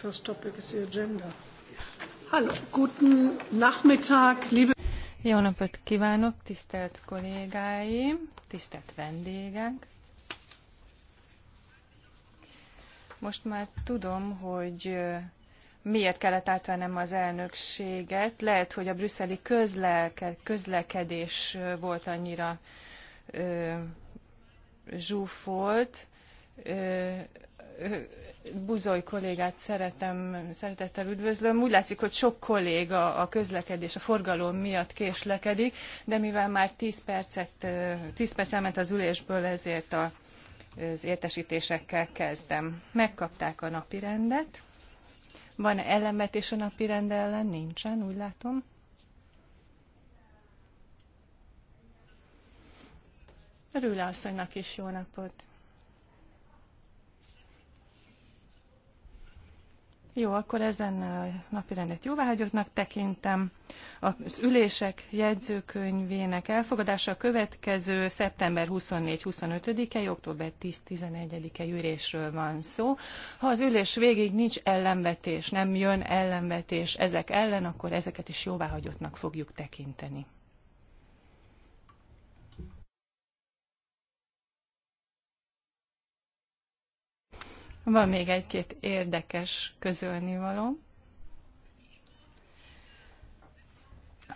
first topic is the agenda. guten Nachmittag, liebe jó napot kívánok, tisztelt kollégáim, tisztelt vendégek! Most már tudom, hogy miért kellett átvennem az elnökséget. Lehet, hogy a brüsszeli közleke- közlekedés volt annyira ö, zsúfolt. Ö, Buzoly kollégát szeretem, szeretettel üdvözlöm. Úgy látszik, hogy sok kolléga a közlekedés, a forgalom miatt késlekedik, de mivel már 10 percet, 10 perc elment az ülésből, ezért a, az értesítésekkel kezdem. Megkapták a napirendet. Van -e és a napirend ellen? Nincsen, úgy látom. Rüle asszonynak is jó napot! Jó, akkor ezen a napi rendet jóváhagyottnak tekintem. Az ülések jegyzőkönyvének elfogadása a következő szeptember 24-25-e, október 10-11-e ülésről van szó. Ha az ülés végig nincs ellenvetés, nem jön ellenvetés ezek ellen, akkor ezeket is jóváhagyottnak fogjuk tekinteni. Van még egy-két érdekes közölnivalom.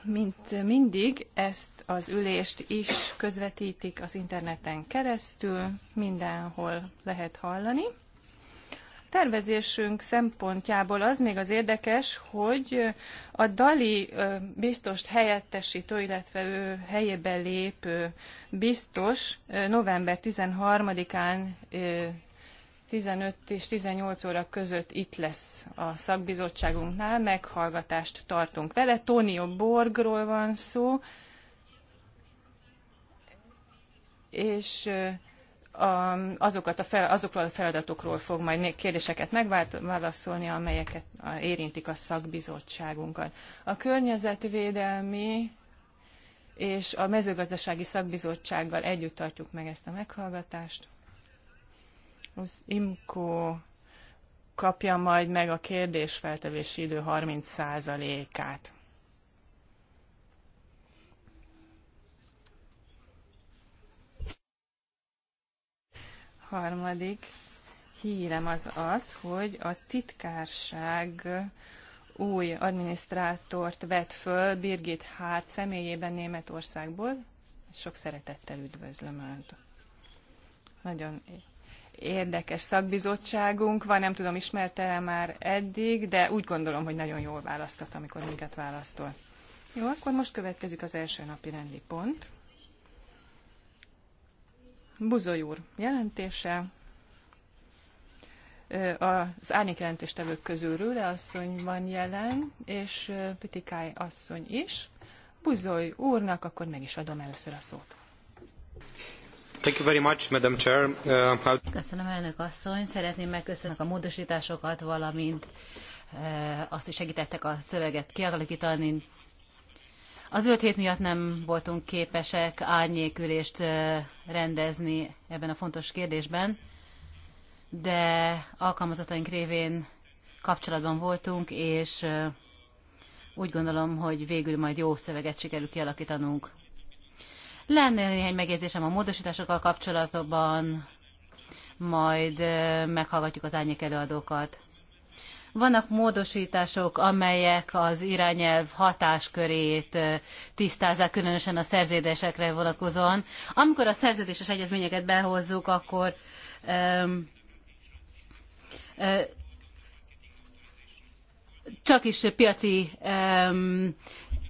Mint mindig, ezt az ülést is közvetítik az interneten keresztül, mindenhol lehet hallani. A tervezésünk szempontjából az még az érdekes, hogy a Dali biztos helyettesítő, illetve ő helyébe lépő biztos november 13-án 15 és 18 óra között itt lesz a szakbizottságunknál, meghallgatást tartunk vele. Tonio Borgról van szó, és azokat a fel, azokról a feladatokról fog majd kérdéseket megválaszolni, amelyeket érintik a szakbizottságunkat. A környezetvédelmi és a mezőgazdasági szakbizottsággal együtt tartjuk meg ezt a meghallgatást. Az IMCO kapja majd meg a kérdésfeltevési idő 30%-át. Harmadik hírem az az, hogy a titkárság új adminisztrátort vett föl, Birgit Hárt személyében Németországból. Sok szeretettel üdvözlöm Önt. Nagyon érdekes szakbizottságunk van, nem tudom, ismerte már eddig, de úgy gondolom, hogy nagyon jól választott, amikor minket választol. Jó, akkor most következik az első napi rendi pont. Buzoly úr jelentése. Az árnyék jelentéstevők közül Rőle asszony van jelen, és Pitikáj asszony is. Buzoly úrnak akkor meg is adom először a szót. Thank you very much, Madam Chair. Uh, how... Köszönöm, elnök asszony. Szeretném megköszönni a módosításokat, valamint uh, azt is segítettek a szöveget kialakítani. Az öt hét miatt nem voltunk képesek árnyékülést eh, rendezni ebben a fontos kérdésben, de alkalmazottaink révén kapcsolatban voltunk, és eh, úgy gondolom, hogy végül majd jó szöveget sikerül kialakítanunk. Lenne néhány megjegyzésem a módosításokkal kapcsolatban, majd meghallgatjuk az árnyék előadókat. Vannak módosítások, amelyek az irányelv hatáskörét tisztázzák, különösen a szerződésekre vonatkozóan. Amikor a szerződéses egyezményeket behozzuk, akkor um, csak is piaci um,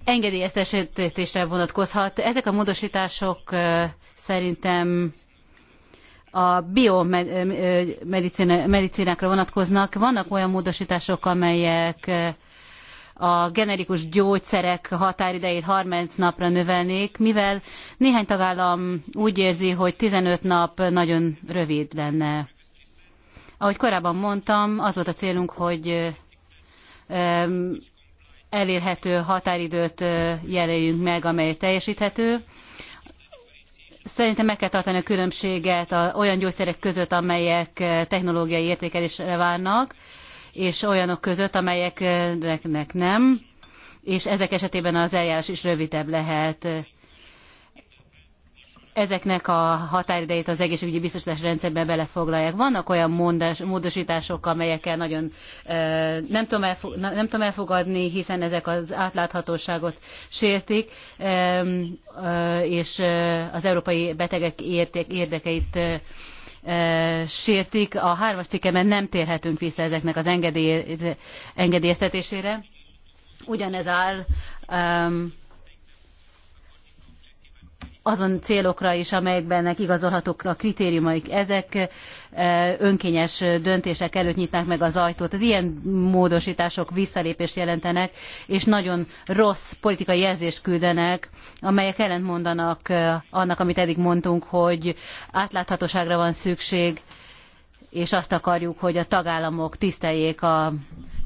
engedélyeztetésre vonatkozhat. Ezek a módosítások szerintem a biomedicinákra vonatkoznak. Vannak olyan módosítások, amelyek a generikus gyógyszerek határidejét 30 napra növelnék, mivel néhány tagállam úgy érzi, hogy 15 nap nagyon rövid lenne. Ahogy korábban mondtam, az volt a célunk, hogy elérhető határidőt jelöljünk meg, amely teljesíthető. Szerintem meg kell tartani a különbséget a, olyan gyógyszerek között, amelyek technológiai értékelésre várnak, és olyanok között, amelyeknek nem, és ezek esetében az eljárás is rövidebb lehet ezeknek a határidejét az egészségügyi biztosítás rendszerben belefoglalják. Vannak olyan mondás, módosítások, amelyekkel nagyon nem tudom, elfog, nem tudom elfogadni, hiszen ezek az átláthatóságot sértik, és az európai betegek érdekeit sértik. A hármas cikkeben nem térhetünk vissza ezeknek az engedély, engedélyeztetésére. Ugyanez áll azon célokra is, amelyekben igazolhatók a kritériumaik. Ezek e, önkényes döntések előtt nyitnák meg az ajtót. Az ilyen módosítások visszalépést jelentenek, és nagyon rossz politikai jelzést küldenek, amelyek ellentmondanak e, annak, amit eddig mondtunk, hogy átláthatóságra van szükség, és azt akarjuk, hogy a tagállamok tiszteljék a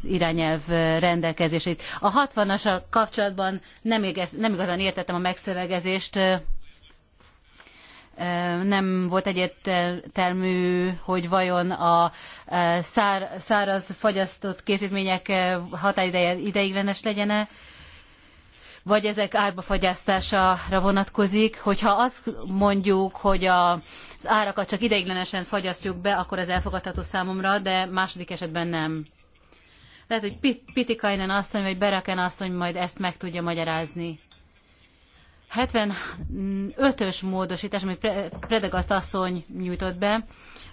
irányelv rendelkezését. A 60 as kapcsolatban nem, igaz, nem igazán értettem a megszövegezést, e, nem volt egyértelmű, hogy vajon a száraz fagyasztott készítmények határideje ideiglenes legyen-e, vagy ezek árbafagyasztására vonatkozik. Hogyha azt mondjuk, hogy a, az árakat csak ideiglenesen fagyasztjuk be, akkor ez elfogadható számomra, de második esetben nem. Lehet, hogy Pitikainen asszony vagy Bereken asszony majd ezt meg tudja magyarázni. 75-ös módosítás, amit Predegaszt asszony nyújtott be,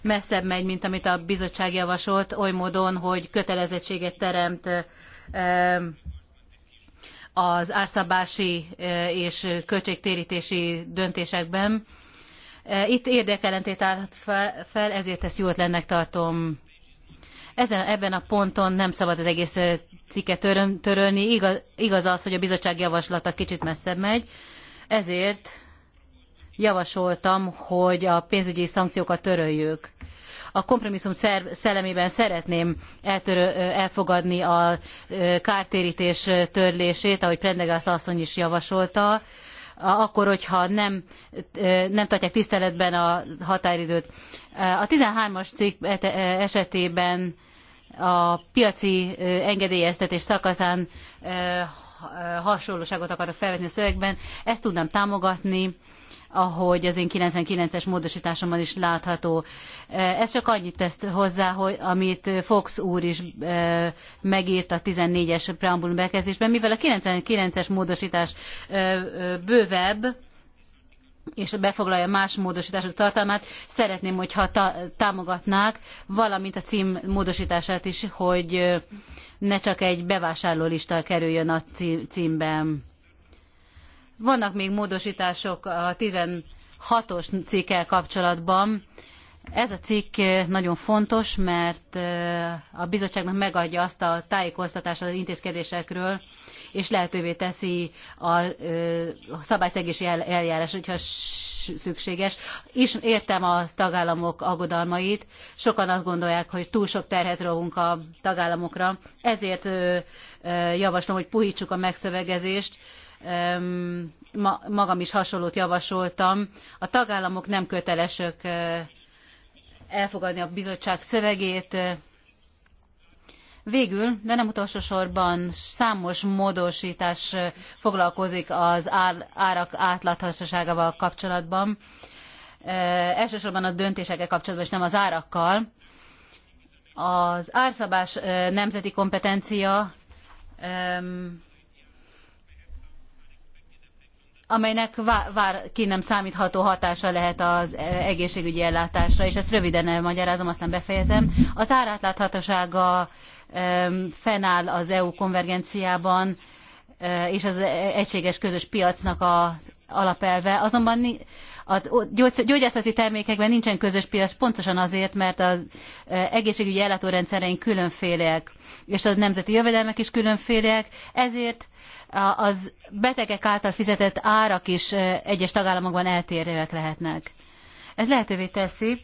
messzebb megy, mint amit a bizottság javasolt, oly módon, hogy kötelezettséget teremt az árszabási e, és költségtérítési döntésekben. E, itt érdekelentét áll fel, ezért ezt jót lennek tartom. Ezen, ebben a ponton nem szabad az egész e, cikket törölni. Igaz, igaz az, hogy a bizottság javaslata kicsit messzebb megy, ezért javasoltam, hogy a pénzügyi szankciókat töröljük. A kompromisszum szellemében szeretném eltörő, elfogadni a kártérítés törlését, ahogy Prendergast asszony is javasolta, akkor, hogyha nem, nem tartják tiszteletben a határidőt. A 13-as cikk e- e- esetében a piaci engedélyeztetés szakaszán hasonlóságot akartak felvetni a szövegben, ezt tudnám támogatni, ahogy az én 99-es módosításomban is látható. Ez csak annyit tesz hozzá, hogy amit Fox úr is megírt a 14-es preambulum bekezdésben, mivel a 99-es módosítás bővebb, és befoglalja más módosítások tartalmát, szeretném, hogyha támogatnák, valamint a cím módosítását is, hogy ne csak egy bevásárlólista kerüljön a címben. Vannak még módosítások a 16-os cikkel kapcsolatban, ez a cikk eh, nagyon fontos, mert eh, a bizottságnak megadja azt a tájékoztatást az intézkedésekről, és lehetővé teszi a eh, szabályszegési eljárás, hogyha szükséges. És értem a tagállamok aggodalmait. Sokan azt gondolják, hogy túl sok terhet rovunk a tagállamokra. Ezért javaslom, hogy puhítsuk a megszövegezést, magam is hasonlót javasoltam. A tagállamok nem kötelesek elfogadni a bizottság szövegét. Végül, de nem utolsó sorban számos módosítás foglalkozik az árak átláthatóságával kapcsolatban. Elsősorban a döntésekkel kapcsolatban, és nem az árakkal. Az árszabás nemzeti kompetencia amelynek vár, vár, ki nem számítható hatása lehet az egészségügyi ellátásra, és ezt röviden elmagyarázom, aztán befejezem. Az árátláthatósága fennáll az EU konvergenciában, e, és az e- egységes közös piacnak a alapelve. Azonban a gyógyászati termékekben nincsen közös piac, pontosan azért, mert az e, egészségügyi ellátórendszereink különfélek, és a nemzeti jövedelmek is különfélek, ezért az betegek által fizetett árak is egyes tagállamokban eltérőek lehetnek. Ez lehetővé teszi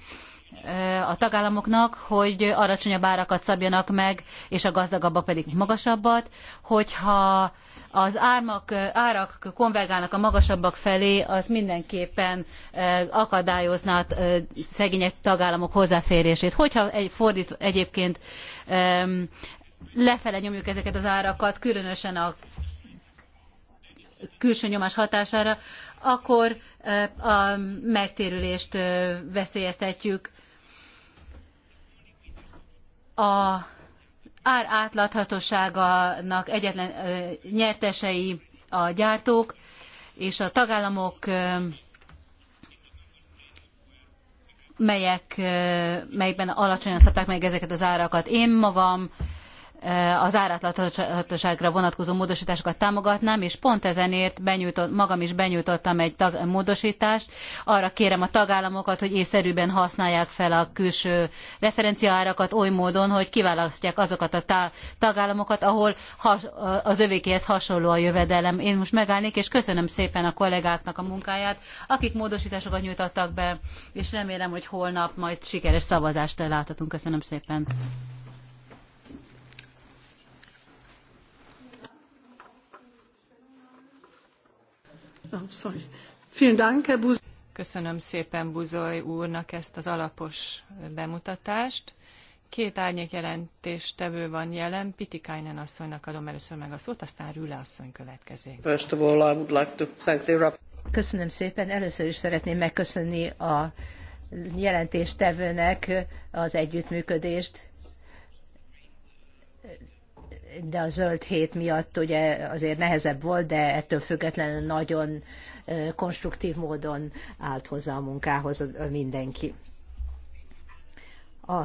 a tagállamoknak, hogy alacsonyabb árakat szabjanak meg, és a gazdagabbak pedig magasabbat, hogyha az ármak, árak konvergálnak a magasabbak felé, az mindenképpen akadályozná a szegények tagállamok hozzáférését. Hogyha egy, fordít, egyébként lefele nyomjuk ezeket az árakat, különösen a külső nyomás hatására, akkor eh, a megtérülést eh, veszélyeztetjük. A ár átláthatóságának egyetlen eh, nyertesei a gyártók, és a tagállamok, melyek, melyekben alacsonyan szabták meg ezeket az árakat. Én magam Eh, az árátláthatóságra vonatkozó módosításokat támogatnám, és pont ezenért benyújtott, magam is benyújtottam egy tag, módosítást. Arra kérem a tagállamokat, hogy észszerűbben használják fel a külső referenciaárakat oly módon, hogy kiválasztják azokat a tá, tagállamokat, ahol has, az övékéhez hasonló a jövedelem. Én most megállnék, és köszönöm szépen a kollégáknak a munkáját, akik módosításokat nyújtottak be, és remélem, hogy holnap majd sikeres szavazást láthatunk. Köszönöm szépen. Oh, Köszönöm szépen Buzoly úrnak ezt az alapos bemutatást. Két árnyék jelentéstevő van jelen. Pitikainen asszonynak adom először meg a szót, aztán Rüle asszony következik. First of all, I would like to thank the... Köszönöm szépen. Először is szeretném megköszönni a jelentéstevőnek az együttműködést de a zöld hét miatt ugye azért nehezebb volt, de ettől függetlenül nagyon konstruktív módon állt hozzá a munkához mindenki. A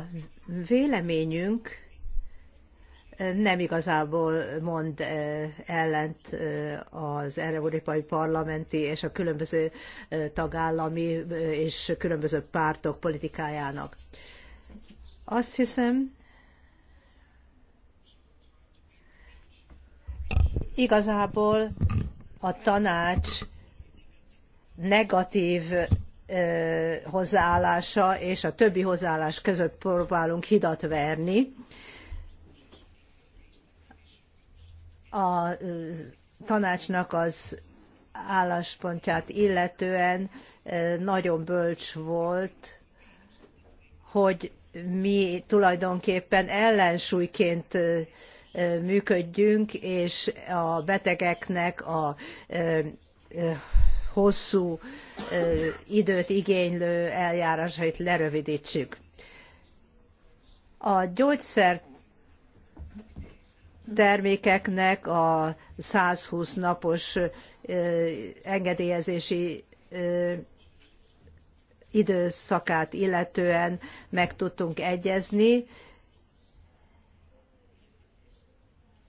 véleményünk nem igazából mond ellent az Európai Parlamenti és a különböző tagállami és különböző pártok politikájának. Azt hiszem, Igazából a tanács negatív hozzáállása és a többi hozzáállás között próbálunk hidat verni. A tanácsnak az álláspontját illetően nagyon bölcs volt, hogy mi tulajdonképpen ellensúlyként működjünk, és a betegeknek a hosszú időt igénylő eljárásait lerövidítsük. A gyógyszer termékeknek a 120 napos engedélyezési időszakát illetően meg tudtunk egyezni,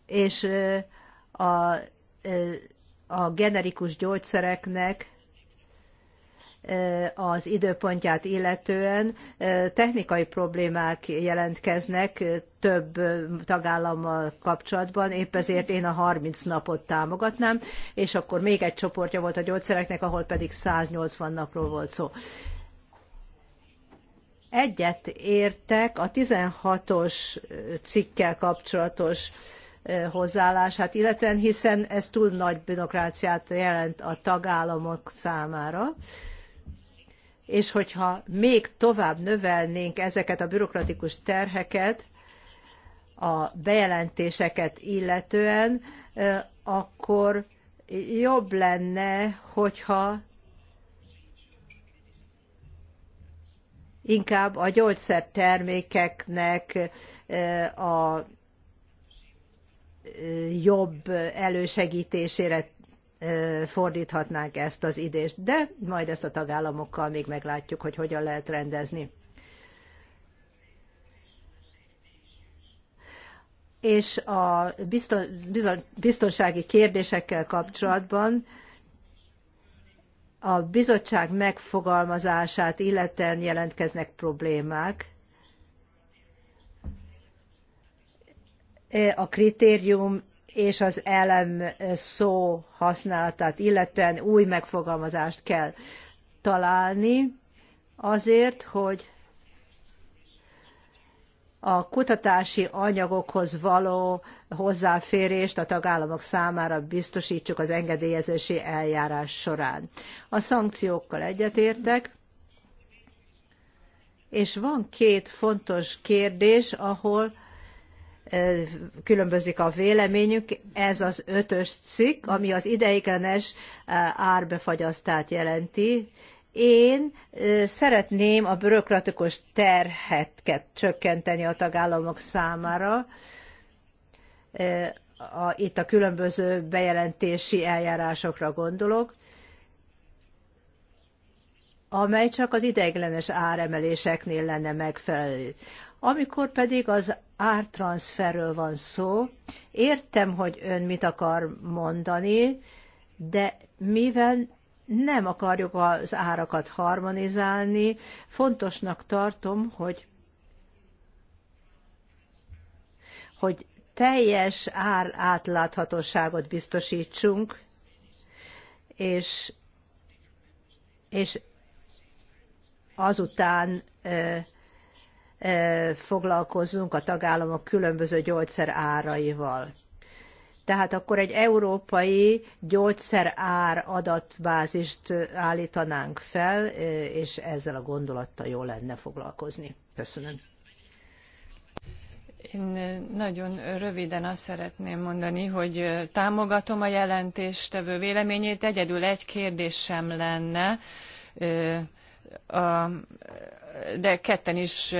és a, a generikus gyógyszereknek az időpontját illetően technikai problémák jelentkeznek több tagállammal kapcsolatban, épp ezért én a 30 napot támogatnám, és akkor még egy csoportja volt a gyógyszereknek, ahol pedig 180 napról volt szó. Egyet értek a 16-os cikkkel kapcsolatos hozzáállását, illetően hiszen ez túl nagy bürokráciát jelent a tagállamok számára és hogyha még tovább növelnénk ezeket a bürokratikus terheket, a bejelentéseket illetően, akkor jobb lenne, hogyha inkább a gyógyszertermékeknek a jobb elősegítésére fordíthatnánk ezt az idést, de majd ezt a tagállamokkal még meglátjuk, hogy hogyan lehet rendezni. És a biztonsági kérdésekkel kapcsolatban a bizottság megfogalmazását illeten jelentkeznek problémák, a kritérium és az elem szó használatát, illetően új megfogalmazást kell találni azért, hogy a kutatási anyagokhoz való hozzáférést a tagállamok számára biztosítsuk az engedélyezési eljárás során. A szankciókkal egyetértek, és van két fontos kérdés, ahol különbözik a véleményük. Ez az ötös cikk, ami az ideiglenes árbefagyasztát jelenti. Én szeretném a bürokratikus terhet csökkenteni a tagállamok számára a, itt a különböző bejelentési eljárásokra gondolok, amely csak az ideiglenes áremeléseknél lenne megfelelő. Amikor pedig az ártranszferről van szó, értem, hogy ön mit akar mondani, de mivel nem akarjuk az árakat harmonizálni, fontosnak tartom, hogy hogy teljes ár átláthatóságot biztosítsunk, és, és azután foglalkozzunk a tagállamok különböző gyógyszer áraival. Tehát akkor egy európai ár adatbázist állítanánk fel, és ezzel a gondolattal jó lenne foglalkozni. Köszönöm. Én nagyon röviden azt szeretném mondani, hogy támogatom a jelentéstevő véleményét, egyedül egy kérdés sem lenne. A, de ketten is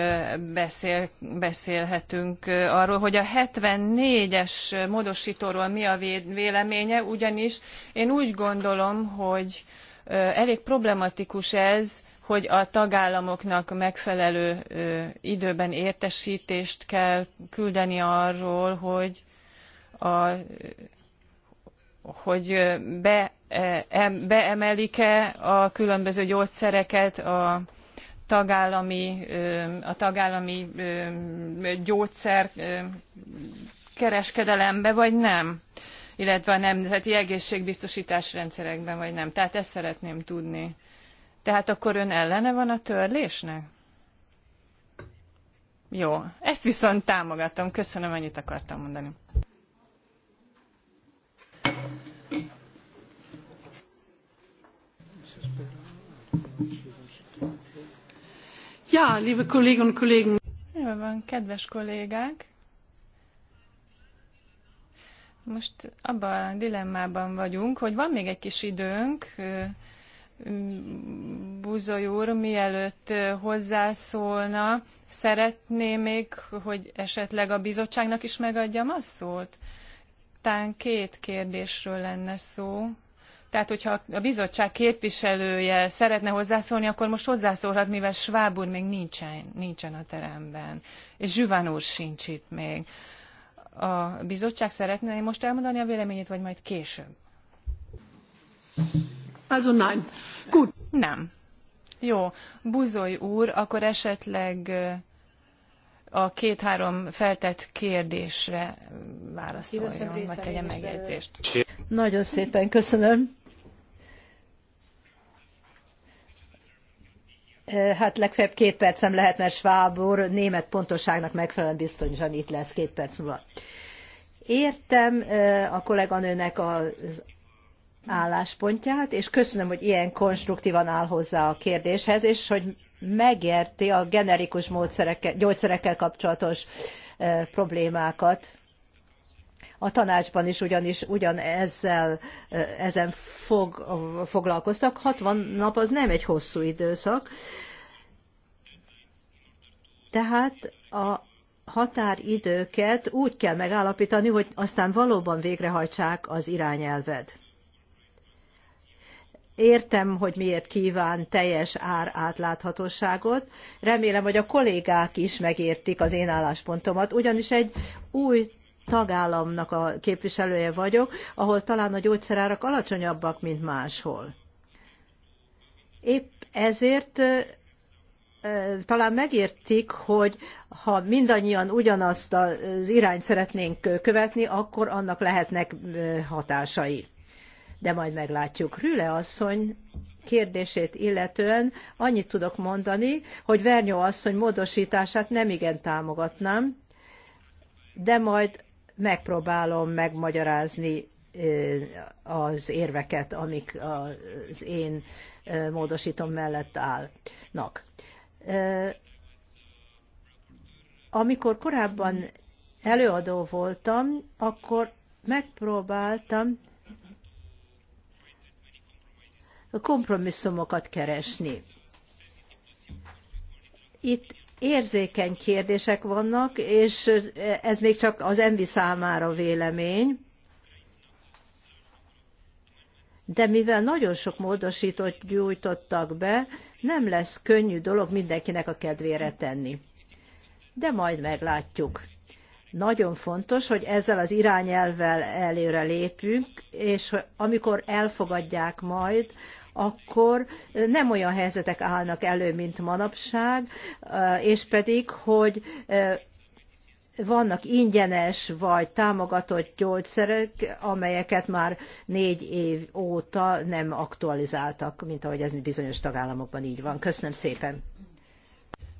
beszél, beszélhetünk arról, hogy a 74-es módosítóról mi a véleménye, ugyanis én úgy gondolom, hogy elég problematikus ez, hogy a tagállamoknak megfelelő időben értesítést kell küldeni arról, hogy a hogy be, e-, beemelik-e a különböző gyógyszereket a tagállami, a tagállami gyógyszer kereskedelembe, vagy nem, illetve a nemzeti egészségbiztosítás rendszerekben, vagy nem. Tehát ezt szeretném tudni. Tehát akkor ön ellene van a törlésnek? Jó, ezt viszont támogatom. Köszönöm, ennyit akartam mondani. Ja, liebe Kolleginnen und Kollegen. Jól van, kedves kollégák. Most abban a dilemmában vagyunk, hogy van még egy kis időnk, Buzoly úr, mielőtt hozzászólna, szeretné még, hogy esetleg a bizottságnak is megadjam a szót? Tán két kérdésről lenne szó. Tehát, hogyha a bizottság képviselője szeretne hozzászólni, akkor most hozzászólhat, mivel Schwab úr még nincsen, nincsen a teremben, és Zsüván úr sincs itt még. A bizottság szeretne most elmondani a véleményét, vagy majd később? Also nein. Gut. Nem. Jó. Buzoly úr, akkor esetleg a két-három feltett kérdésre válaszoljon, vagy tegyen megjegyzést. Nagyon szépen köszönöm. E, hát legfeljebb két percem lehet, mert Schwab úr német pontoságnak megfelelően biztosan itt lesz két perc múlva. Értem e, a kolléganőnek az álláspontját, és köszönöm, hogy ilyen konstruktívan áll hozzá a kérdéshez, és hogy megérti a generikus módszerekkel, gyógyszerekkel kapcsolatos e, problémákat. A tanácsban is ugyanis ugyan ezzel, e, ezen fog, foglalkoztak. 60 nap az nem egy hosszú időszak. Tehát a határidőket úgy kell megállapítani, hogy aztán valóban végrehajtsák az irányelved. Értem, hogy miért kíván teljes ár átláthatóságot. Remélem, hogy a kollégák is megértik az én álláspontomat, ugyanis egy új tagállamnak a képviselője vagyok, ahol talán a gyógyszerárak alacsonyabbak, mint máshol. Épp ezért talán megértik, hogy ha mindannyian ugyanazt az irányt szeretnénk követni, akkor annak lehetnek hatásai de majd meglátjuk. Rüle asszony kérdését illetően annyit tudok mondani, hogy Vernyó asszony módosítását nem igen támogatnám, de majd megpróbálom megmagyarázni eh, az érveket, amik az én eh, módosítom mellett állnak. Eh, amikor korábban előadó voltam, akkor megpróbáltam kompromisszumokat keresni. Itt érzékeny kérdések vannak, és ez még csak az ENVI számára vélemény, de mivel nagyon sok módosítót gyújtottak be, nem lesz könnyű dolog mindenkinek a kedvére tenni. De majd meglátjuk. Nagyon fontos, hogy ezzel az irányelvvel előre lépünk, és amikor elfogadják majd akkor nem olyan helyzetek állnak elő, mint manapság, eh, és pedig, hogy eh, vannak ingyenes vagy támogatott gyógyszerek, amelyeket már négy év óta nem aktualizáltak, mint ahogy ez bizonyos tagállamokban így van. Köszönöm szépen!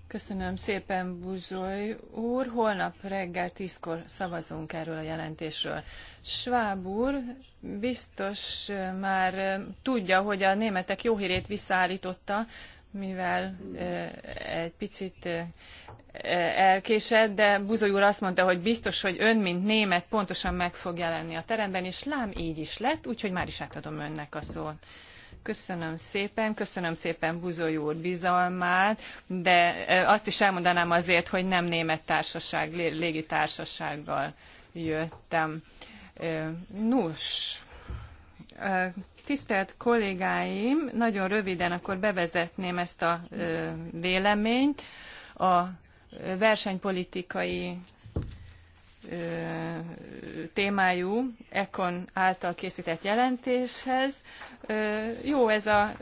Köszönöm szépen, Buzsoly úr. Holnap reggel tízkor szavazunk erről a jelentésről. Schwab úr biztos már tudja, hogy a németek jó hírét visszaállította, mivel egy picit elkésett, de Buzoly úr azt mondta, hogy biztos, hogy ön, mint német, pontosan meg fog jelenni a teremben, és lám így is lett, úgyhogy már is átadom önnek a szót. Köszönöm szépen, köszönöm szépen Buzoly úr bizalmát, de azt is elmondanám azért, hogy nem német társaság, légitársasággal jöttem. Nos, tisztelt kollégáim, nagyon röviden akkor bevezetném ezt a véleményt. A versenypolitikai témájú Econ által készített jelentéshez. Jó ez a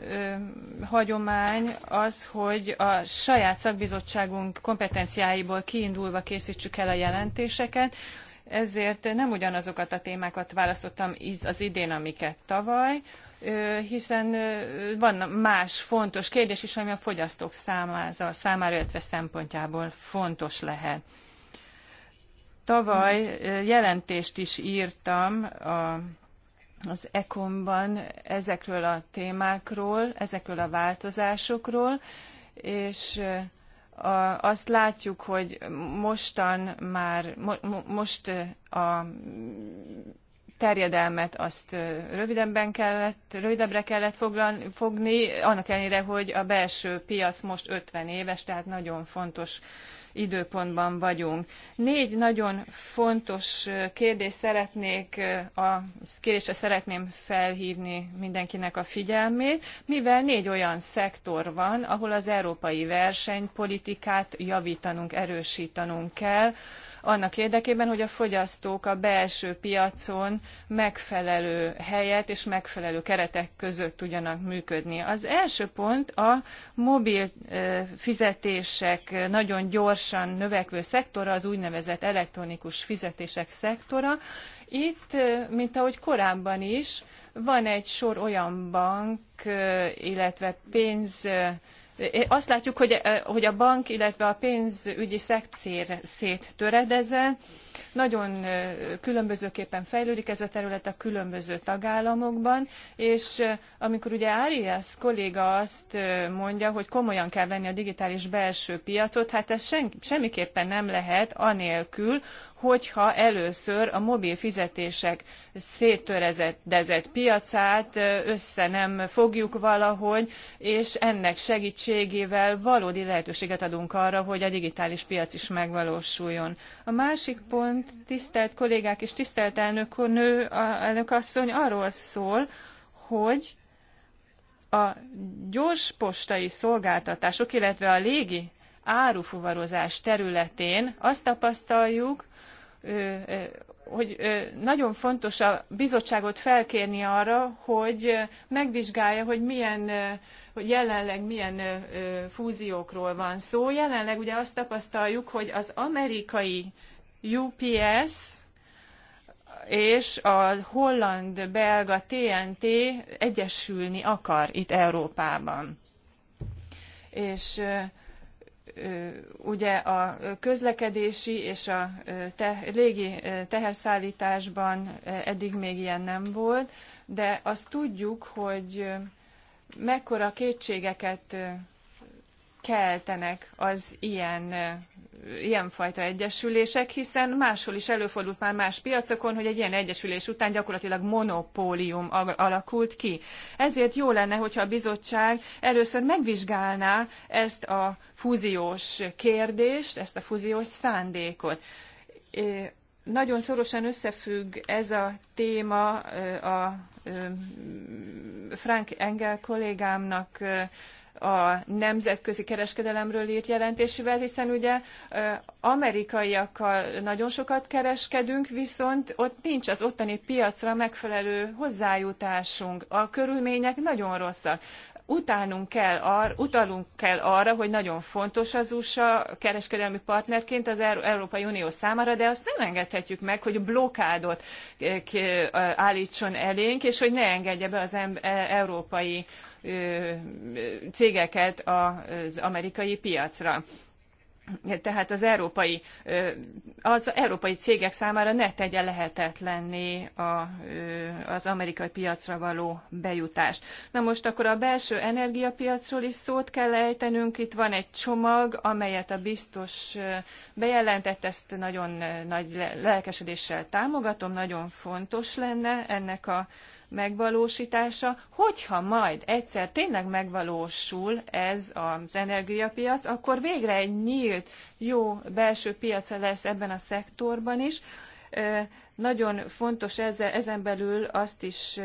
hagyomány az, hogy a saját szakbizottságunk kompetenciáiból kiindulva készítsük el a jelentéseket, ezért nem ugyanazokat a témákat választottam az idén, amiket tavaly, hiszen van más fontos kérdés is, ami a fogyasztók számára, illetve szempontjából fontos lehet. Tavaly jelentést is írtam a, az ECOM-ban ezekről a témákról, ezekről a változásokról, és a, azt látjuk, hogy mostan már, mo, most a terjedelmet azt rövidebben kellett, rövidebbre kellett foglalni, fogni, annak ellenére, hogy a belső piac most 50 éves, tehát nagyon fontos időpontban vagyunk. Négy nagyon fontos kérdés szeretnék, a kérdésre szeretném felhívni mindenkinek a figyelmét, mivel négy olyan szektor van, ahol az európai versenypolitikát javítanunk, erősítanunk kell, annak érdekében, hogy a fogyasztók a belső piacon megfelelő helyet és megfelelő keretek között tudjanak működni. Az első pont a mobil fizetések nagyon gyorsan növekvő szektora, az úgynevezett elektronikus fizetések szektora. Itt, mint ahogy korábban is, van egy sor olyan bank, illetve pénz azt látjuk, hogy, e, hogy a bank, illetve a pénzügyi szekcér széttöredezen. Nagyon e, különbözőképpen fejlődik ez a terület a különböző tagállamokban, és e, amikor ugye Arias kolléga azt mondja, hogy komolyan kell venni a digitális belső piacot, hát ez sen, semmiképpen nem lehet anélkül, hogyha először a mobil fizetések széttöredezett piacát össze nem fogjuk valahogy, és ennek segítségével segítségével valódi lehetőséget adunk arra, hogy a digitális piac is megvalósuljon. A másik pont, tisztelt kollégák és tisztelt elnök nő, elnök asszony, arról szól, hogy a gyorspostai szolgáltatások, illetve a légi árufuvarozás területén azt tapasztaljuk, hogy nagyon fontos a bizottságot felkérni arra, hogy megvizsgálja, hogy milyen, hogy jelenleg milyen fúziókról van szó. Jelenleg ugye azt tapasztaljuk, hogy az amerikai UPS és a holland-belga TNT egyesülni akar itt Európában. És ugye a közlekedési és a te, légi teherszállításban eddig még ilyen nem volt, de azt tudjuk, hogy mekkora kétségeket keltenek az ilyen ilyenfajta egyesülések, hiszen máshol is előfordult már más piacokon, hogy egy ilyen egyesülés után gyakorlatilag monopólium alakult ki. Ezért jó lenne, hogyha a bizottság először megvizsgálná ezt a fúziós kérdést, ezt a fúziós szándékot. Nagyon szorosan összefügg ez a téma a Frank Engel kollégámnak a nemzetközi kereskedelemről írt jelentésével, hiszen ugye amerikaiakkal nagyon sokat kereskedünk, viszont ott nincs az ottani piacra megfelelő hozzájutásunk. A körülmények nagyon rosszak utálnunk kell ar, utalunk kell arra, hogy nagyon fontos az USA kereskedelmi partnerként az Európai Unió számára, de azt nem engedhetjük meg, hogy blokádot eh, eh, állítson elénk, és hogy ne engedje be az e-, európai cégeket az amerikai piacra. Tehát az európai, az európai cégek számára ne tegye lehetetlenné a, az amerikai piacra való bejutást. Na most akkor a belső energiapiacról is szót kell ejtenünk. Itt van egy csomag, amelyet a biztos bejelentett, ezt nagyon nagy lelkesedéssel támogatom, nagyon fontos lenne ennek a megvalósítása, hogyha majd egyszer tényleg megvalósul ez az energiapiac, akkor végre egy nyílt, jó belső piaca lesz ebben a szektorban is. Nagyon fontos ezen belül azt is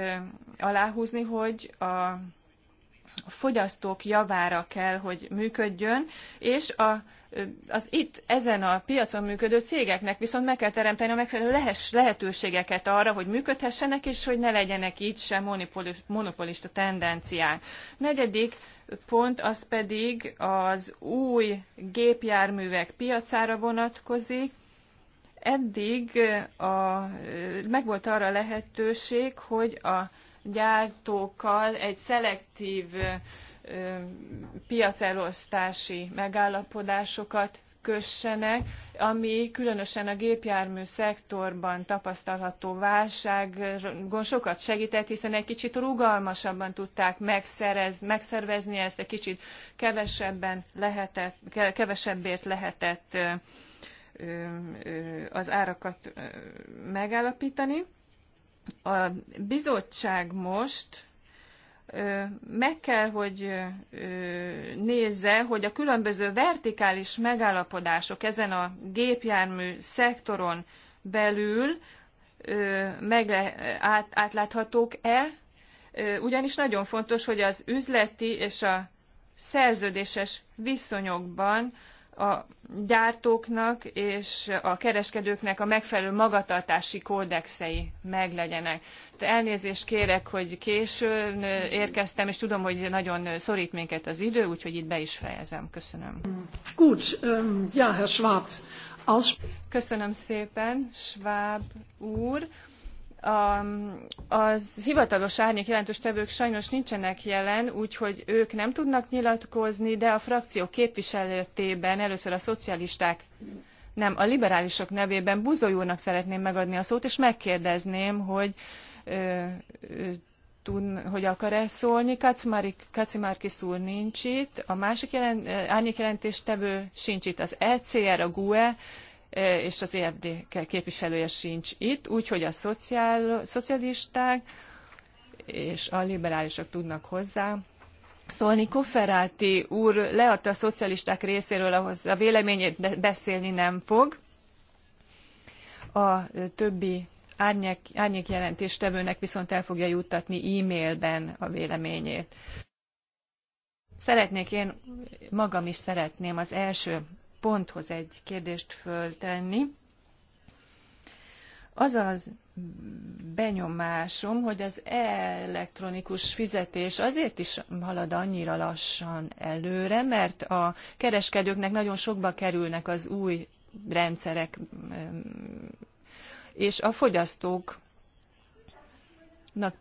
aláhúzni, hogy a fogyasztók javára kell, hogy működjön, és a az itt ezen a piacon működő cégeknek viszont meg kell teremteni a megfelelő lehetőségeket arra, hogy működhessenek, és hogy ne legyenek így sem monopolista tendenciák. Negyedik pont az pedig az új gépjárművek piacára vonatkozik. Eddig a, megvolt arra lehetőség, hogy a gyártókkal egy szelektív piacelosztási megállapodásokat kössenek, ami különösen a gépjármű szektorban tapasztalható válságon sokat segített, hiszen egy kicsit rugalmasabban tudták megszerez, megszervezni ezt, egy kicsit kevesebben lehetett, kevesebbért lehetett az árakat megállapítani. A bizottság most meg kell, hogy nézze, hogy a különböző vertikális megállapodások ezen a gépjármű szektoron belül meg, át, átláthatók-e, ugyanis nagyon fontos, hogy az üzleti és a szerződéses viszonyokban a gyártóknak és a kereskedőknek a megfelelő magatartási kódexei meglegyenek. De elnézést kérek, hogy későn érkeztem, és tudom, hogy nagyon szorít minket az idő, úgyhogy itt be is fejezem. Köszönöm. Gut, ähm, ja, Herr Schwab. Köszönöm szépen, Schwab úr a, az hivatalos árnyék jelentős tevők sajnos nincsenek jelen, úgyhogy ők nem tudnak nyilatkozni, de a frakció képviseletében először a szocialisták, nem, a liberálisok nevében Buzoly úrnak szeretném megadni a szót, és megkérdezném, hogy ö, ö, Tud, hogy akar-e szólni. Kacimárkis úr nincs itt, a másik jelen, jelentéstevő sincs itt, az ECR, a GUE E, és az EFD képviselője sincs itt, úgyhogy a szociál, szocialisták és a liberálisok tudnak hozzá szólni. Kofferáti úr leadta a szocialisták részéről, ahhoz a véleményét beszélni nem fog. A többi árnyék, árnyék jelentéstevőnek viszont el fogja juttatni e-mailben a véleményét. Szeretnék én magam is szeretném az első ponthoz egy kérdést föltenni. Az az benyomásom, hogy az elektronikus fizetés azért is halad annyira lassan előre, mert a kereskedőknek nagyon sokba kerülnek az új rendszerek, mm, és a fogyasztóknak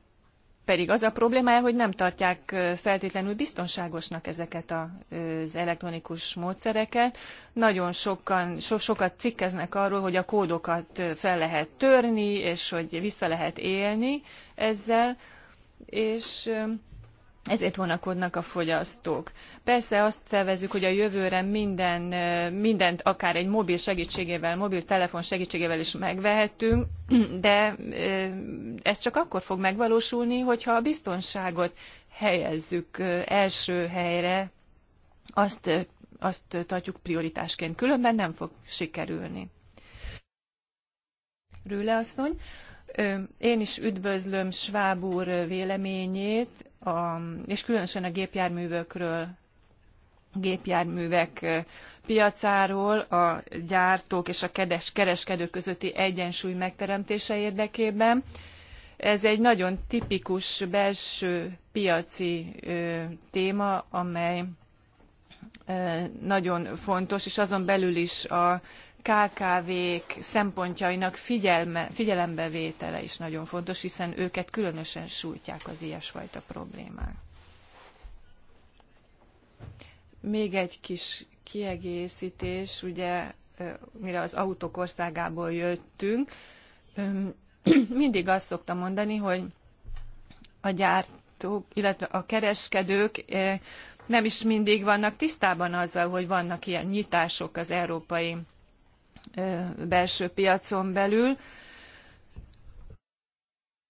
pedig az a problémája, hogy nem tartják feltétlenül biztonságosnak ezeket az elektronikus módszereket. Nagyon sokan, so, sokat cikkeznek arról, hogy a kódokat fel lehet törni, és hogy vissza lehet élni ezzel, és ezért vonakodnak a fogyasztók. Persze azt tervezzük, hogy a jövőre minden, mindent akár egy mobil segítségével, mobiltelefon segítségével is megvehetünk, de ez csak akkor fog megvalósulni, hogyha a biztonságot helyezzük első helyre, azt, azt tartjuk prioritásként, különben nem fog sikerülni. Rőle asszony, én is üdvözlöm Schwab úr véleményét, a, és különösen a gépjárművekről gépjárművek piacáról a gyártók és a kereskedők közötti egyensúly megteremtése érdekében. Ez egy nagyon tipikus belső piaci ö, téma, amely ö, nagyon fontos, és azon belül is a KKV-k szempontjainak figyelme, figyelembevétele is nagyon fontos, hiszen őket különösen sújtják az ilyesfajta problémák. Még egy kis kiegészítés, ugye mire az autók országából jöttünk, mindig azt szoktam mondani, hogy a gyártók, illetve a kereskedők nem is mindig vannak tisztában azzal, hogy vannak ilyen nyitások az európai belső piacon belül.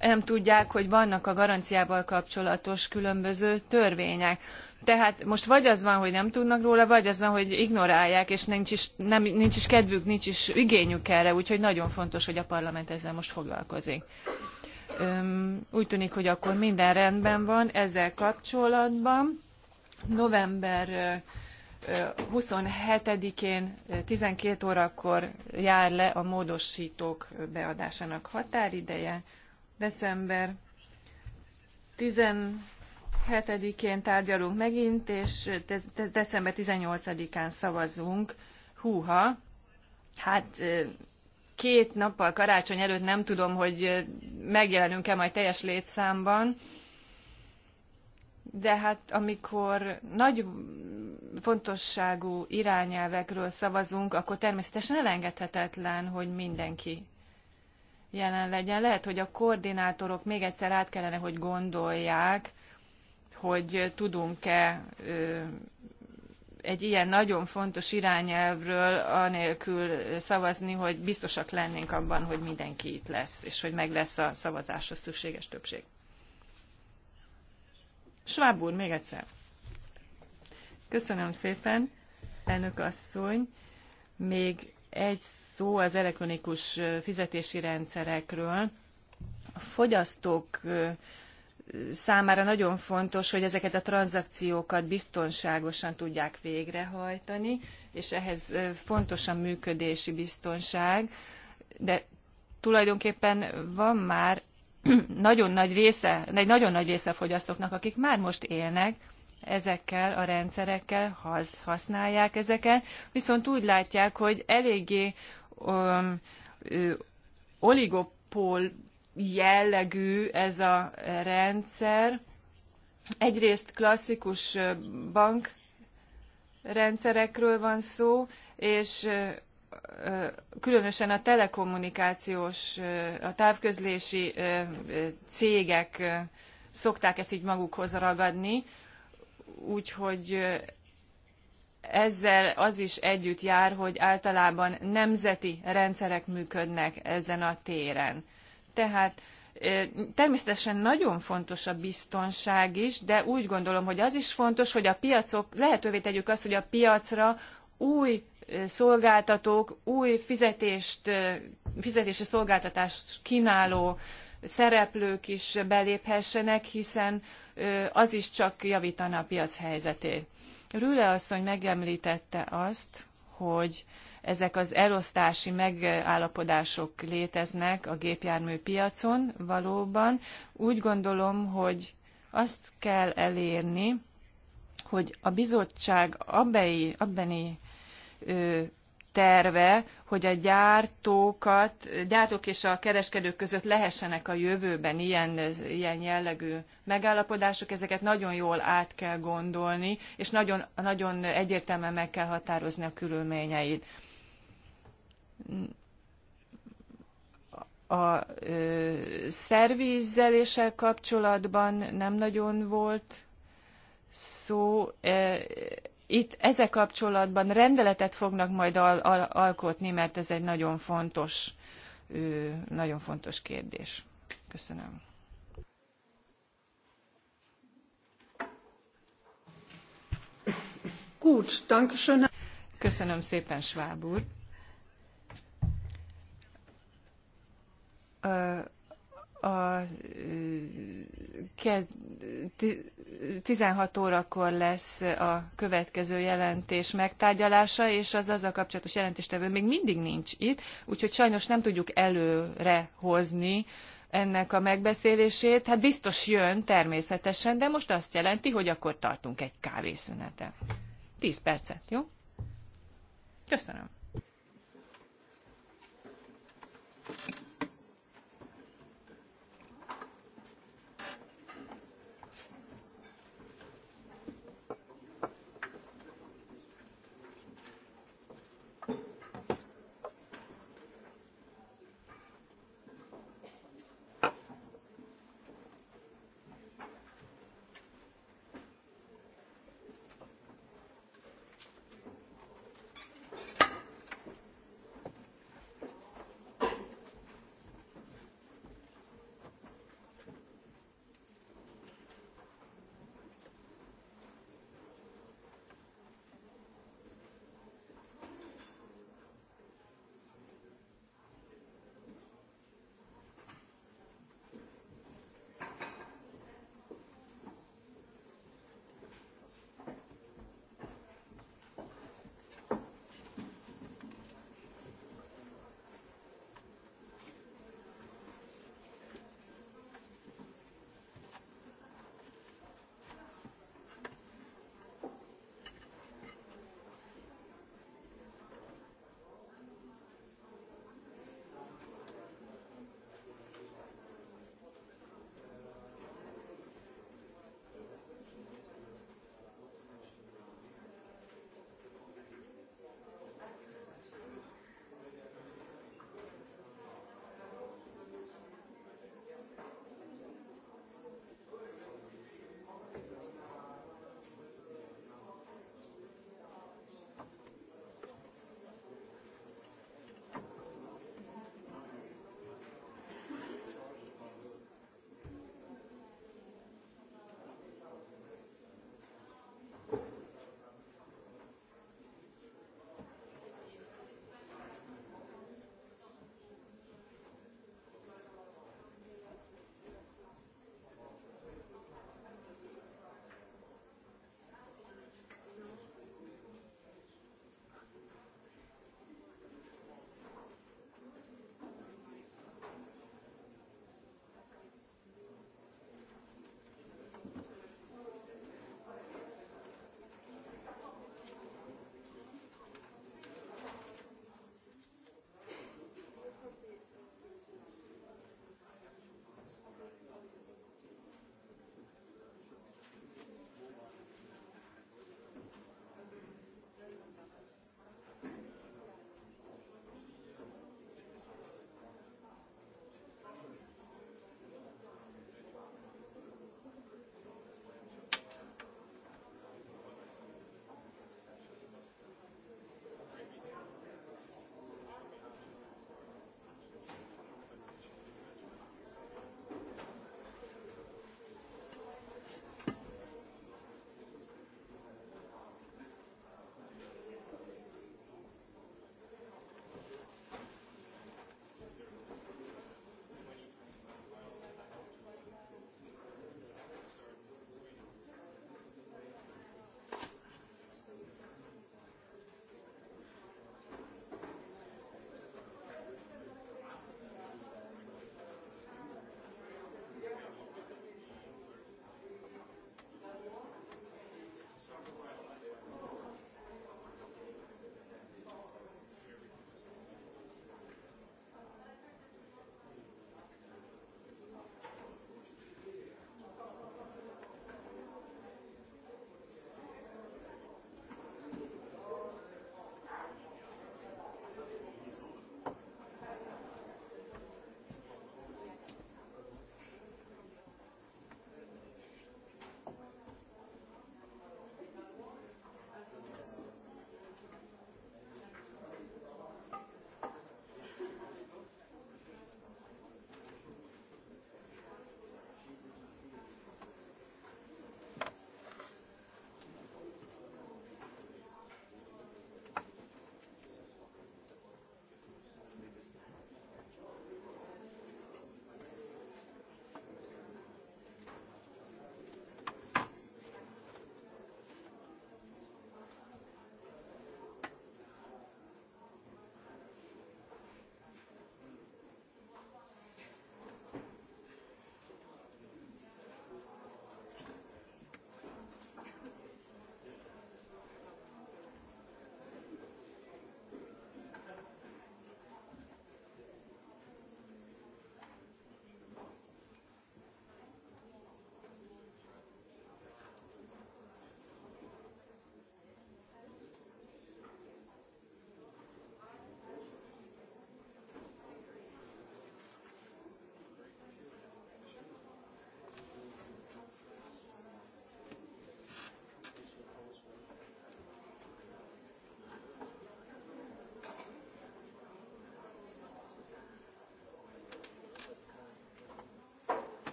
Nem tudják, hogy vannak a garanciával kapcsolatos különböző törvények. Tehát most vagy az van, hogy nem tudnak róla, vagy az van, hogy ignorálják, és nincs is, nem, nincs is kedvük, nincs is igényük erre, úgyhogy nagyon fontos, hogy a parlament ezzel most foglalkozik. Üm, úgy tűnik, hogy akkor minden rendben van ezzel kapcsolatban. November 27-én 12 órakor jár le a módosítók beadásának határideje. December 17-én tárgyalunk megint, és december 18-án szavazunk. Húha, hát két nappal karácsony előtt nem tudom, hogy megjelenünk-e majd teljes létszámban de hát amikor nagy fontosságú irányelvekről szavazunk, akkor természetesen elengedhetetlen, hogy mindenki jelen legyen. Lehet, hogy a koordinátorok még egyszer át kellene, hogy gondolják, hogy tudunk-e egy ilyen nagyon fontos irányelvről anélkül szavazni, hogy biztosak lennénk abban, hogy mindenki itt lesz, és hogy meg lesz a szavazáshoz szükséges többség. Schwab úr, még egyszer. Köszönöm szépen, elnök asszony. Még egy szó az elektronikus fizetési rendszerekről. A fogyasztók számára nagyon fontos, hogy ezeket a tranzakciókat biztonságosan tudják végrehajtani, és ehhez fontos a működési biztonság, de tulajdonképpen van már nagyon nagy része, egy nagyon nagy része a fogyasztóknak, akik már most élnek, ezekkel a rendszerekkel, használják ezeket, viszont úgy látják, hogy eléggé um, oligopól jellegű ez a rendszer. Egyrészt klasszikus bank rendszerekről van szó, és különösen a telekommunikációs, a távközlési cégek szokták ezt így magukhoz ragadni, úgyhogy ezzel az is együtt jár, hogy általában nemzeti rendszerek működnek ezen a téren. Tehát természetesen nagyon fontos a biztonság is, de úgy gondolom, hogy az is fontos, hogy a piacok, lehetővé tegyük azt, hogy a piacra új szolgáltatók új fizetést, fizetési szolgáltatást kínáló szereplők is beléphessenek, hiszen az is csak javítana a piac helyzetét. Rüle asszony megemlítette azt, hogy ezek az elosztási megállapodások léteznek a gépjármű piacon valóban. Úgy gondolom, hogy azt kell elérni, hogy a bizottság abbei, abbeni terve, hogy a gyártókat, gyártók és a kereskedők között lehessenek a jövőben ilyen, ilyen jellegű megállapodások, ezeket nagyon jól át kell gondolni, és nagyon, nagyon egyértelműen meg kell határozni a körülményeit. A ö, szervízzeléssel kapcsolatban nem nagyon volt szó. E, itt ezzel kapcsolatban rendeletet fognak majd al al alkotni, mert ez egy nagyon fontos, nagyon fontos kérdés. Köszönöm. Gut, danke schön. Köszönöm szépen, Schwab úr a 16 órakor lesz a következő jelentés megtárgyalása, és az azzal kapcsolatos jelentéstevő még mindig nincs itt, úgyhogy sajnos nem tudjuk előre hozni ennek a megbeszélését. Hát biztos jön természetesen, de most azt jelenti, hogy akkor tartunk egy kávészünetet. 10 percet, jó? Köszönöm.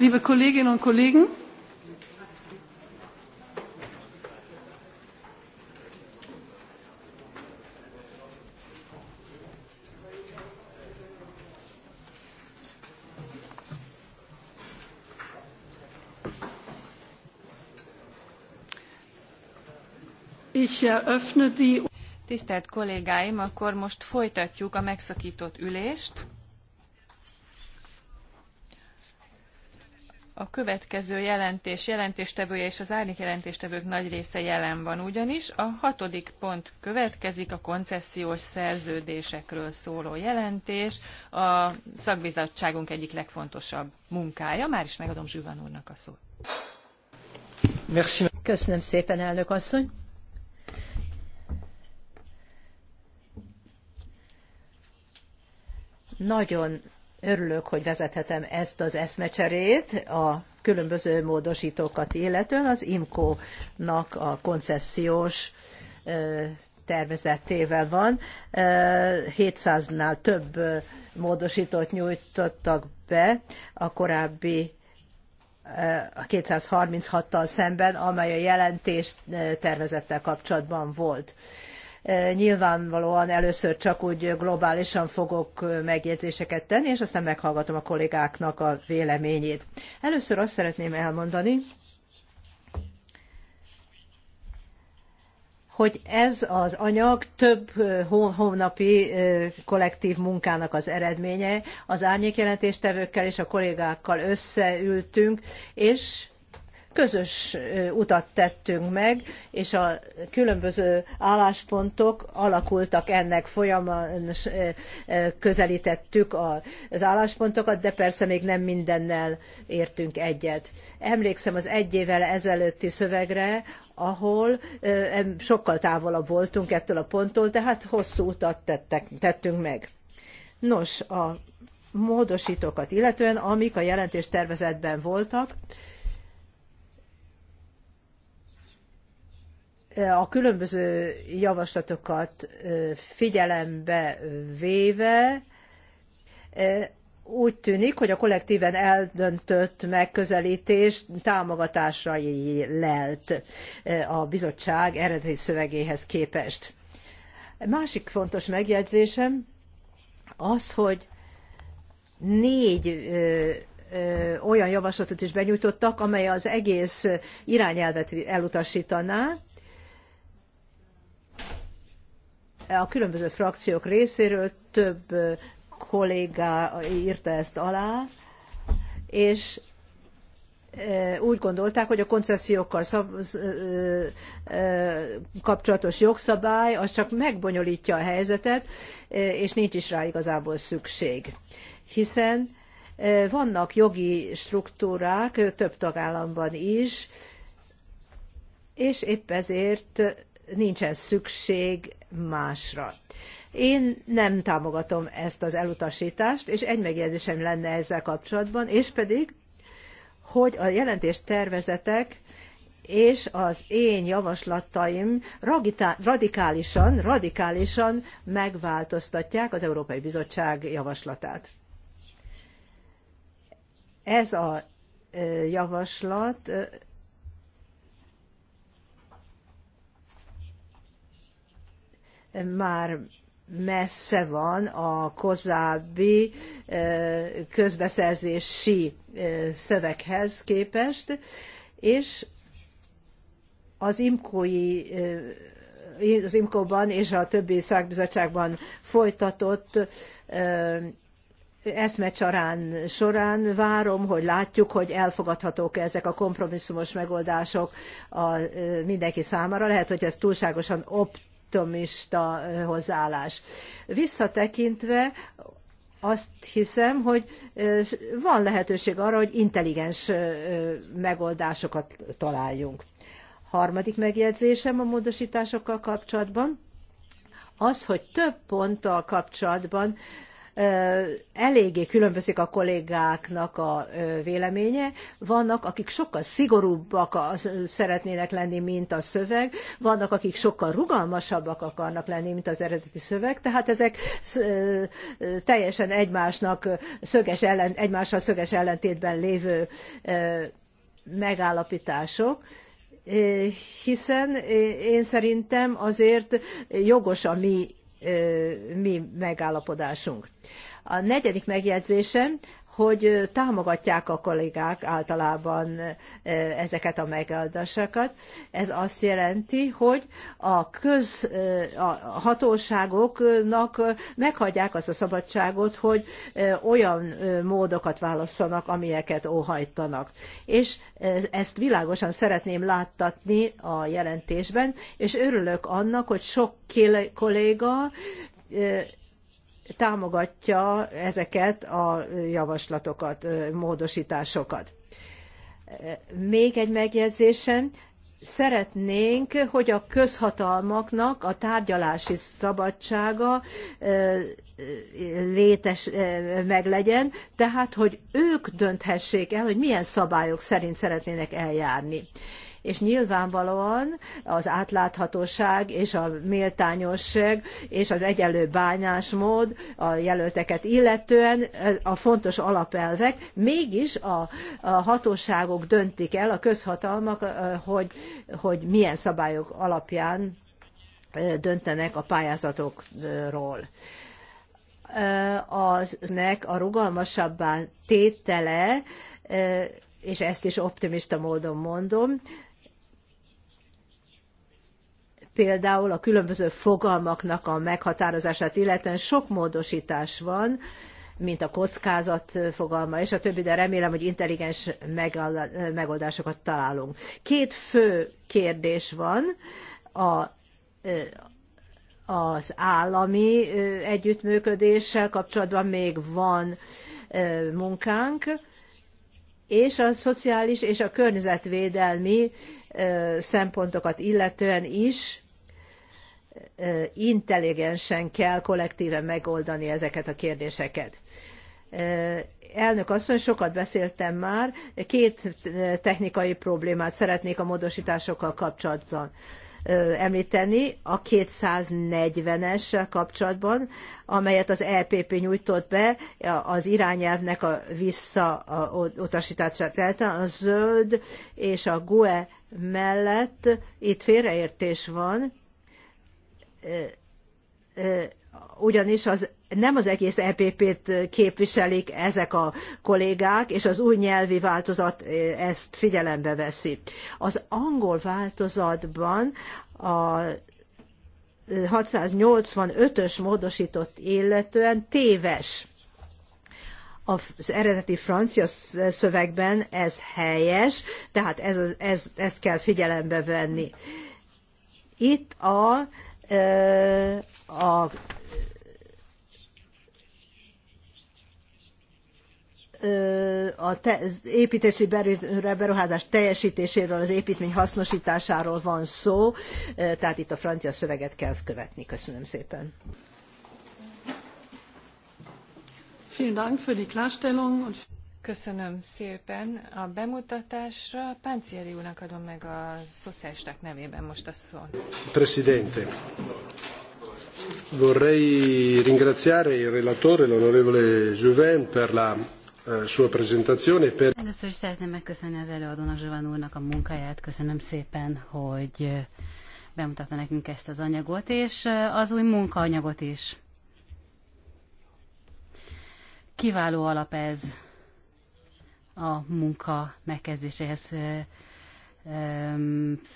liebe Kolleginnen und Kollegen, ich eröffne die Tisztelt kollégáim, akkor most folytatjuk a megszakított ülést. következő jelentés jelentéstevője és az árnyék jelentéstevők nagy része jelen van ugyanis. A hatodik pont következik a koncesziós szerződésekről szóló jelentés, a szakbizottságunk egyik legfontosabb munkája. Már is megadom Zsüvan úrnak a szót. Köszönöm szépen, elnök asszony. Nagyon örülök, hogy vezethetem ezt az eszmecserét a különböző módosítókat illetően az IMCO-nak a koncesziós tervezetével van. 700-nál több módosítót nyújtottak be a korábbi a 236-tal szemben, amely a jelentés tervezettel kapcsolatban volt. Nyilvánvalóan először csak úgy globálisan fogok megjegyzéseket tenni, és aztán meghallgatom a kollégáknak a véleményét. Először azt szeretném elmondani, hogy ez az anyag több hónapi kollektív munkának az eredménye. Az árnyékjelentéstevőkkel és a kollégákkal összeültünk, és közös utat tettünk meg, és a különböző álláspontok alakultak ennek folyamán, közelítettük az álláspontokat, de persze még nem mindennel értünk egyet. Emlékszem az egy évvel ezelőtti szövegre, ahol sokkal távolabb voltunk ettől a ponttól, de hát hosszú utat tettek, tettünk meg. Nos, a módosítókat illetően, amik a jelentés tervezetben voltak, a különböző javaslatokat figyelembe véve úgy tűnik, hogy a kollektíven eldöntött megközelítés támogatásra lelt a bizottság eredeti szövegéhez képest. Másik fontos megjegyzésem az, hogy négy olyan javaslatot is benyújtottak, amely az egész irányelvet elutasítaná, a különböző frakciók részéről több kollégá írta ezt alá, és úgy gondolták, hogy a koncesziókkal szab, kapcsolatos jogszabály az csak megbonyolítja a helyzetet, és nincs is rá igazából szükség. Hiszen vannak jogi struktúrák több tagállamban is, és épp ezért nincsen szükség másra. Én nem támogatom ezt az elutasítást, és egy megjegyzésem lenne ezzel kapcsolatban, és pedig, hogy a jelentés tervezetek és az én javaslataim radikálisan, radikálisan megváltoztatják az Európai Bizottság javaslatát. Ez a javaslat már messze van a korábbi közbeszerzési szöveghez képest, és az imkói az IMKO-ban és a többi szakbizottságban folytatott eszmecsarán során várom, hogy látjuk, hogy elfogadhatók -e ezek a kompromisszumos megoldások a mindenki számára. Lehet, hogy ez túlságosan opt optimista hozzáállás. Visszatekintve azt hiszem, hogy van lehetőség arra, hogy intelligens megoldásokat találjunk. Harmadik megjegyzésem a módosításokkal kapcsolatban, az, hogy több ponttal kapcsolatban eléggé különbözik a kollégáknak a véleménye. Vannak, akik sokkal szigorúbbak szeretnének lenni, mint a szöveg, vannak, akik sokkal rugalmasabbak akarnak lenni, mint az eredeti szöveg, tehát ezek teljesen egymásnak szöges ellen, egymással szöges ellentétben lévő megállapítások hiszen én szerintem azért jogos a mi mi megállapodásunk. A negyedik megjegyzésem hogy támogatják a kollégák általában ezeket a megoldásokat. Ez azt jelenti, hogy a köz a hatóságoknak meghagyják azt a szabadságot, hogy olyan módokat válasszanak, amilyeket óhajtanak. És ezt világosan szeretném láttatni a jelentésben, és örülök annak, hogy sok kolléga támogatja ezeket a javaslatokat, módosításokat. Még egy megjegyzésem, szeretnénk, hogy a közhatalmaknak a tárgyalási szabadsága létes meglegyen, tehát hogy ők dönthessék el, hogy milyen szabályok szerint szeretnének eljárni és nyilvánvalóan az átláthatóság és a méltányosság és az egyenlő bánásmód a jelölteket illetően a fontos alapelvek, mégis a, a hatóságok döntik el, a közhatalmak, hogy, hogy milyen szabályok alapján döntenek a pályázatokról aznek a rugalmasabbá tétele, és ezt is optimista módon mondom, például a különböző fogalmaknak a meghatározását illetően sok módosítás van, mint a kockázat fogalma és a többi, de remélem, hogy intelligens megoldásokat találunk. Két fő kérdés van a, az állami együttműködéssel kapcsolatban még van munkánk, és a szociális és a környezetvédelmi szempontokat illetően is intelligensen kell kollektíven megoldani ezeket a kérdéseket. Elnök asszony, sokat beszéltem már, két technikai problémát szeretnék a módosításokkal kapcsolatban említeni, a 240-essel kapcsolatban, amelyet az EPP nyújtott be az irányelvnek a visszautasítását, a zöld és a GUE mellett itt félreértés van, ugyanis az, nem az egész EPP-t képviselik ezek a kollégák, és az új nyelvi változat ezt figyelembe veszi. Az angol változatban a 685-ös módosított illetően téves. Az eredeti francia szövegben ez helyes, tehát ez, ez, ezt kell figyelembe venni. Itt a a az építési beruházás teljesítéséről, az építmény hasznosításáról van szó, tehát itt a francia szöveget kell követni. Köszönöm szépen. Vielen Dank für die Klarstellung Köszönöm szépen a bemutatásra. Páncieri úrnak adom meg a szocialisták nevében most a szót. Presidente, vorrei ringraziare il relatore, l'onorevole Juven, per la eh, sua presentazione. E per... Először is szeretném megköszönni az előadónak Juven úrnak a munkáját. Köszönöm szépen, hogy eh, bemutatta nekünk ezt az anyagot, és eh, az új munkaanyagot is. Kiváló alap ez a munka megkezdéséhez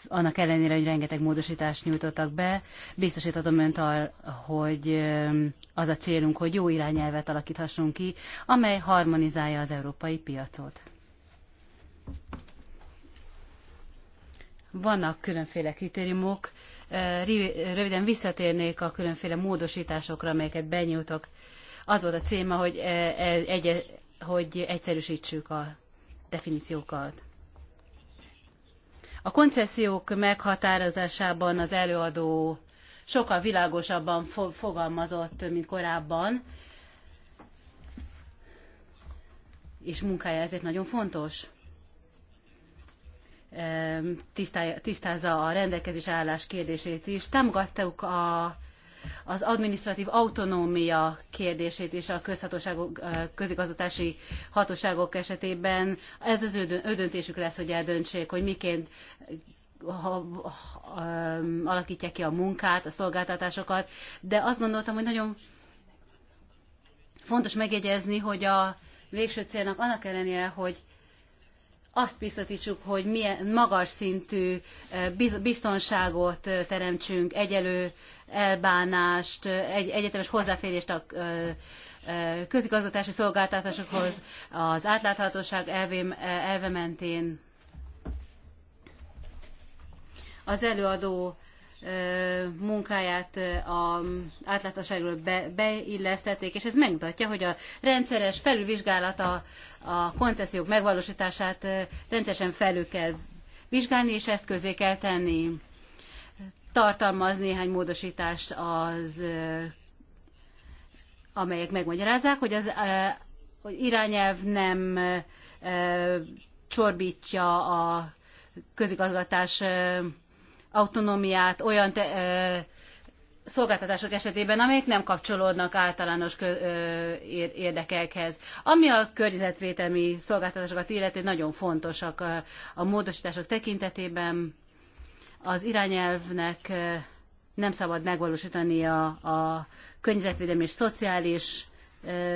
annak ellenére, hogy rengeteg módosítást nyújtottak be, biztosítatom önt arra, hogy az a célunk, hogy jó irányelvet alakíthassunk ki, amely harmonizálja az európai piacot. Vannak különféle kritériumok, röviden visszatérnék a különféle módosításokra, amelyeket benyújtok. Az volt a célma, hogy e, egy hogy egyszerűsítsük a definíciókat. A koncesziók meghatározásában az előadó sokkal világosabban fo fogalmazott, mint korábban, és munkája ezért nagyon fontos. tisztázza a rendelkezés állás kérdését is. Támogattuk a az administratív autonómia kérdését és a közigazgatási hatóságok esetében. Ez az ő döntésük lesz, hogy eldöntsék, hogy miként ha, ha, alakítják ki a munkát, a szolgáltatásokat, de azt gondoltam, hogy nagyon fontos megjegyezni, hogy a végső célnak annak ellenére, hogy azt biztosítsuk, hogy milyen magas szintű eh, biztonságot eh, teremtsünk, egyelő elbánást, eh, egy, egyetemes hozzáférést a közigazgatási szolgáltatásokhoz, az átláthatóság elve mentén. Az előadó munkáját a átlátásáról be, beillesztették, és ez megmutatja, hogy a rendszeres felülvizsgálat a, a koncesziók megvalósítását rendszeresen felül kell vizsgálni, és ezt közé kell tenni. Tartalmaz néhány módosítást az amelyek megmagyarázzák, hogy az hogy irányelv nem csorbítja a közigazgatás autonómiát olyan te, ö, szolgáltatások esetében, amelyek nem kapcsolódnak általános kö, ö, érdekekhez. Ami a környezetvédelmi szolgáltatásokat illeti, nagyon fontosak a, a módosítások tekintetében. Az irányelvnek ö, nem szabad megvalósítani a, a környezetvédelmi és szociális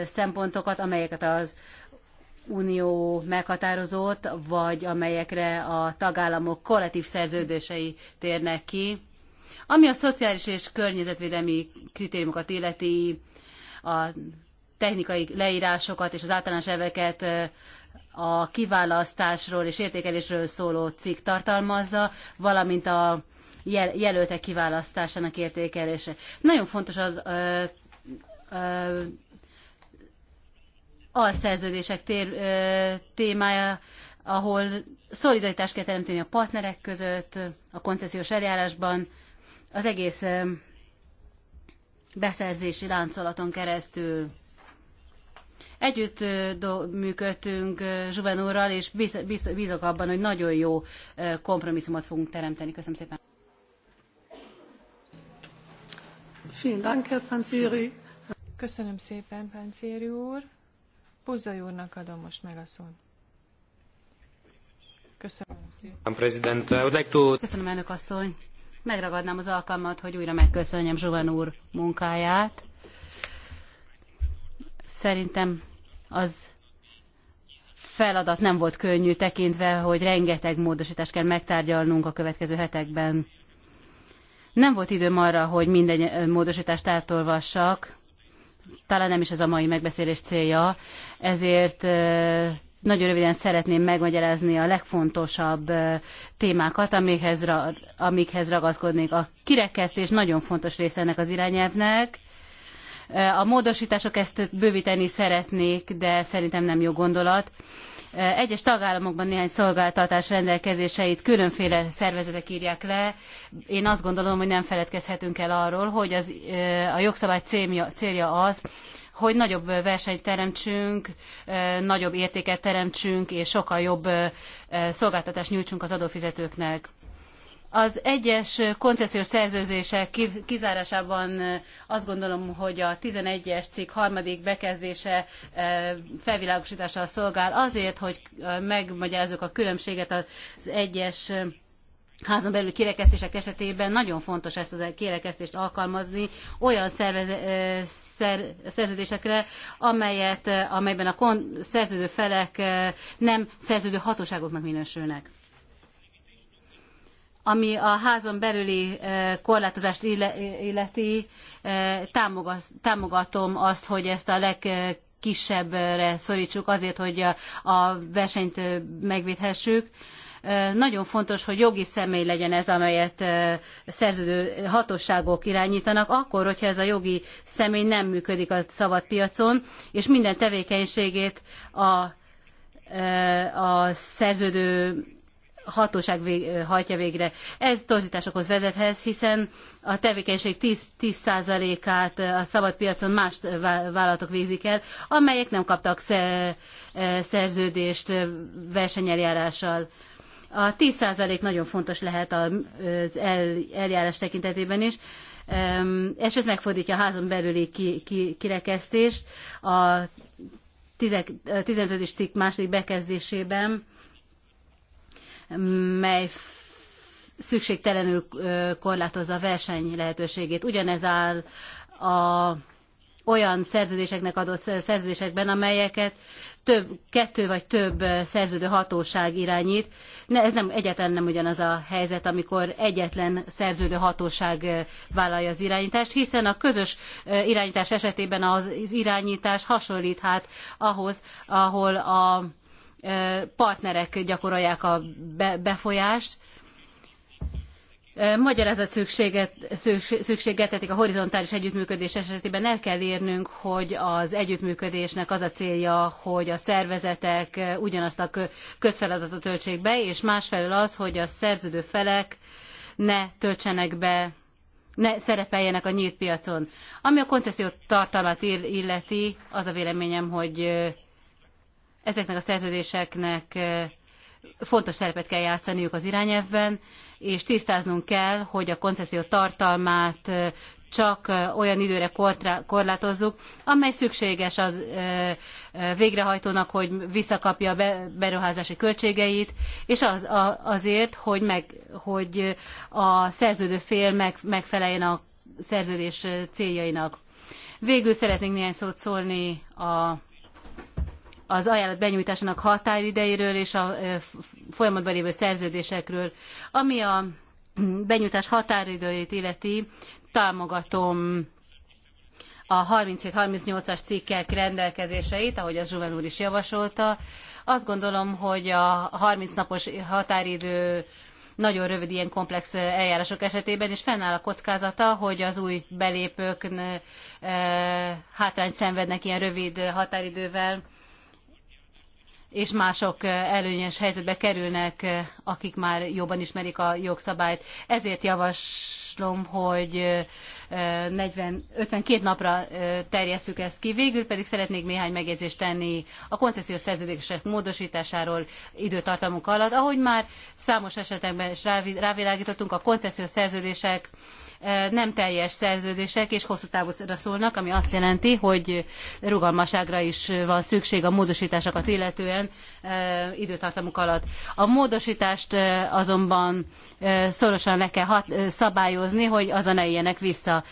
szempontokat, amelyeket az Unió meghatározott, vagy amelyekre a tagállamok kollektív szerződései térnek ki. Ami a szociális és környezetvédelmi kritériumokat illeti, a technikai leírásokat és az általános elveket a kiválasztásról és értékelésről szóló cikk tartalmazza, valamint a jel jelöltek kiválasztásának értékelése. Nagyon fontos az ö, ö, alszerződések tér, témája, ahol szolidaritást kell teremteni a partnerek között, a koncesziós eljárásban, az egész beszerzési láncolaton keresztül. Együtt működtünk Zsuven és bízok abban, hogy nagyon jó kompromisszumot fogunk teremteni. Köszönöm szépen. Köszönöm szépen, Pancieri úr úrnak adom most meg a szót. Köszönöm szépen. Köszönöm, elnök asszony. Megragadnám az alkalmat, hogy újra megköszönjem Zsuvan úr munkáját. Szerintem az feladat nem volt könnyű, tekintve, hogy rengeteg módosítást kell megtárgyalnunk a következő hetekben. Nem volt időm arra, hogy minden módosítást átolvassak, talán nem is ez a mai megbeszélés célja, ezért nagyon röviden szeretném megmagyarázni a legfontosabb témákat, amikhez, ra, amikhez ragaszkodnék. A kirekesztés nagyon fontos része ennek az irányelvnek. A módosítások ezt bővíteni szeretnék, de szerintem nem jó gondolat. Eh, egyes tagállamokban néhány szolgáltatás rendelkezéseit különféle szervezetek írják le. Én azt gondolom, hogy nem feledkezhetünk el arról, hogy az, eh, a jogszabály célja az, hogy nagyobb eh, versenyt teremtsünk, nagyobb értéket teremtsünk, és sokkal jobb szolgáltatást nyújtsunk az adófizetőknek. Az egyes koncesziós szerződések kizárásában azt gondolom, hogy a 11-es cikk harmadik bekezdése felvilágosítással szolgál azért, hogy megmagyarázzuk a különbséget az egyes házon belül kirekesztések esetében nagyon fontos ezt a kirekesztést alkalmazni olyan szervez, szer, szerződésekre, amelyet, amelyben a kon, szerződő felek nem szerződő hatóságoknak minősülnek. Ami a házon belüli e, korlátozást e, illeti, e, támogatom azt, hogy ezt a legkisebbre szorítsuk azért, hogy a versenyt megvédhessük nagyon fontos, hogy jogi személy legyen ez, amelyet szerződő hatóságok irányítanak, akkor, hogyha ez a jogi személy nem működik a szabad piacon, és minden tevékenységét a, a szerződő hatóság vég, hajtja végre. Ez torzításokhoz vezethez, hiszen a tevékenység 10%-át a szabad piacon más vállalatok végzik el, amelyek nem kaptak szerződést versenyeljárással. A 10% nagyon fontos lehet az eljárás tekintetében is, és ez megfordítja a házon belüli ki, ki, kirekesztést a 15. cikk második bekezdésében mely szükségtelenül korlátozza a verseny lehetőségét. Ugyanez áll a olyan szerződéseknek adott szerződésekben, amelyeket több, kettő vagy több szerződő hatóság irányít. Ne, ez nem, egyetlen nem ugyanaz a helyzet, amikor egyetlen szerződő hatóság vállalja az irányítást, hiszen a közös irányítás esetében az irányítás hasonlíthat ahhoz, ahol a partnerek gyakorolják a befolyást. Magyarázat szükséget, a horizontális együttműködés esetében el kell érnünk, hogy az együttműködésnek az a célja, hogy a szervezetek ugyanazt a közfeladatot töltsék be, és másfelől az, hogy a szerződő felek ne töltsenek be ne szerepeljenek a nyílt piacon. Ami a koncesszió tartalmát illeti, az a véleményem, hogy ezeknek a szerződéseknek fontos szerepet kell játszaniuk az irányelvben, és tisztáznunk kell, hogy a koncesszió tartalmát csak olyan időre korlátozzuk, amely szükséges az végrehajtónak, hogy visszakapja a beruházási költségeit, és az, azért, hogy, meg, hogy a szerződő fél meg, megfeleljen a szerződés céljainak. Végül szeretnénk néhány szót szólni a az ajánlat benyújtásának határidejéről és a folyamatban lévő szerződésekről. Ami a benyújtás határidőjét illeti, támogatom a 37-38-as cikkek rendelkezéseit, ahogy az Zsuven úr is javasolta. Azt gondolom, hogy a 30 napos határidő nagyon rövid ilyen komplex eljárások esetében, és fennáll a kockázata, hogy az új belépők hátrányt szenvednek ilyen rövid határidővel és mások eh, előnyes helyzetbe kerülnek, eh, akik már jobban ismerik a jogszabályt. Ezért javaslom, hogy 40, eh, 52 napra terjesszük ezt ki. Végül pedig szeretnék néhány megjegyzést tenni a koncesziós szerződések módosításáról időtartamunk alatt. Ahogy már számos esetekben is rávilágítottunk, a koncesziós szerződések E, nem teljes szerződések és hosszú távúra szólnak, ami azt jelenti, hogy rugalmaságra is van szükség a módosításokat illetően e, időtartamuk alatt. A módosítást e, azonban szorosan le kell hat, szabályozni, hogy azon ne éljenek vissza.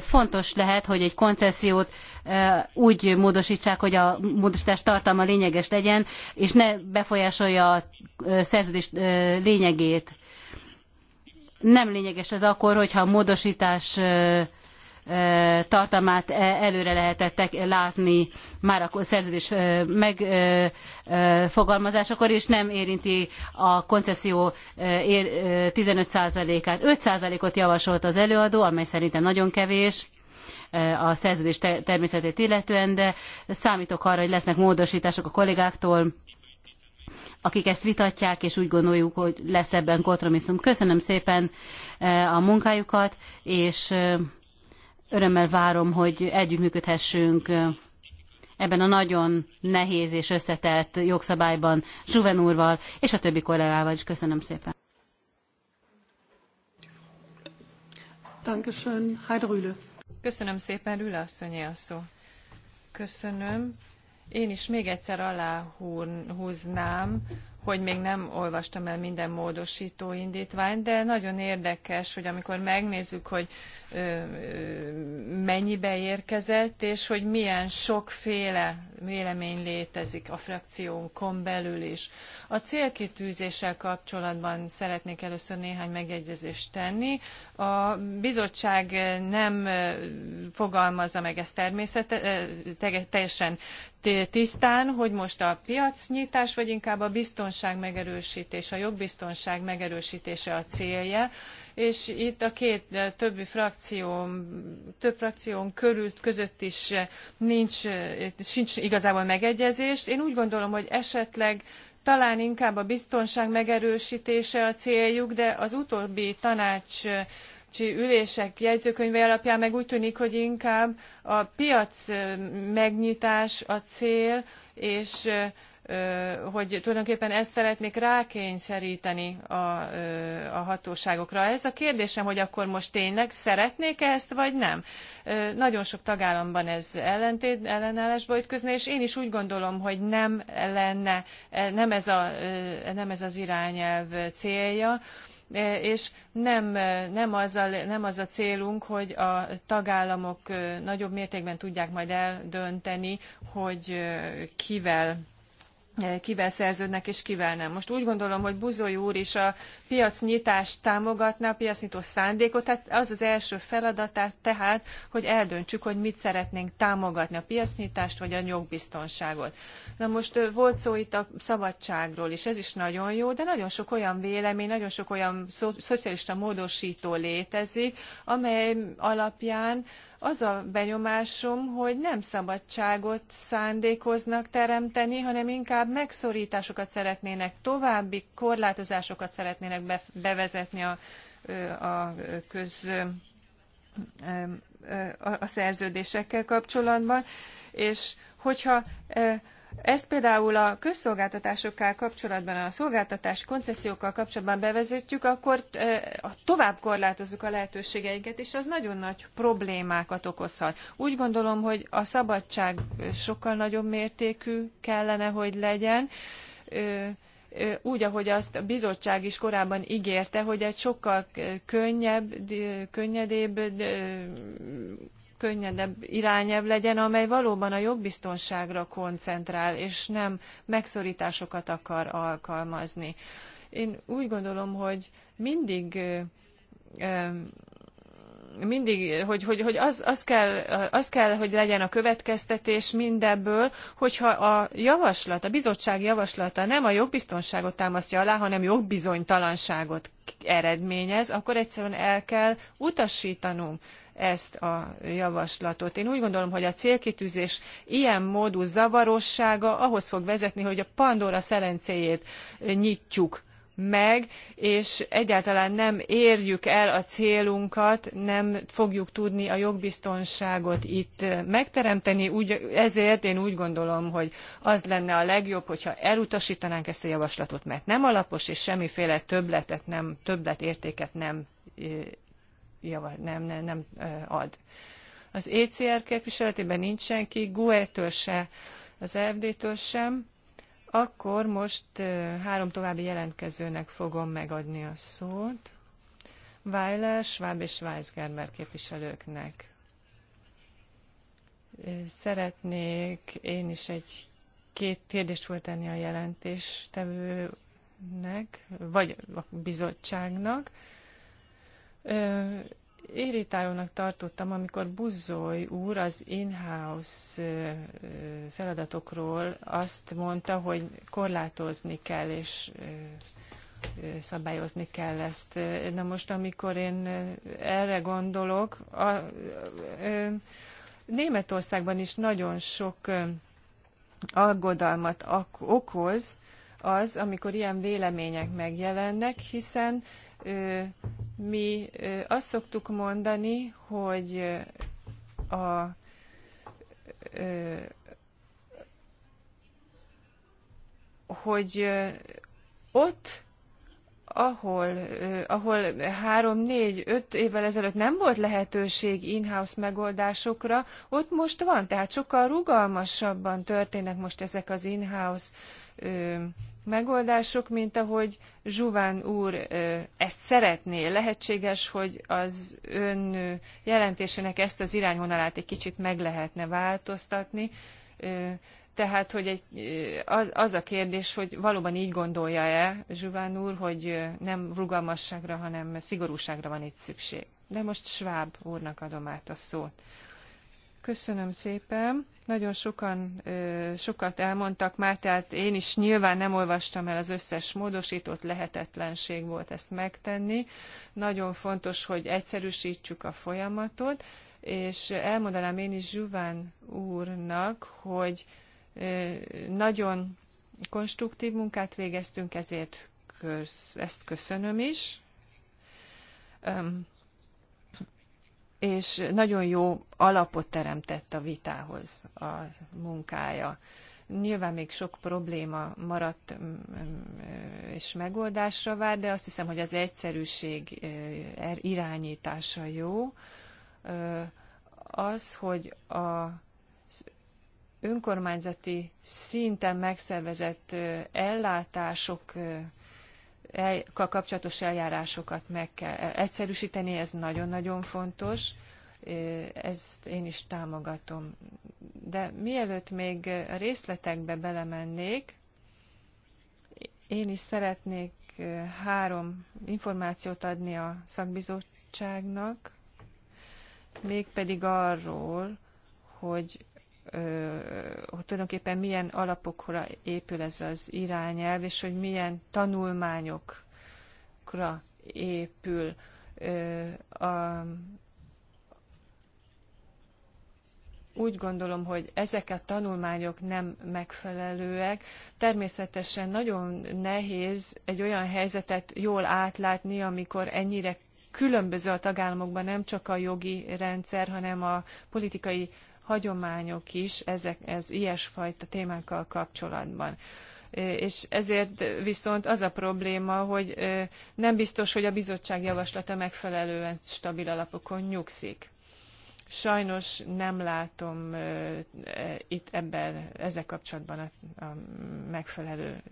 Fontos lehet, hogy egy koncesziót úgy módosítsák, hogy a módosítás tartalma lényeges legyen, és ne befolyásolja a szerződés lényegét nem lényeges ez akkor, hogyha a módosítás tartalmát e, előre lehetettek látni már a szerződés megfogalmazásakor, és nem érinti a koncesszió 15%-át. 5%-ot javasolt az előadó, amely szerintem nagyon kevés a szerződés természetét illetően, de számítok arra, hogy lesznek módosítások a kollégáktól, akik ezt vitatják, és úgy gondoljuk, hogy lesz ebben kompromisszum. Köszönöm szépen e, a munkájukat, és e, örömmel várom, hogy együttműködhessünk e, ebben a nagyon nehéz és összetett jogszabályban Zsuven úrval és a többi kollégával is. Köszönöm szépen. Köszönöm szépen, Rüle asszonyi a szó. Köszönöm. Én is még egyszer aláhúznám, hogy még nem olvastam el minden módosító indítványt, de nagyon érdekes, hogy amikor megnézzük, hogy mennyibe érkezett, és hogy milyen sokféle vélemény létezik a frakciónkon belül is. A célkitűzéssel kapcsolatban szeretnék először néhány megjegyzést tenni. A bizottság nem fogalmazza meg ezt természetesen teljesen tisztán, hogy most a piacnyitás, vagy inkább a biztonság biztonság megerőstése, a jogbiztonság megerősítése a célja, és itt a két többi frakció, több frakción körül, között is nincs, sincs igazából megegyezés. Én úgy gondolom, hogy esetleg talán inkább a biztonság megerősítése a céljuk, de az utóbbi tanács ülések jegyzőkönyve alapján meg úgy tűnik, hogy inkább a piac megnyitás a cél, és hogy tulajdonképpen ezt szeretnék rákényszeríteni a, a hatóságokra. Ez a kérdésem, hogy akkor most tényleg szeretnék -e ezt, vagy nem? Nagyon sok tagállamban ez ellentét, ellenállásba ütközne, és én is úgy gondolom, hogy nem lenne, e, nem ez, a, nem ez az irányelv célja, e, és nem, nem, az a, nem az a célunk, hogy a tagállamok nagyobb mértékben tudják majd eldönteni, hogy kivel Eh, kivel szerződnek és kivel nem. Most úgy gondolom, hogy Buzoly úr is a piacnyitást támogatná, a piacnyitó szándékot, tehát az az első feladata tehát, hogy eldöntsük, hogy mit szeretnénk támogatni, a piacnyitást vagy a jogbiztonságot. Na most eh, volt szó itt a szabadságról is, ez is nagyon jó, de nagyon sok olyan vélemény, nagyon sok olyan szo szocialista módosító létezik, amely alapján az a benyomásom, hogy nem szabadságot szándékoznak teremteni, hanem inkább megszorításokat szeretnének, további korlátozásokat szeretnének be, bevezetni a, a köz a, a szerződésekkel kapcsolatban, és hogyha ezt például a közszolgáltatásokkal kapcsolatban, a szolgáltatás koncesziókkal kapcsolatban bevezetjük, akkor tovább korlátozzuk a lehetőségeinket, és az nagyon nagy problémákat okozhat. Úgy gondolom, hogy a szabadság sokkal nagyobb mértékű kellene, hogy legyen úgy, ahogy azt a bizottság is korábban ígérte, hogy egy sokkal könnyebb, könnyedébb könnyedebb irányelv legyen, amely valóban a jogbiztonságra koncentrál, és nem megszorításokat akar alkalmazni. Én úgy gondolom, hogy mindig mindig, hogy, hogy, hogy az, az, kell, az kell, hogy legyen a következtetés mindebből, hogyha a javaslat, a bizottság javaslata nem a jogbiztonságot támasztja alá, hanem jogbizonytalanságot eredményez, akkor egyszerűen el kell utasítanunk ezt a javaslatot. Én úgy gondolom, hogy a célkitűzés ilyen módú zavarossága ahhoz fog vezetni, hogy a Pandora szelencéjét nyitjuk meg, és egyáltalán nem érjük el a célunkat, nem fogjuk tudni a jogbiztonságot itt megteremteni, úgy, ezért én úgy gondolom, hogy az lenne a legjobb, hogyha elutasítanánk ezt a javaslatot, mert nem alapos, és semmiféle többletet nem, többletértéket nem java, nem, nem, nem ad. Az ECR képviseletében nincs senki, GUE-től se, az FD-től sem. Akkor most három további jelentkezőnek fogom megadni a szót. Weiler, Schwab és Weisgerber képviselőknek. Szeretnék én is egy két kérdést föltenni a jelentéstevőnek, vagy a bizottságnak irritálónak tartottam, amikor Buzzoly úr az in-house feladatokról azt mondta, hogy korlátozni kell és szabályozni kell ezt. Na most, amikor én erre gondolok, a, a, a, Németországban is nagyon sok aggodalmat okoz az, amikor ilyen vélemények megjelennek, hiszen mi azt szoktuk mondani, hogy a hogy ott, ahol, ahol három, négy, öt évvel ezelőtt nem volt lehetőség in-house megoldásokra, ott most van, tehát sokkal rugalmasabban történnek most ezek az in-house megoldások, mint ahogy Zsuván úr ezt szeretné. Lehetséges, hogy az ön jelentésének ezt az irányvonalát egy kicsit meg lehetne változtatni. Tehát, hogy egy, az, az a kérdés, hogy valóban így gondolja-e Zsuván úr, hogy nem rugalmasságra, hanem szigorúságra van itt szükség. De most Schwab úrnak adom át a szót. Köszönöm szépen. Nagyon sokan sokat elmondtak már, tehát én is nyilván nem olvastam el az összes módosítót, lehetetlenség volt ezt megtenni. Nagyon fontos, hogy egyszerűsítsük a folyamatot, és elmondanám én is Zsuván úrnak, hogy nagyon konstruktív munkát végeztünk, ezért köz, ezt köszönöm is és nagyon jó alapot teremtett a vitához a munkája. Nyilván még sok probléma maradt mm, mm, és megoldásra vár, de azt hiszem, hogy az egyszerűség eh, er, irányítása jó. Az, hogy a önkormányzati szinten megszervezett eh, ellátások eh, el, kapcsolatos eljárásokat meg kell e, egyszerűsíteni, ez nagyon-nagyon fontos, ezt én is támogatom. De mielőtt még a részletekbe belemennék, én is szeretnék három információt adni a szakbizottságnak, mégpedig arról, hogy hogy tulajdonképpen milyen alapokra épül ez az irányelv, és hogy milyen tanulmányokra épül a, úgy gondolom, hogy ezek a tanulmányok nem megfelelőek. Természetesen nagyon nehéz egy olyan helyzetet jól átlátni, amikor ennyire különböző a tagállamokban nem csak a jogi rendszer, hanem a politikai hagyományok is ezek, ez ilyesfajta témákkal kapcsolatban és ezért viszont az a probléma, hogy nem biztos, hogy a bizottság javaslata megfelelően stabil alapokon nyugszik. Sajnos nem látom e, itt ebben, ezek kapcsolatban a, a megfelelő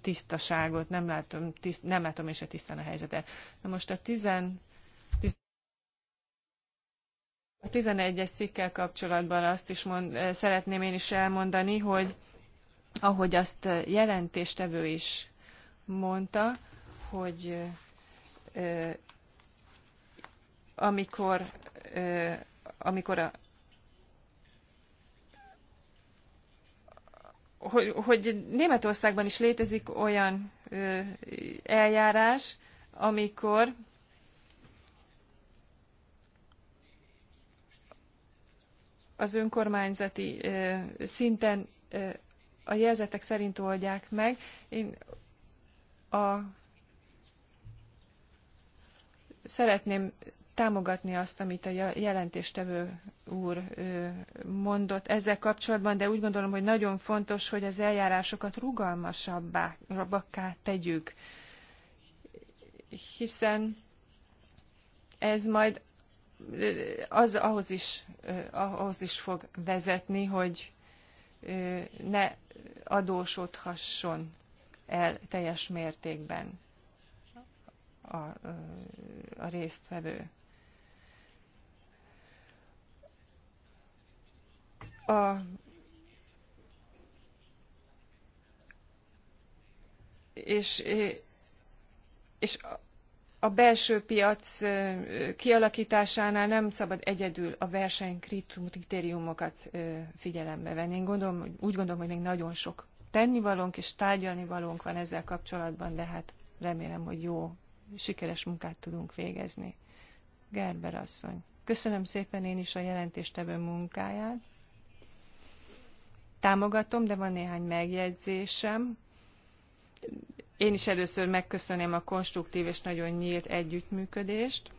tisztaságot, nem látom, tiszt, nem látom és a tisztán a helyzetet. Na most a a 11-es cikkel kapcsolatban azt is mond, eh, szeretném én is elmondani, hogy ahogy azt eh, jelentéstevő is mondta, hogy ö, eh, amikor, ö, amikor a hogy, hogy Németországban is létezik olyan ö, eljárás, amikor az önkormányzati szinten a jelzetek szerint oldják meg. Én a... szeretném támogatni azt, amit a jelentéstevő úr mondott ezzel kapcsolatban, de úgy gondolom, hogy nagyon fontos, hogy az eljárásokat rugalmasabbá tegyük, hiszen ez majd az ahhoz is, ahhoz is fog vezetni, hogy ne adósodhasson el teljes mértékben a, a résztvevő. A és, és a belső piac kialakításánál nem szabad egyedül a versenykritériumokat figyelembe venni. Én gondolom, úgy gondolom, hogy még nagyon sok tennivalónk és tárgyalnivalónk van ezzel kapcsolatban, de hát remélem, hogy jó, sikeres munkát tudunk végezni. Gerber asszony. Köszönöm szépen én is a jelentéstevő munkáját. Támogatom, de van néhány megjegyzésem én is először megköszönöm a konstruktív és nagyon nyílt együttműködést.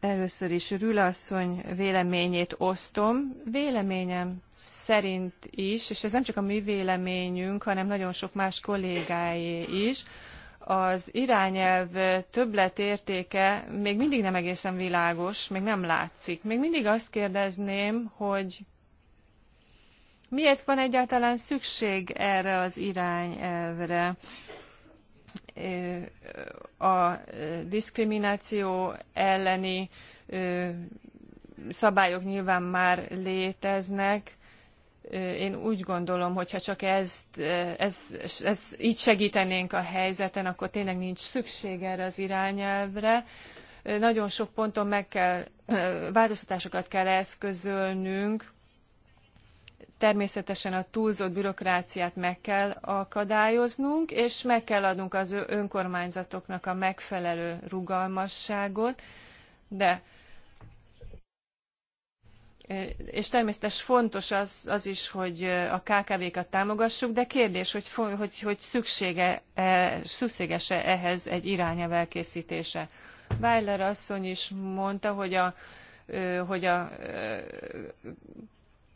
Először is Rülasszony véleményét osztom. Véleményem szerint is, és ez nem csak a mi véleményünk, hanem nagyon sok más kollégáé is, az irányelv többletértéke még mindig nem egészen világos, még nem látszik. Még mindig azt kérdezném, hogy Miért van egyáltalán szükség erre az irányelvre? A diszkrimináció elleni szabályok nyilván már léteznek. Én úgy gondolom, hogy ha csak ezt, ez, ez, így segítenénk a helyzeten, akkor tényleg nincs szükség erre az irányelvre. Nagyon sok ponton meg kell, változtatásokat kell eszközölnünk, természetesen a túlzott bürokráciát meg kell akadályoznunk, és meg kell adnunk az önkormányzatoknak a megfelelő rugalmasságot, de és természetesen fontos az, az is, hogy a KKV-kat támogassuk, de kérdés, hogy, hogy, hogy szüksége, e, szükséges-e ehhez egy irányelv elkészítése. Weiler asszony is mondta, hogy a, hogy a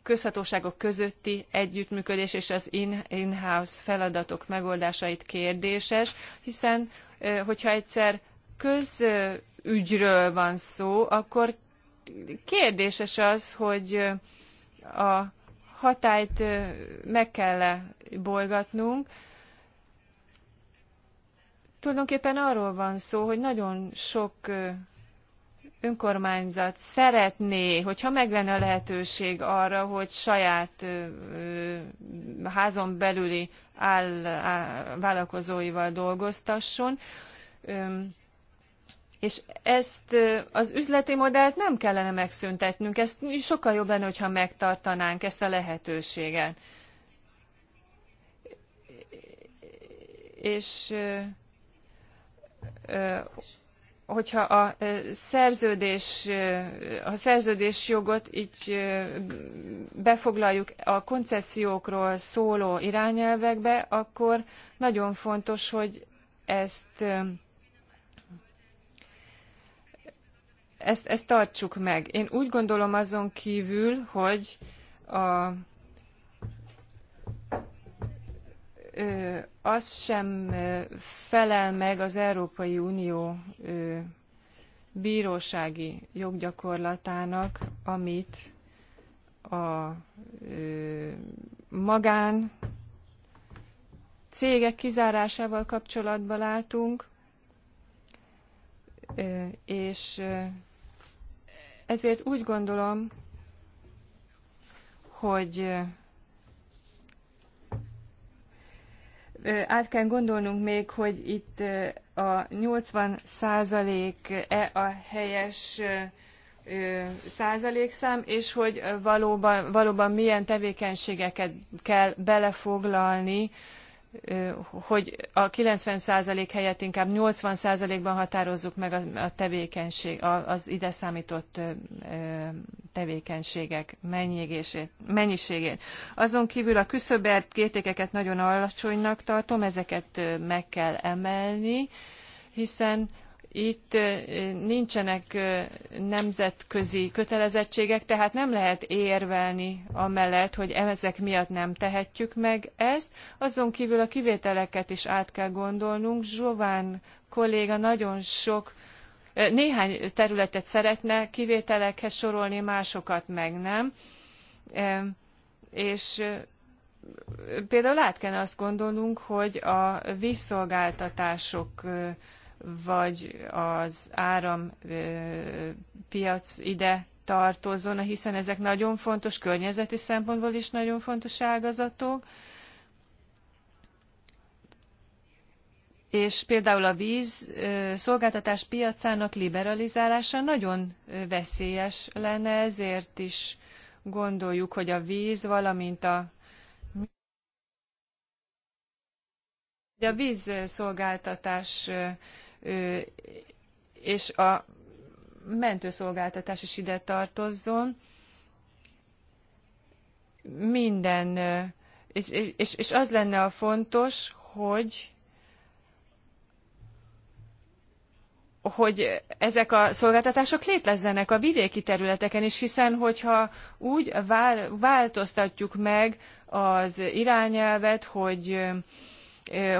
közhatóságok közötti együttműködés és az in-house feladatok megoldásait kérdéses, hiszen hogyha egyszer közügyről van szó, akkor kérdéses az, hogy a hatályt meg kell -e bolygatnunk Tulajdonképpen arról van szó, hogy nagyon sok önkormányzat szeretné, hogyha meg lenne a lehetőség arra, hogy saját ö, házon belüli áll, áll, vállalkozóival dolgoztasson, ö, és ezt az üzleti modellt nem kellene megszüntetnünk, ezt sokkal jobb lenne, hogyha megtartanánk ezt a lehetőséget. És ö, hogyha a szerződés, a szerződés jogot így befoglaljuk a koncesziókról szóló irányelvekbe, akkor nagyon fontos, hogy ezt ezt, ezt tartsuk meg. Én úgy gondolom azon kívül, hogy a az sem felel meg az Európai Unió bírósági joggyakorlatának, amit a magán cégek kizárásával kapcsolatban látunk, és ezért úgy gondolom, hogy át kell gondolnunk még, hogy itt a 80 százalék-e a helyes százalékszám, és hogy valóban, valóban milyen tevékenységeket kell belefoglalni hogy a 90% helyett inkább 80%-ban határozzuk meg a, tevékenység, az ide számított tevékenységek mennyiségét. Azon kívül a küszöbert kértékeket nagyon alacsonynak tartom, ezeket meg kell emelni, hiszen itt nincsenek nemzetközi kötelezettségek, tehát nem lehet érvelni amellett, hogy ezek miatt nem tehetjük meg ezt. Azon kívül a kivételeket is át kell gondolnunk. Zsován kolléga nagyon sok néhány területet szeretne kivételekhez sorolni, másokat meg nem. És például át kellene azt gondolnunk, hogy a vízszolgáltatások vagy az árampiac ide tartozzon, hiszen ezek nagyon fontos, környezeti szempontból is nagyon fontos ágazatok. És például a víz szolgáltatás piacának liberalizálása nagyon veszélyes lenne, ezért is gondoljuk, hogy a víz, valamint a a vízszolgáltatás és a mentőszolgáltatás is ide tartozzon. Minden, és, és, és az lenne a fontos, hogy hogy ezek a szolgáltatások létezzenek a vidéki területeken is, hiszen hogyha úgy változtatjuk meg az irányelvet, hogy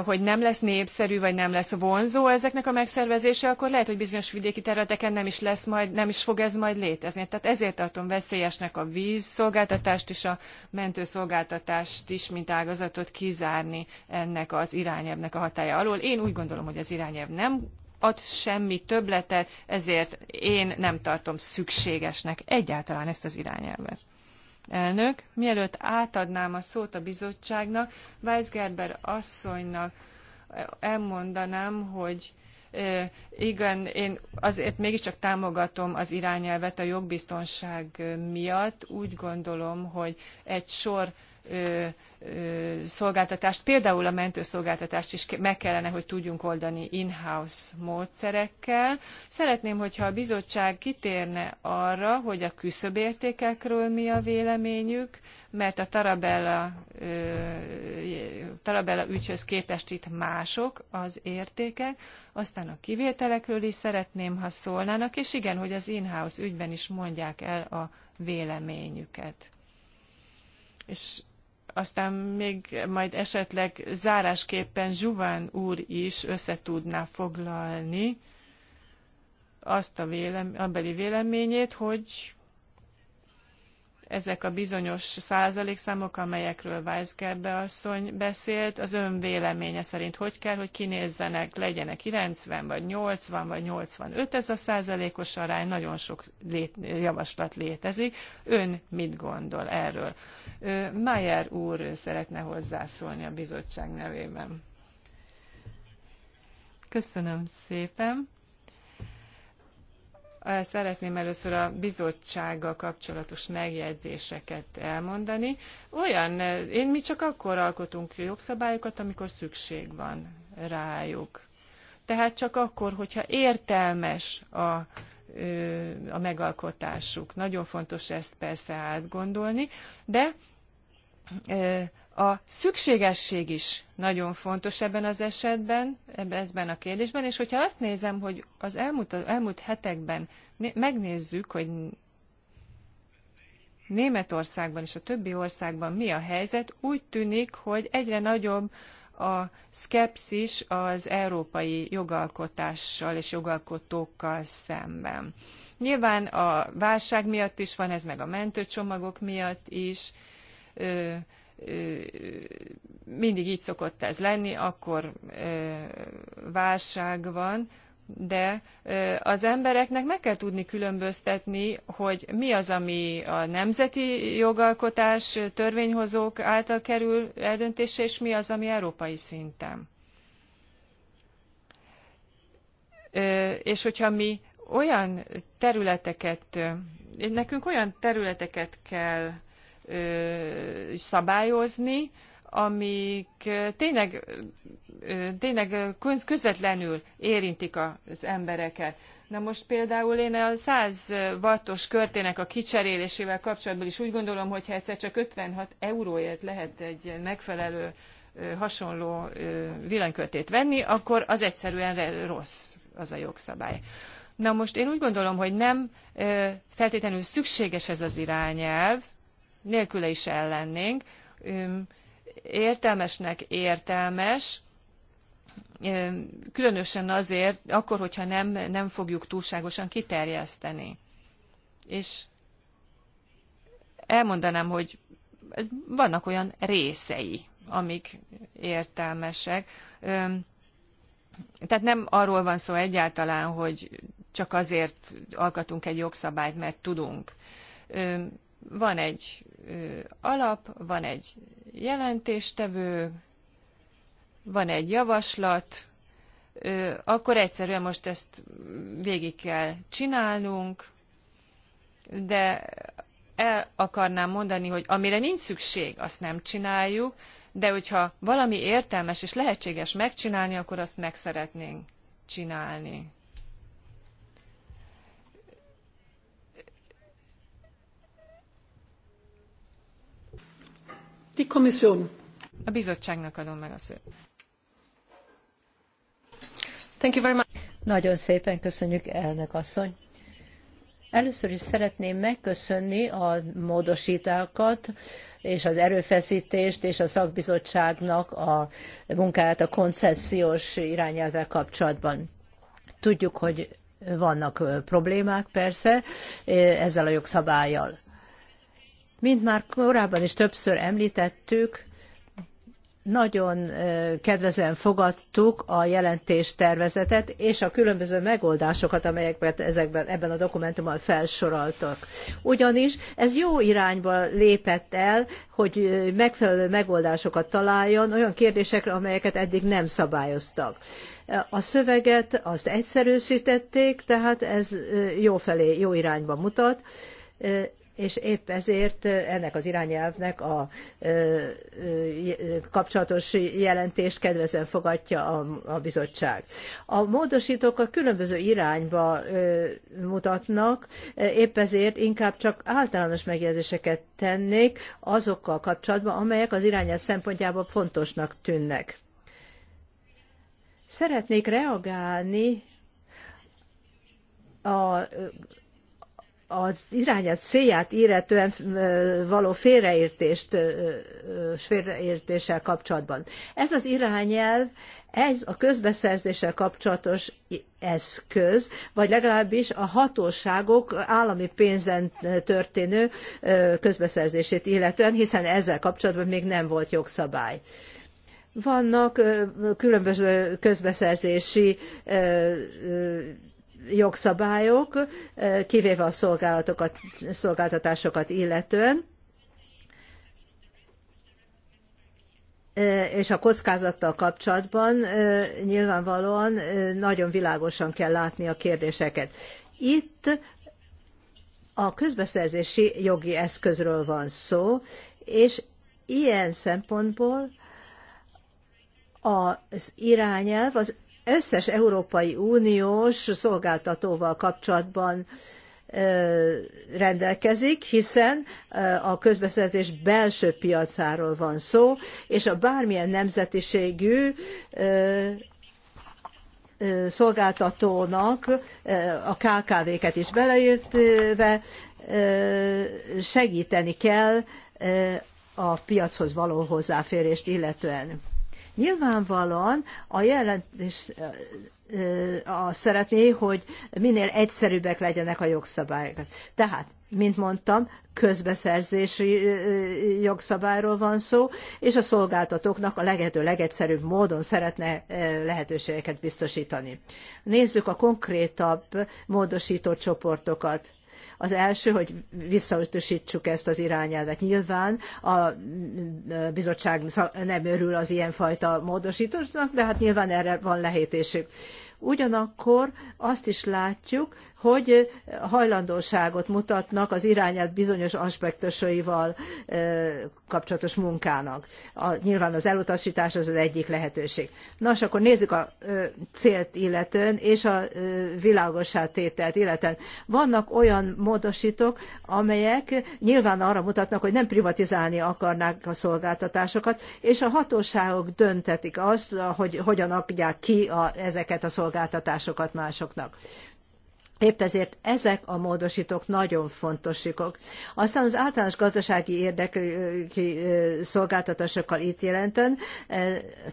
hogy nem lesz népszerű, vagy nem lesz vonzó ezeknek a megszervezése, akkor lehet, hogy bizonyos vidéki területeken nem is lesz majd, nem is fog ez majd létezni. Tehát ezért tartom veszélyesnek a vízszolgáltatást és a mentőszolgáltatást is, mint ágazatot kizárni ennek az irányelvnek a hatája alól. Én úgy gondolom, hogy az irányelv nem ad semmi többletet, ezért én nem tartom szükségesnek egyáltalán ezt az irányelvet. Elnök, mielőtt átadnám a szót a bizottságnak, Weisgerber asszonynak eh, elmondanám, hogy eh, igen, én azért mégiscsak támogatom az irányelvet a jogbiztonság miatt. Úgy gondolom, hogy egy sor eh, szolgáltatást, például a mentőszolgáltatást is meg kellene, hogy tudjunk oldani in-house módszerekkel. Szeretném, hogyha a bizottság kitérne arra, hogy a küszöbértékekről mi a véleményük, mert a Tarabella, Tarabella ügyhöz képest itt mások az értékek, aztán a kivételekről is szeretném, ha szólnának, és igen, hogy az in-house ügyben is mondják el a véleményüket. És aztán még majd esetleg zárásképpen Zsuván úr is összetudná foglalni azt a vélem, beli véleményét, hogy ezek a bizonyos százalékszámok, amelyekről Weisgerbe asszony beszélt, az ön véleménye szerint hogy kell, hogy kinézzenek, legyenek 90 vagy 80 vagy 85 ez a százalékos arány, nagyon sok lét, javaslat létezik. Ön mit gondol erről? Mayer úr szeretne hozzászólni a bizottság nevében. Köszönöm szépen szeretném először a bizottsággal kapcsolatos megjegyzéseket elmondani. Olyan, én mi csak akkor alkotunk jogszabályokat, amikor szükség van rájuk. Tehát csak akkor, hogyha értelmes a, a megalkotásuk. Nagyon fontos ezt persze átgondolni, de a szükségesség is nagyon fontos ebben az esetben, ebben a kérdésben, és hogyha azt nézem, hogy az elmúlt, az elmúlt hetekben megnézzük, hogy Németországban és a többi országban mi a helyzet, úgy tűnik, hogy egyre nagyobb a szkepszis az európai jogalkotással és jogalkotókkal szemben. Nyilván a válság miatt is van ez, meg a mentőcsomagok miatt is. Ö, mindig így szokott ez lenni, akkor válság van, de az embereknek meg kell tudni különböztetni, hogy mi az, ami a nemzeti jogalkotás törvényhozók által kerül eldöntése, és mi az, ami európai szinten. És hogyha mi olyan területeket, nekünk olyan területeket kell szabályozni, amik tényleg, tényleg közvetlenül érintik az embereket. Na most például én a 100 wattos körtének a kicserélésével kapcsolatban is úgy gondolom, hogy ha egyszer csak 56 euróért lehet egy megfelelő hasonló villanykörtét venni, akkor az egyszerűen rossz az a jogszabály. Na most én úgy gondolom, hogy nem feltétlenül szükséges ez az irányelv, nélküle is ellennénk. Értelmesnek értelmes, különösen azért, akkor, hogyha nem, nem fogjuk túlságosan kiterjeszteni. És elmondanám, hogy vannak olyan részei, amik értelmesek. Tehát nem arról van szó egyáltalán, hogy csak azért alkatunk egy jogszabályt, mert tudunk. Van egy alap, van egy jelentéstevő, van egy javaslat, akkor egyszerűen most ezt végig kell csinálnunk, de el akarnám mondani, hogy amire nincs szükség, azt nem csináljuk, de hogyha valami értelmes és lehetséges megcsinálni, akkor azt meg szeretnénk csinálni. A bizottságnak adom meg a szót. Nagyon szépen köszönjük, elnök asszony. Először is szeretném megköszönni a módosítákat és az erőfeszítést és a szakbizottságnak a munkáját a koncesziós irányelvvel kapcsolatban. Tudjuk, hogy vannak problémák persze ezzel a jogszabályjal. Mint már korábban is többször említettük, nagyon kedvezően fogadtuk a jelentéstervezetet és a különböző megoldásokat, amelyeket ezekben, ebben a dokumentumban felsoroltak. Ugyanis ez jó irányba lépett el, hogy megfelelő megoldásokat találjon olyan kérdésekre, amelyeket eddig nem szabályoztak. A szöveget azt egyszerűsítették, tehát ez jó felé, jó irányba mutat és épp ezért ennek az irányelvnek a kapcsolatos jelentést kedvezően fogadja a, bizottság. A módosítók a különböző irányba mutatnak, épp ezért inkább csak általános megjegyzéseket tennék azokkal kapcsolatban, amelyek az irányelv szempontjából fontosnak tűnnek. Szeretnék reagálni a az irányát célját illetően való félreértést, félreértéssel kapcsolatban. Ez az irányelv, ez a közbeszerzéssel kapcsolatos eszköz, vagy legalábbis a hatóságok állami pénzen történő közbeszerzését illetően, hiszen ezzel kapcsolatban még nem volt jogszabály. Vannak különböző közbeszerzési jogszabályok, eh, kivéve a szolgálatokat, szolgáltatásokat illetően, eh, és a kockázattal kapcsolatban eh, nyilvánvalóan nagyon világosan kell látni a kérdéseket. Itt a közbeszerzési jogi eszközről van szó, és ilyen szempontból az irányelv az összes Európai Uniós szolgáltatóval kapcsolatban rendelkezik, hiszen a közbeszerzés belső piacáról van szó, és a bármilyen nemzetiségű szolgáltatónak a KKV-ket is beleértve segíteni kell a piachoz való hozzáférést illetően. Nyilvánvalóan a jelentés a szeretné, hogy minél egyszerűbbek legyenek a jogszabályok. Tehát, mint mondtam, közbeszerzési jogszabályról van szó, és a szolgáltatóknak a lehető legegyszerűbb módon szeretne lehetőségeket biztosítani. Nézzük a konkrétabb módosított csoportokat az első, hogy visszaötösítsük ezt az irányelvet. Nyilván a bizottság nem örül az ilyenfajta módosításnak, de hát nyilván erre van lehetőség. Ugyanakkor azt is látjuk, hogy hajlandóságot mutatnak az irányát bizonyos aspektusaival kapcsolatos munkának. A, nyilván az elutasítás az az egyik lehetőség. Nos, akkor nézzük a ö, célt illetően és a világosát tételt illetően. Vannak olyan módosítók, amelyek nyilván arra mutatnak, hogy nem privatizálni akarnák a szolgáltatásokat, és a hatóságok döntetik azt, hogy hogyan adják ki a, ezeket a szolgáltatásokat másoknak. Épp ezért ezek a módosítók nagyon fontosok. Aztán az általános gazdasági érdekű szolgáltatásokkal itt jelentőn,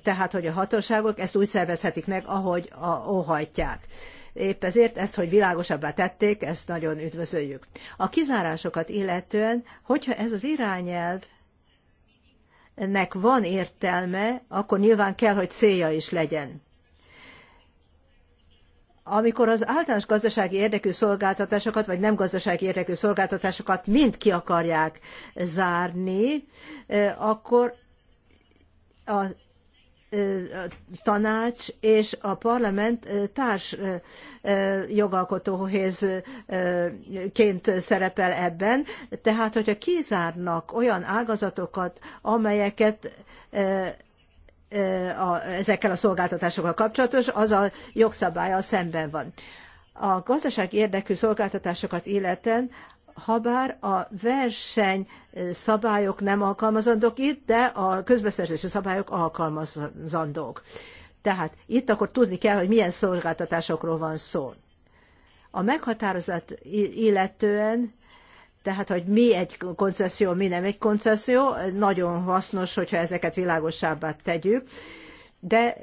tehát hogy a hatóságok ezt úgy szervezhetik meg, ahogy a, óhajtják. Épp ezért ezt, hogy világosabbá tették, ezt nagyon üdvözöljük. A kizárásokat illetően, hogyha ez az irányelv nek van értelme, akkor nyilván kell, hogy célja is legyen amikor az általános gazdasági érdekű szolgáltatásokat, vagy nem gazdasági érdekű szolgáltatásokat mind ki akarják zárni, eh, akkor eh, a tanács és a parlament eh, társ jogalkotóhoz ként szerepel ebben. Tehát, hogyha kizárnak olyan ágazatokat, amelyeket ezekkel a szolgáltatásokkal kapcsolatos, az a jogszabálya szemben van. A gazdasági érdekű szolgáltatásokat illeten, habár a verseny szabályok nem alkalmazandók itt, de a közbeszerzési szabályok alkalmazandók. Tehát itt akkor tudni kell, hogy milyen szolgáltatásokról van szó. A meghatározat illetően tehát, hogy mi egy koncesszió, mi nem egy koncesszió, nagyon hasznos, hogyha ezeket világosabbá tegyük, de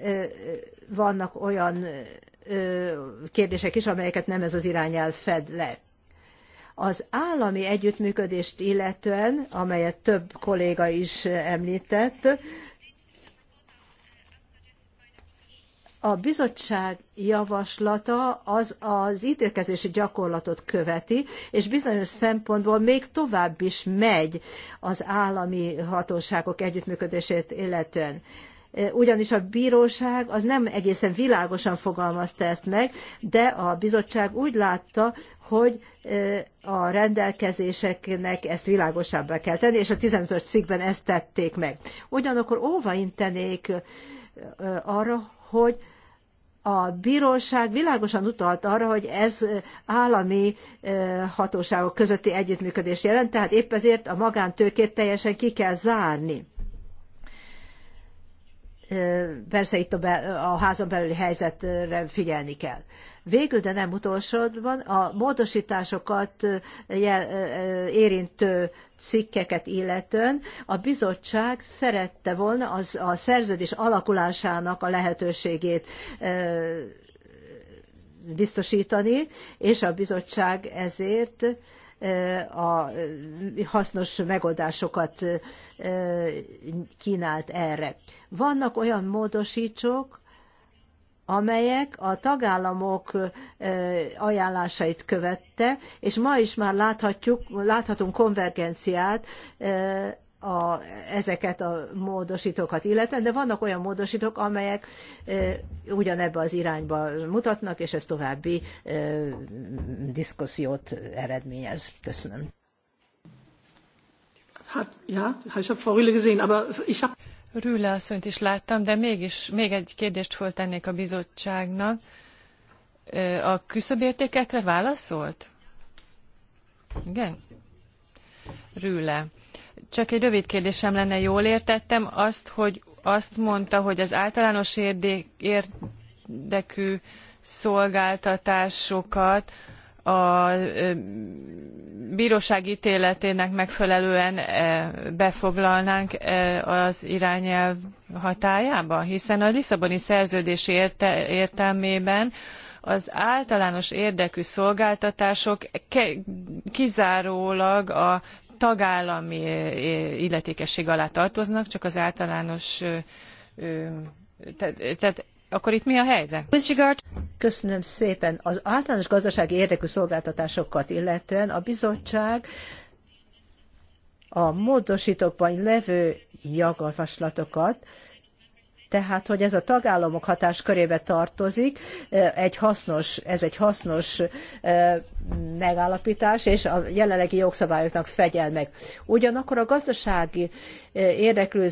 vannak olyan kérdések is, amelyeket nem ez az irányel fed le. Az állami együttműködést illetően, amelyet több kolléga is említett, A bizottság javaslata az az ítélkezési gyakorlatot követi, és bizonyos szempontból még tovább is megy az állami hatóságok együttműködését illetően e, ugyanis a bíróság az nem egészen világosan fogalmazta ezt meg, de a bizottság úgy látta, hogy e, a rendelkezéseknek ezt világosabbá kell tenni, és a 15-ös cikkben ezt tették meg. Ugyanakkor óva intenék e, arra, hogy a bíróság világosan utalt arra, hogy ez állami hatóságok közötti együttműködés jelent, tehát épp ezért a magántőkét teljesen ki kell zárni persze itt a, a házon belüli helyzetre figyelni kell. Végül, de nem utolsóban, a módosításokat érintő cikkeket illetően a bizottság szerette volna az, a szerződés alakulásának a lehetőségét biztosítani, és a bizottság ezért a hasznos megoldásokat kínált erre. Vannak olyan módosítók, amelyek a tagállamok ajánlásait követte, és ma is már láthatjuk, láthatunk konvergenciát a, ezeket a módosítókat illetve, de vannak olyan módosítók, amelyek e, ugyanebbe az irányba mutatnak, és ez további e, diszkusziót eredményez. Köszönöm. Hát, ja, hát ich habe Frau gesehen, aber ich Rühle asszonyt is láttam, de mégis még egy kérdést föltennék a bizottságnak. A küszöbértékekre válaszolt? Igen? Rühle csak egy rövid kérdésem lenne, jól értettem azt, hogy azt mondta, hogy az általános érdekű szolgáltatásokat a bíróság ítéletének megfelelően befoglalnánk az irányelv hatályába? Hiszen a Lisszaboni szerződés érte, értelmében az általános érdekű szolgáltatások kizárólag a tagállami illetékesség alá tartoznak, csak az általános, tehát, tehát akkor itt mi a helyzet? Köszönöm szépen. Az általános gazdasági érdekű szolgáltatásokat illetően a bizottság a módosítókban levő jogalvaslatokat tehát hogy ez a tagállamok hatáskörébe tartozik, egy hasznos, ez egy hasznos megállapítás, és a jelenlegi jogszabályoknak fegyel meg. Ugyanakkor a gazdasági érdeklő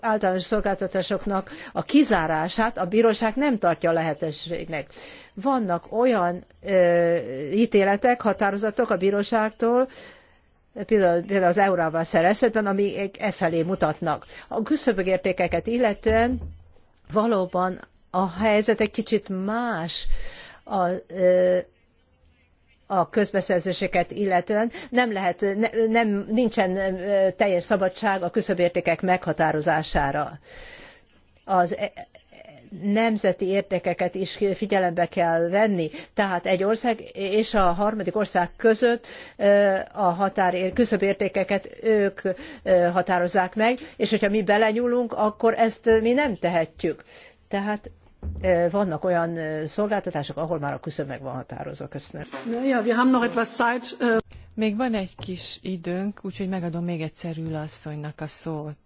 általános szolgáltatásoknak a kizárását a bíróság nem tartja lehetőségnek. Vannak olyan ítéletek, határozatok a bíróságtól, például az eurával szerezhetben, ami e felé mutatnak. A küszöbögértékeket illetően valóban a helyzet egy kicsit más a, a közbeszerzéseket illetően. Nem lehet, nem, nincsen teljes szabadság a küszöbértékek meghatározására. Az e- nemzeti érdekeket is figyelembe kell venni. Tehát egy ország és a harmadik ország között a határ értékeket ők határozzák meg, és hogyha mi belenyúlunk, akkor ezt mi nem tehetjük. Tehát vannak olyan szolgáltatások, ahol már a küszöb meg van határozva. Köszönöm. Ja, wir haben noch etwas Zeit. Még van egy kis időnk, úgyhogy megadom még egyszer Ül asszonynak a szót.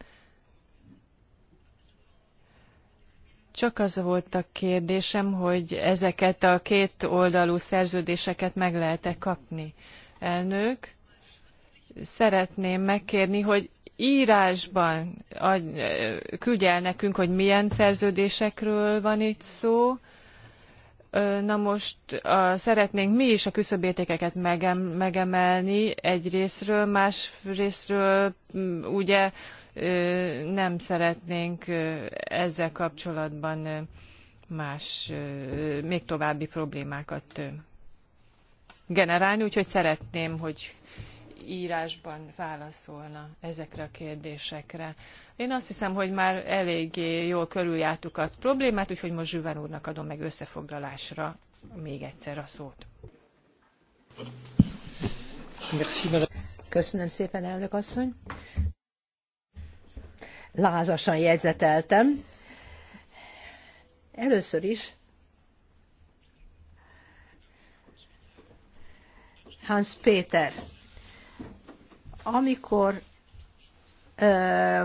Csak az volt a kérdésem, hogy ezeket a két oldalú szerződéseket meg lehet-e kapni. Elnök, szeretném megkérni, hogy írásban küldj el nekünk, hogy milyen szerződésekről van itt szó, Na most a, szeretnénk mi is a küszöbértékeket megem, megemelni más másrésztről ugye nem szeretnénk ezzel kapcsolatban más, még további problémákat generálni, úgyhogy szeretném, hogy írásban válaszolna ezekre a kérdésekre. Én azt hiszem, hogy már eléggé jól körüljártuk a problémát, úgyhogy most Zsüven úrnak adom meg összefoglalásra még egyszer a szót. Köszönöm szépen, elnök asszony. Lázasan jegyzeteltem. Először is Hans Péter amikor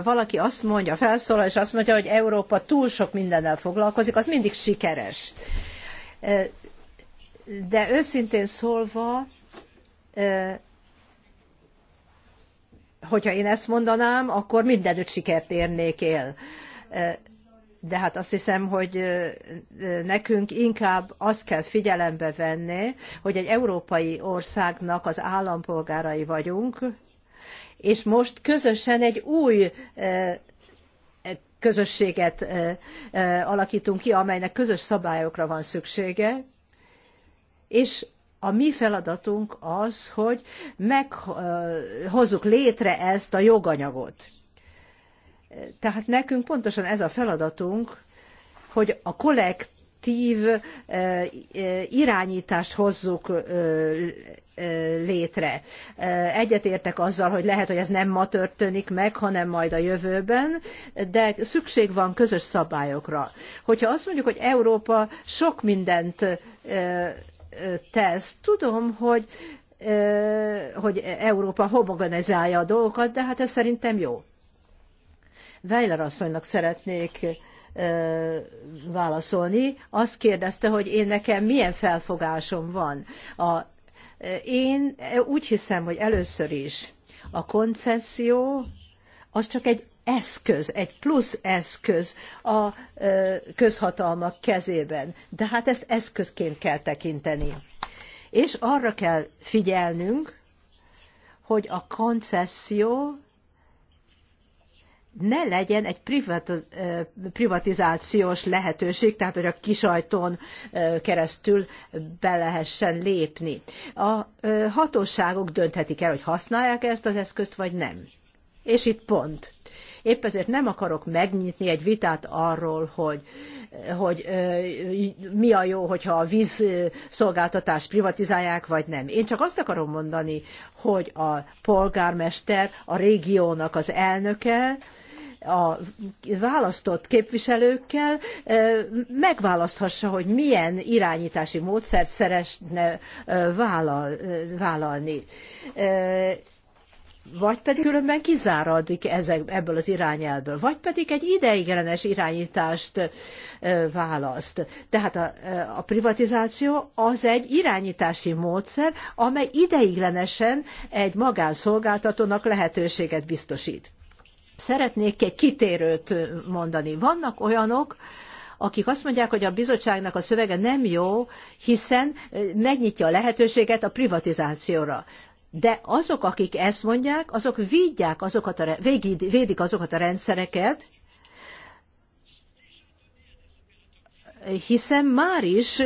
valaki azt mondja, felszólal, és azt mondja, hogy Európa túl sok mindennel foglalkozik, az mindig sikeres. De őszintén szólva, hogyha én ezt mondanám, akkor mindenütt sikert érnék el. De hát azt hiszem, hogy nekünk inkább azt kell figyelembe venni, hogy egy európai országnak az állampolgárai vagyunk, és most közösen egy új eh, eh, közösséget eh, alakítunk ki, amelynek közös szabályokra van szüksége, és a mi feladatunk az, hogy meghozzuk létre ezt a joganyagot. Tehát nekünk pontosan ez a feladatunk, hogy a kollektív irányítást hozzuk létre. Egyetértek azzal, hogy lehet, hogy ez nem ma történik meg, hanem majd a jövőben, de szükség van közös szabályokra. Hogyha azt mondjuk, hogy Európa sok mindent tesz, tudom, hogy hogy Európa homogenizálja a dolgokat, de hát ez szerintem jó. Weiler asszonynak szeretnék válaszolni. Azt kérdezte, hogy én nekem milyen felfogásom van a én úgy hiszem, hogy először is a koncesszió az csak egy eszköz, egy plusz eszköz a közhatalmak kezében. De hát ezt eszközként kell tekinteni. És arra kell figyelnünk, hogy a koncesszió ne legyen egy privatizációs lehetőség, tehát hogy a kisajtón keresztül be lehessen lépni. A hatóságok dönthetik el, hogy használják ezt az eszközt, vagy nem. És itt pont. Épp ezért nem akarok megnyitni egy vitát arról, hogy, hogy mi a jó, hogyha a vízszolgáltatást privatizálják, vagy nem. Én csak azt akarom mondani, hogy a polgármester, a régiónak az elnöke, a választott képviselőkkel megválaszthassa, hogy milyen irányítási módszert szeretne vállal, vállalni vagy pedig különben kizáradik ezek, ebből az irányelből, vagy pedig egy ideiglenes irányítást választ. Tehát a, a privatizáció az egy irányítási módszer, amely ideiglenesen egy magánszolgáltatónak lehetőséget biztosít. Szeretnék egy kitérőt mondani. Vannak olyanok, akik azt mondják, hogy a bizottságnak a szövege nem jó, hiszen megnyitja a lehetőséget a privatizációra. De azok, akik ezt mondják, azok védják azokat a, végid, védik azokat a rendszereket, hiszen már is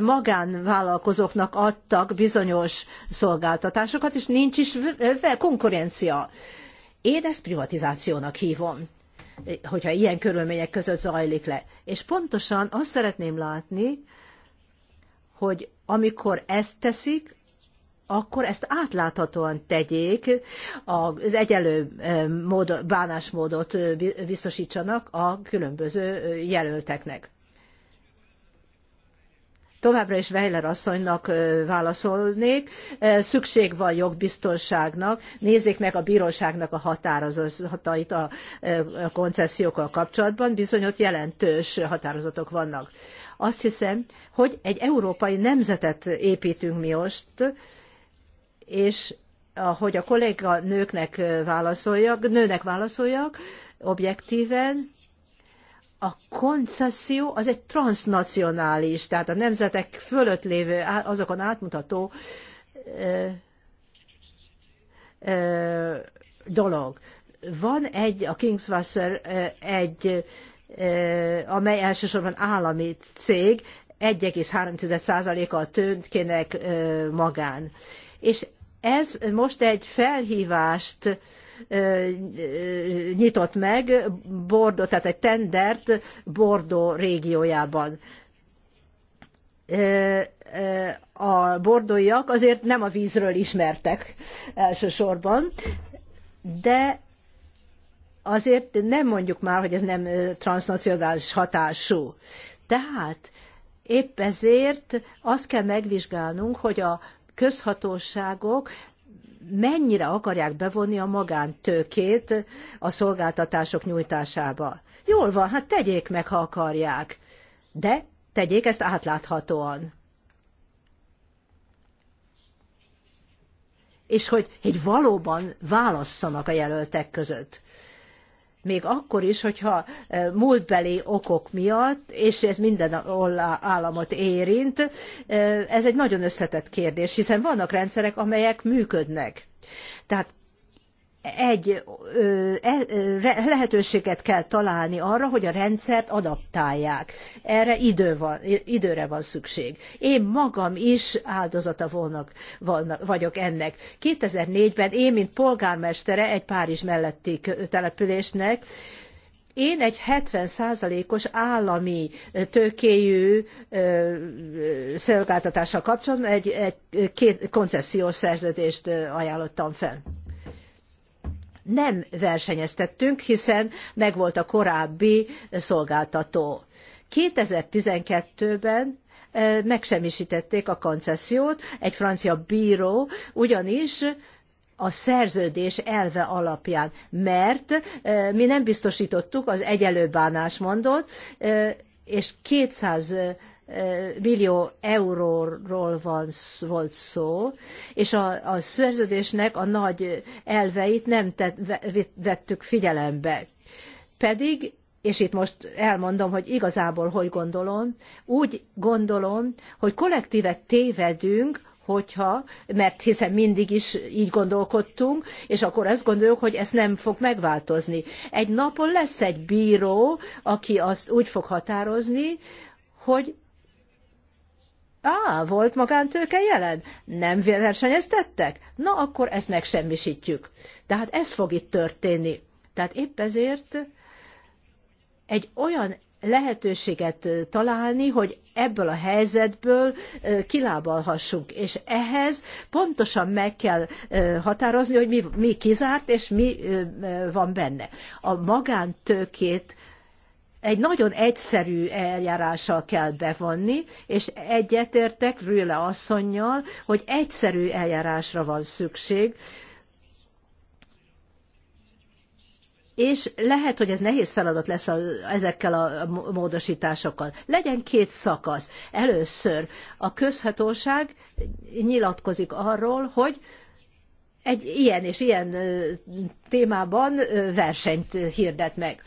magánvállalkozóknak adtak bizonyos szolgáltatásokat, és nincs is konkurencia. Én ezt privatizációnak hívom, hogyha ilyen körülmények között zajlik le. És pontosan azt szeretném látni, hogy amikor ezt teszik, akkor ezt átláthatóan tegyék, az egyenlő mód, bánásmódot biztosítsanak a különböző jelölteknek. Továbbra is Weiler asszonynak válaszolnék. Szükség van jogbiztonságnak. Nézzék meg a bíróságnak a határozatait a koncesziókkal kapcsolatban. Bizony ott jelentős határozatok vannak. Azt hiszem, hogy egy európai nemzetet építünk mi most, és hogy a kolléga nőknek válaszoljak, nőnek válaszoljak, objektíven, a koncesszió az egy transnacionális, tehát a nemzetek fölött lévő, azokon átmutató ö, ö, dolog. Van egy, a Kingswasser egy, ö, amely elsősorban állami cég, 1,3%-a a tőnkének magán. És ez most egy felhívást nyitott meg Bordó, tehát egy tendert Bordó régiójában a bordóiak azért nem a vízről ismertek elsősorban, de azért nem mondjuk már, hogy ez nem transnacionális hatású. Tehát épp ezért azt kell megvizsgálnunk, hogy a közhatóságok mennyire akarják bevonni a magántőkét a szolgáltatások nyújtásába. Jól van, hát tegyék meg, ha akarják, de tegyék ezt átláthatóan. És hogy, hogy valóban válasszanak a jelöltek között még akkor is, hogyha e, múltbeli okok miatt, és ez minden államot érint, e, ez egy nagyon összetett kérdés, hiszen vannak rendszerek, amelyek működnek. Tehát egy e, lehetőséget kell találni arra, hogy a rendszert adaptálják. Erre idő van, időre van szükség. Én magam is áldozata volnak, vagyok ennek. 2004-ben én, mint polgármestere egy Párizs melletti településnek, én egy 70%-os állami tőkéjű szolgáltatással kapcsolatban egy, egy koncesziós szerződést ajánlottam fel nem versenyeztettünk, hiszen megvolt a korábbi szolgáltató. 2012-ben eh, megsemmisítették a koncesziót, egy francia bíró, ugyanis a szerződés elve alapján, mert eh, mi nem biztosítottuk az egyelő bánásmondot, eh, és 200 millió euróról van, volt szó, és a, a szerződésnek a nagy elveit nem tett, vettük figyelembe. Pedig és itt most elmondom, hogy igazából hogy gondolom, úgy gondolom, hogy kollektíve tévedünk, hogyha, mert hiszen mindig is így gondolkodtunk, és akkor azt gondoljuk, hogy ez nem fog megváltozni. Egy napon lesz egy bíró, aki azt úgy fog határozni, hogy Á, volt magántőke jelen? Nem versenyeztettek? Na, akkor ezt megsemmisítjük. Tehát ez fog itt történni. Tehát épp ezért egy olyan lehetőséget találni, hogy ebből a helyzetből kilábalhassunk. És ehhez pontosan meg kell határozni, hogy mi, mi kizárt és mi van benne. A magántőkét egy nagyon egyszerű eljárással kell bevonni, és egyetértek Rüle asszonynal, hogy egyszerű eljárásra van szükség, és lehet, hogy ez nehéz feladat lesz a, ezekkel a módosításokkal. Legyen két szakasz. Először a közhatóság nyilatkozik arról, hogy egy ilyen és ilyen témában versenyt hirdet meg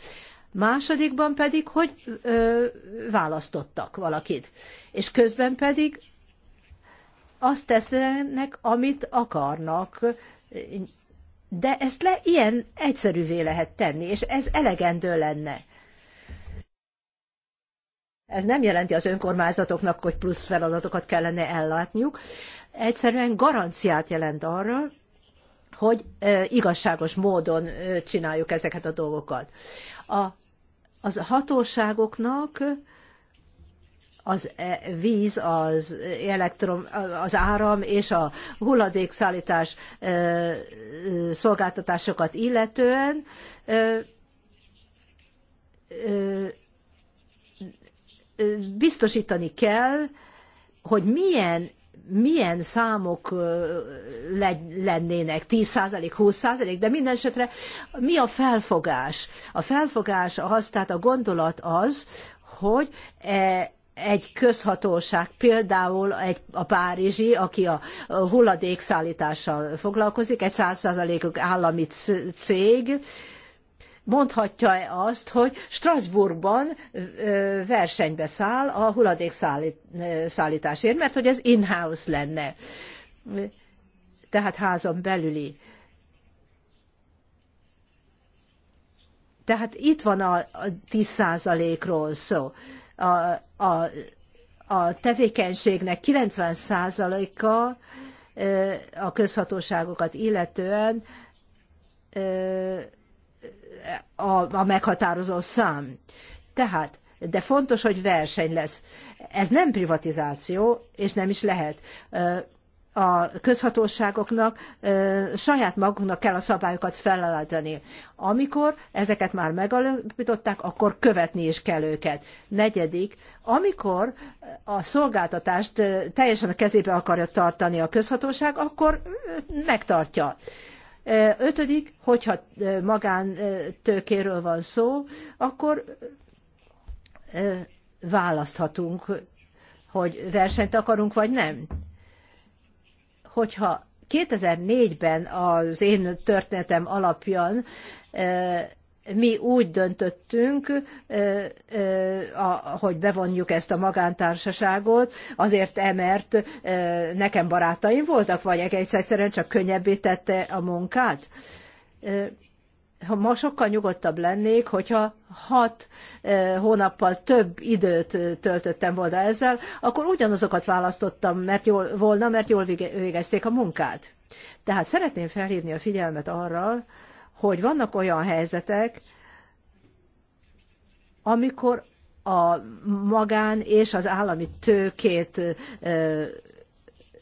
másodikban pedig, hogy ö, választottak valakit. És közben pedig azt tesznek, amit akarnak, de ezt le ilyen egyszerűvé lehet tenni, és ez elegendő lenne. Ez nem jelenti az önkormányzatoknak, hogy plusz feladatokat kellene ellátniuk, egyszerűen garanciát jelent arra, hogy igazságos módon csináljuk ezeket a dolgokat. A az hatóságoknak az e- víz, az elektrom, az áram és a hulladékszállítás e, szolgáltatásokat illetően e, biztosítani kell, hogy milyen milyen számok lennének, 10%, 20%, de minden esetre mi a felfogás? A felfogás, az, tehát a gondolat az, hogy e, egy közhatóság, például egy, a Párizsi, aki a hulladékszállítással foglalkozik, egy százszázalékok állami cég, mondhatja-e azt, hogy Strasbourgban versenybe száll a hulladékszállításért, mert hogy ez in-house lenne, tehát házon belüli. Tehát itt van a 10%-ról szó. A, a, a tevékenységnek 90%-a a közhatóságokat illetően a, a meghatározó szám. Tehát, de fontos, hogy verseny lesz. Ez nem privatizáció, és nem is lehet. A közhatóságoknak saját maguknak kell a szabályokat felállítani. Amikor ezeket már megalapították, akkor követni is kell őket. Negyedik, amikor a szolgáltatást teljesen a kezébe akarja tartani a közhatóság, akkor megtartja. Ötödik, hogyha magántőkéről van szó, akkor választhatunk, hogy versenyt akarunk, vagy nem. Hogyha 2004-ben az én történetem alapján mi úgy döntöttünk, hogy bevonjuk ezt a magántársaságot, azért emert nekem barátaim voltak, vagy egyszerűen csak könnyebbé tette a munkát. Ha ma sokkal nyugodtabb lennék, hogyha hat hónappal több időt töltöttem volna ezzel, akkor ugyanazokat választottam mert jól, volna, mert jól végezték a munkát. Tehát szeretném felhívni a figyelmet arra, hogy vannak olyan helyzetek, amikor a magán és az állami tőkét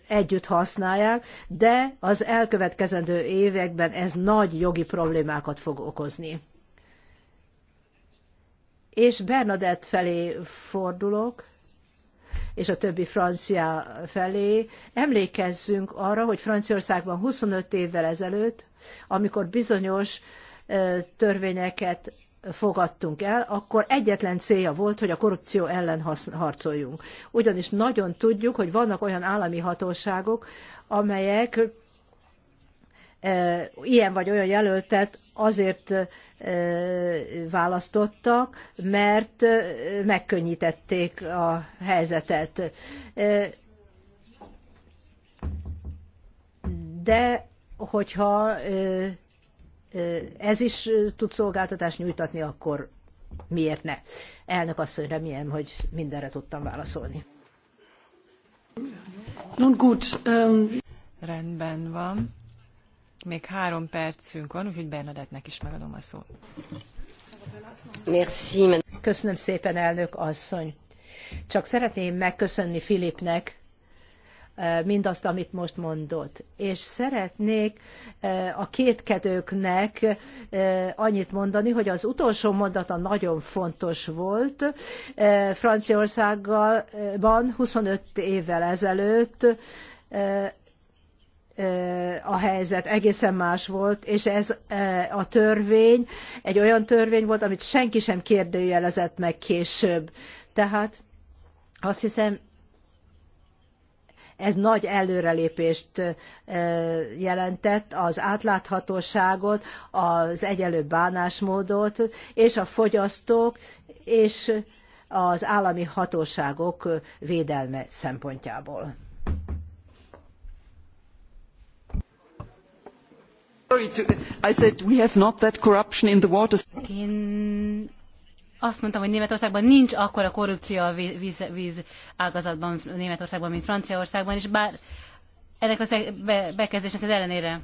együtt használják, de az elkövetkezendő években ez nagy jogi problémákat fog okozni. És Bernadett felé fordulok és a többi francia felé. Emlékezzünk arra, hogy Franciaországban 25 évvel ezelőtt, amikor bizonyos törvényeket fogadtunk el, akkor egyetlen célja volt, hogy a korrupció ellen harcoljunk. Ugyanis nagyon tudjuk, hogy vannak olyan állami hatóságok, amelyek ilyen vagy olyan jelöltet azért választottak, mert megkönnyítették a helyzetet. De hogyha ez is tud szolgáltatást nyújtatni, akkor miért ne? Elnök asszony, remélem, hogy mindenre tudtam válaszolni. Nun gut, um... rendben van. Még három percünk van, úgyhogy Bernadettnek is megadom a szót. Merci. Köszönöm szépen, elnök asszony. Csak szeretném megköszönni Filipnek eh, mindazt, amit most mondott. És szeretnék eh, a kétkedőknek eh, annyit mondani, hogy az utolsó mondata nagyon fontos volt. Franciaországban 25 évvel ezelőtt a helyzet egészen más volt, és ez a törvény egy olyan törvény volt, amit senki sem kérdőjelezett meg később. Tehát azt hiszem, ez nagy előrelépést jelentett, az átláthatóságot, az egyelő bánásmódot, és a fogyasztók, és az állami hatóságok védelme szempontjából. Én azt mondtam, hogy Németországban nincs akkora korrupció a víz, víz ágazatban Németországban, mint Franciaországban, és bár ennek a bekezdésnek az ellenére.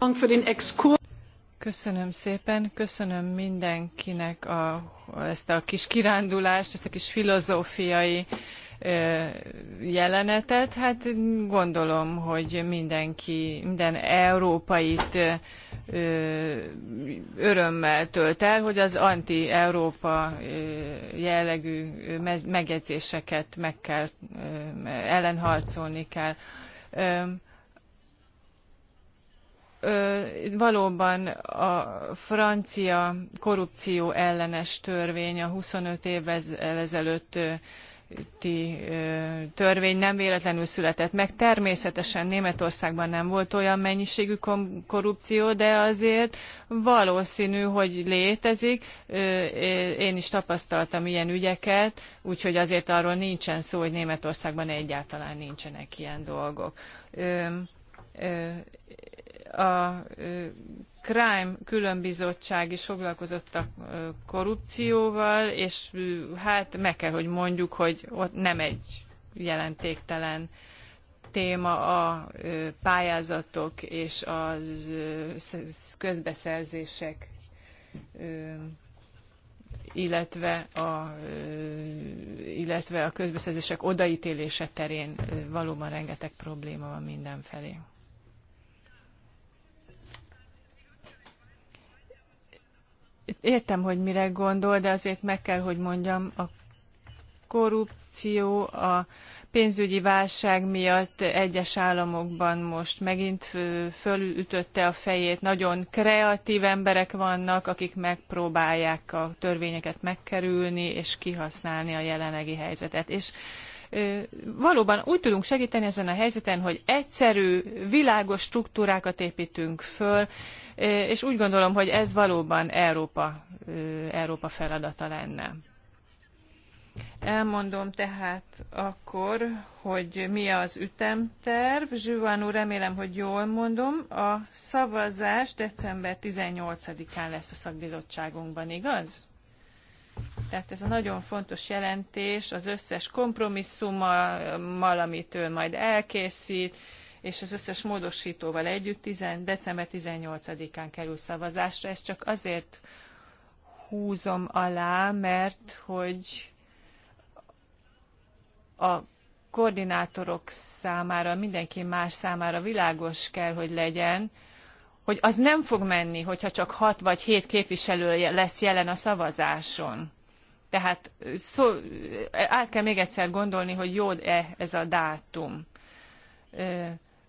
Köszönöm szépen, köszönöm mindenkinek a, ezt a kis kirándulást, ezt a kis filozófiai jelenetet. Hát gondolom, hogy mindenki, minden európait örömmel tölt el, hogy az anti-európa jellegű megjegyzéseket meg kell, ellenharcolni kell valóban a francia korrupció ellenes törvény a 25 évvel ezelőtt törvény nem véletlenül született meg. Természetesen Németországban nem volt olyan mennyiségű korrupció, de azért valószínű, hogy létezik. Én is tapasztaltam ilyen ügyeket, úgyhogy azért arról nincsen szó, hogy Németországban egyáltalán nincsenek ilyen dolgok. A Crime különbizottság is foglalkozott a korrupcióval, és hát meg kell, hogy mondjuk, hogy ott nem egy jelentéktelen téma a pályázatok és a közbeszerzések, illetve a, illetve a közbeszerzések odaítélése terén valóban rengeteg probléma van mindenfelé. Értem, hogy mire gondol, de azért meg kell, hogy mondjam, a korrupció, a pénzügyi válság miatt egyes államokban most megint fölütötte a fejét. Nagyon kreatív emberek vannak, akik megpróbálják a törvényeket megkerülni és kihasználni a jelenlegi helyzetet. És valóban úgy tudunk segíteni ezen a helyzeten, hogy egyszerű, világos struktúrákat építünk föl, és úgy gondolom, hogy ez valóban Európa, Európa feladata lenne. Elmondom tehát akkor, hogy mi az ütemterv. Zsüván úr, remélem, hogy jól mondom. A szavazás december 18-án lesz a szakbizottságunkban, igaz? Tehát ez a nagyon fontos jelentés az összes kompromisszummal, amit ő majd elkészít, és az összes módosítóval együtt 10, december 18-án kerül szavazásra. Ez csak azért húzom alá, mert hogy a koordinátorok számára, mindenki más számára világos kell, hogy legyen, hogy az nem fog menni, hogyha csak hat vagy hét képviselő lesz jelen a szavazáson. Tehát szó, át kell még egyszer gondolni, hogy jó-e ez a dátum.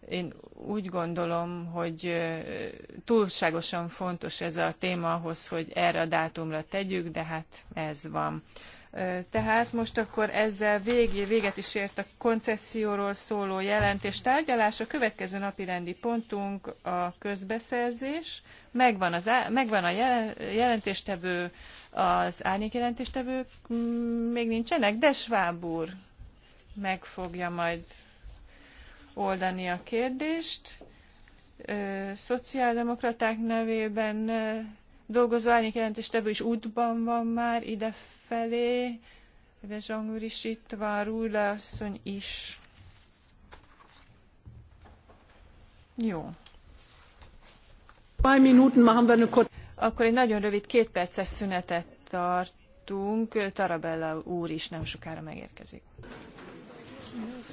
Én úgy gondolom, hogy túlságosan fontos ez a téma ahhoz, hogy erre a dátumra tegyük, de hát ez van. Tehát most akkor ezzel végé, véget is ért a koncesszióról szóló jelentés tárgyalás. A következő napi rendi pontunk a közbeszerzés. Megvan, az, megvan a jelentéstevő, az árnyék jelentéstevők még nincsenek, de Schwab úr meg fogja majd oldani a kérdést. Szociáldemokraták nevében dolgozó árnyék jelentéstevő is útban van már idefelé. Vezsang úr is itt van, Rúle asszony is. Jó. Akkor egy nagyon rövid két perces szünetet tartunk. Tarabella úr is nem sokára megérkezik.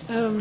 Um.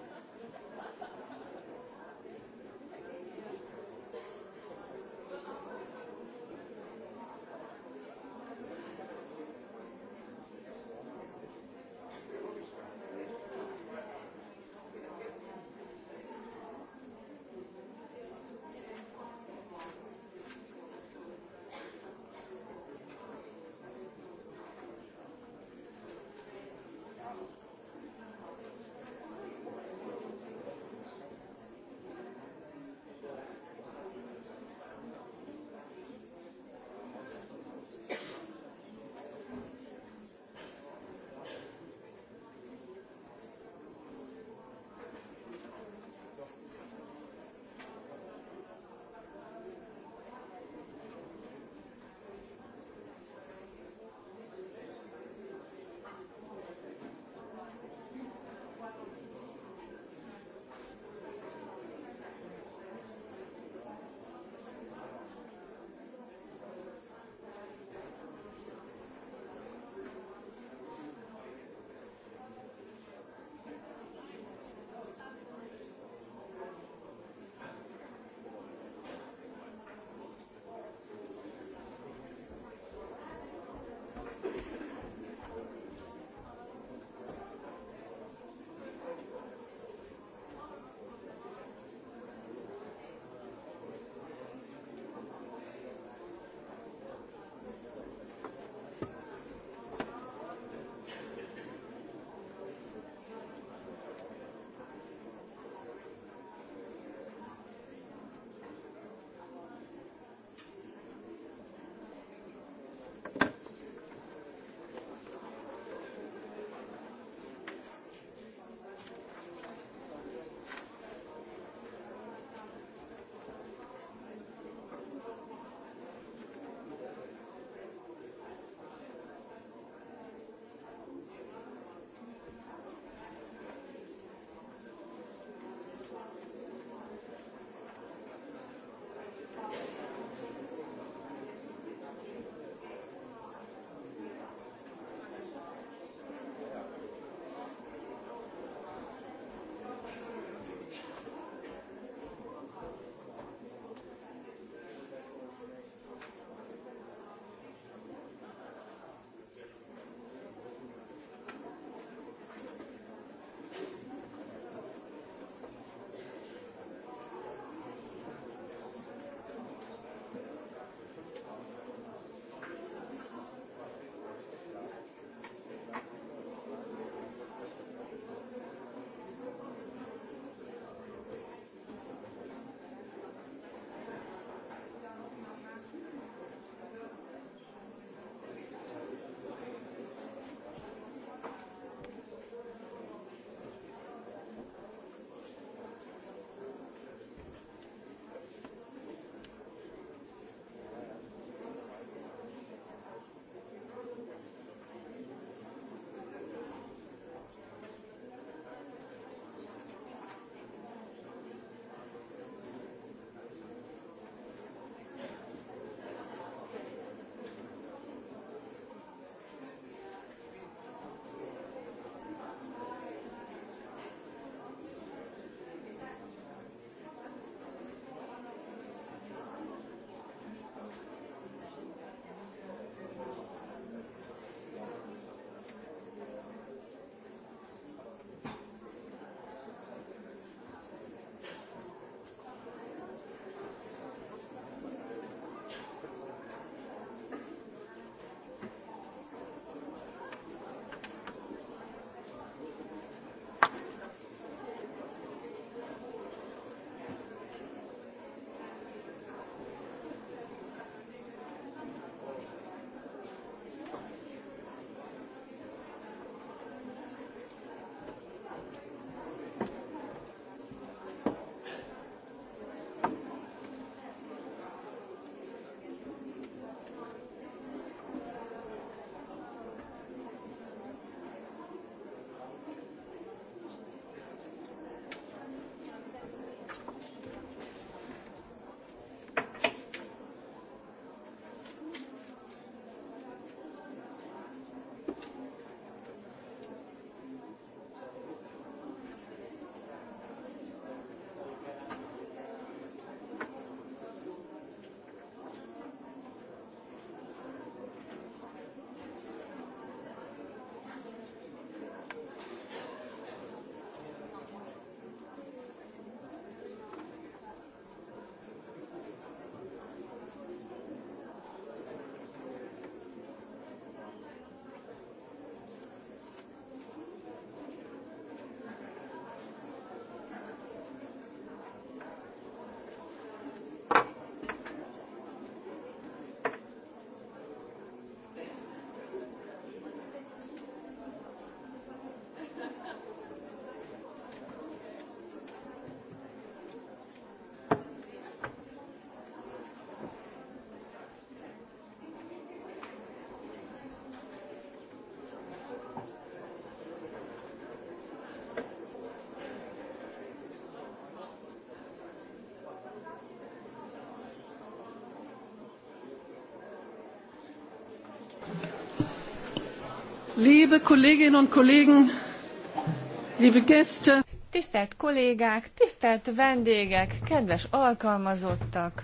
Liebe Kolleginnen und Kollegen, liebe Gäste. Tisztelt kollégák, tisztelt vendégek, kedves alkalmazottak!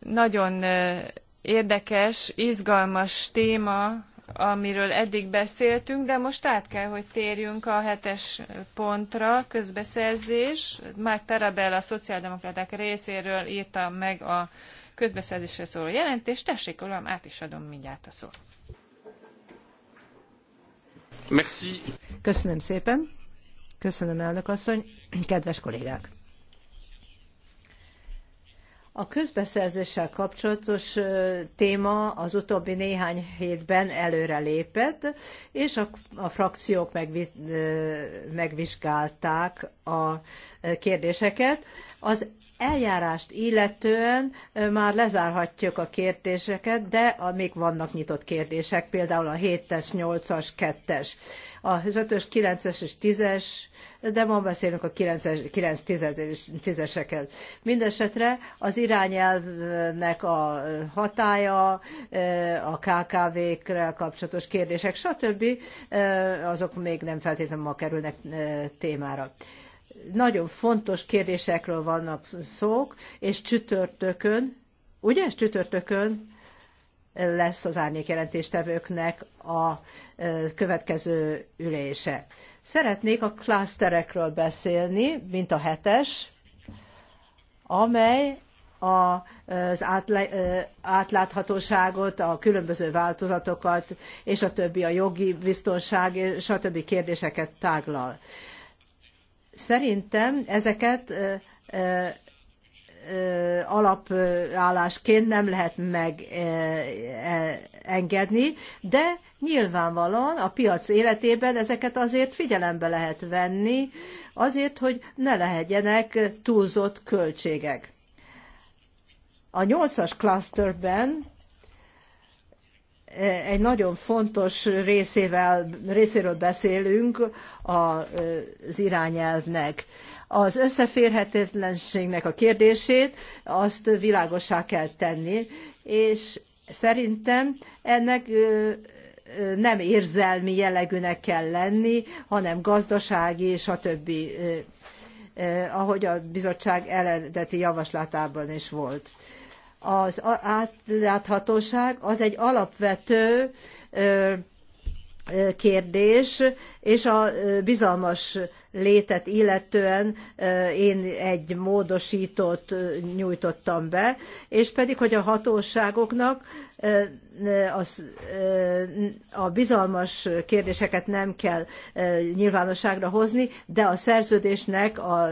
Nagyon érdekes, izgalmas téma, amiről eddig beszéltünk, de most át kell, hogy térjünk a hetes pontra, közbeszerzés. Mark Tarabella a szociáldemokraták részéről írta meg a közbeszerzésre szóló jelentést. Tessék, uram, át is adom mindjárt a szót. Merci. Köszönöm szépen. Köszönöm, elnök asszony. Kedves kollégák! A közbeszerzéssel kapcsolatos téma az utóbbi néhány hétben előrelépett, és a, a frakciók megvi, megvizsgálták a kérdéseket. Az eljárást illetően már lezárhatjuk a kérdéseket, de még vannak nyitott kérdések, például a 7-es, 8-as, 2-es, az 5-ös, 9-es és 10-es, de ma beszélünk a 9-es, 9 10-eseket. Mindenesetre az irányelvnek a hatája, a KKV-kre kapcsolatos kérdések, stb. azok még nem feltétlenül ma kerülnek témára nagyon fontos kérdésekről vannak szók, és csütörtökön, ugye csütörtökön lesz az árnyékjelentéstevőknek a e, következő ülése. Szeretnék a klaszterekről beszélni, mint a hetes, amely az e, átláthatóságot, a különböző változatokat, és a többi a jogi biztonság, és a többi kérdéseket táglal. Szerintem ezeket alapállásként nem lehet megengedni, e, de nyilvánvalóan a piac életében ezeket azért figyelembe lehet venni, azért, hogy ne legyenek túlzott költségek. A nyolcas klaszterben egy nagyon fontos részével, részéről beszélünk az irányelvnek. Az összeférhetetlenségnek a kérdését azt világosá kell tenni, és szerintem ennek nem érzelmi jellegűnek kell lenni, hanem gazdasági, stb. ahogy a bizottság eredeti javaslatában is volt. Az átláthatóság az egy alapvető kérdés, és a bizalmas létet illetően én egy módosítót nyújtottam be, és pedig, hogy a hatóságoknak a bizalmas kérdéseket nem kell nyilvánosságra hozni, de a szerződésnek a,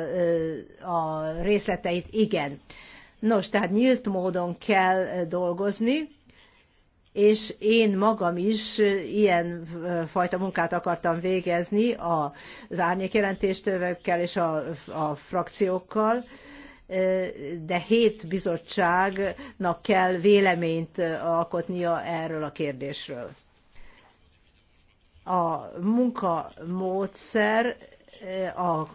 a részleteit igen. Nos, tehát nyílt módon kell dolgozni, és én magam is ilyen fajta munkát akartam végezni az árnyékjelentéstővekkel és a, a frakciókkal, de hét bizottságnak kell véleményt alkotnia erről a kérdésről. A munkamódszer a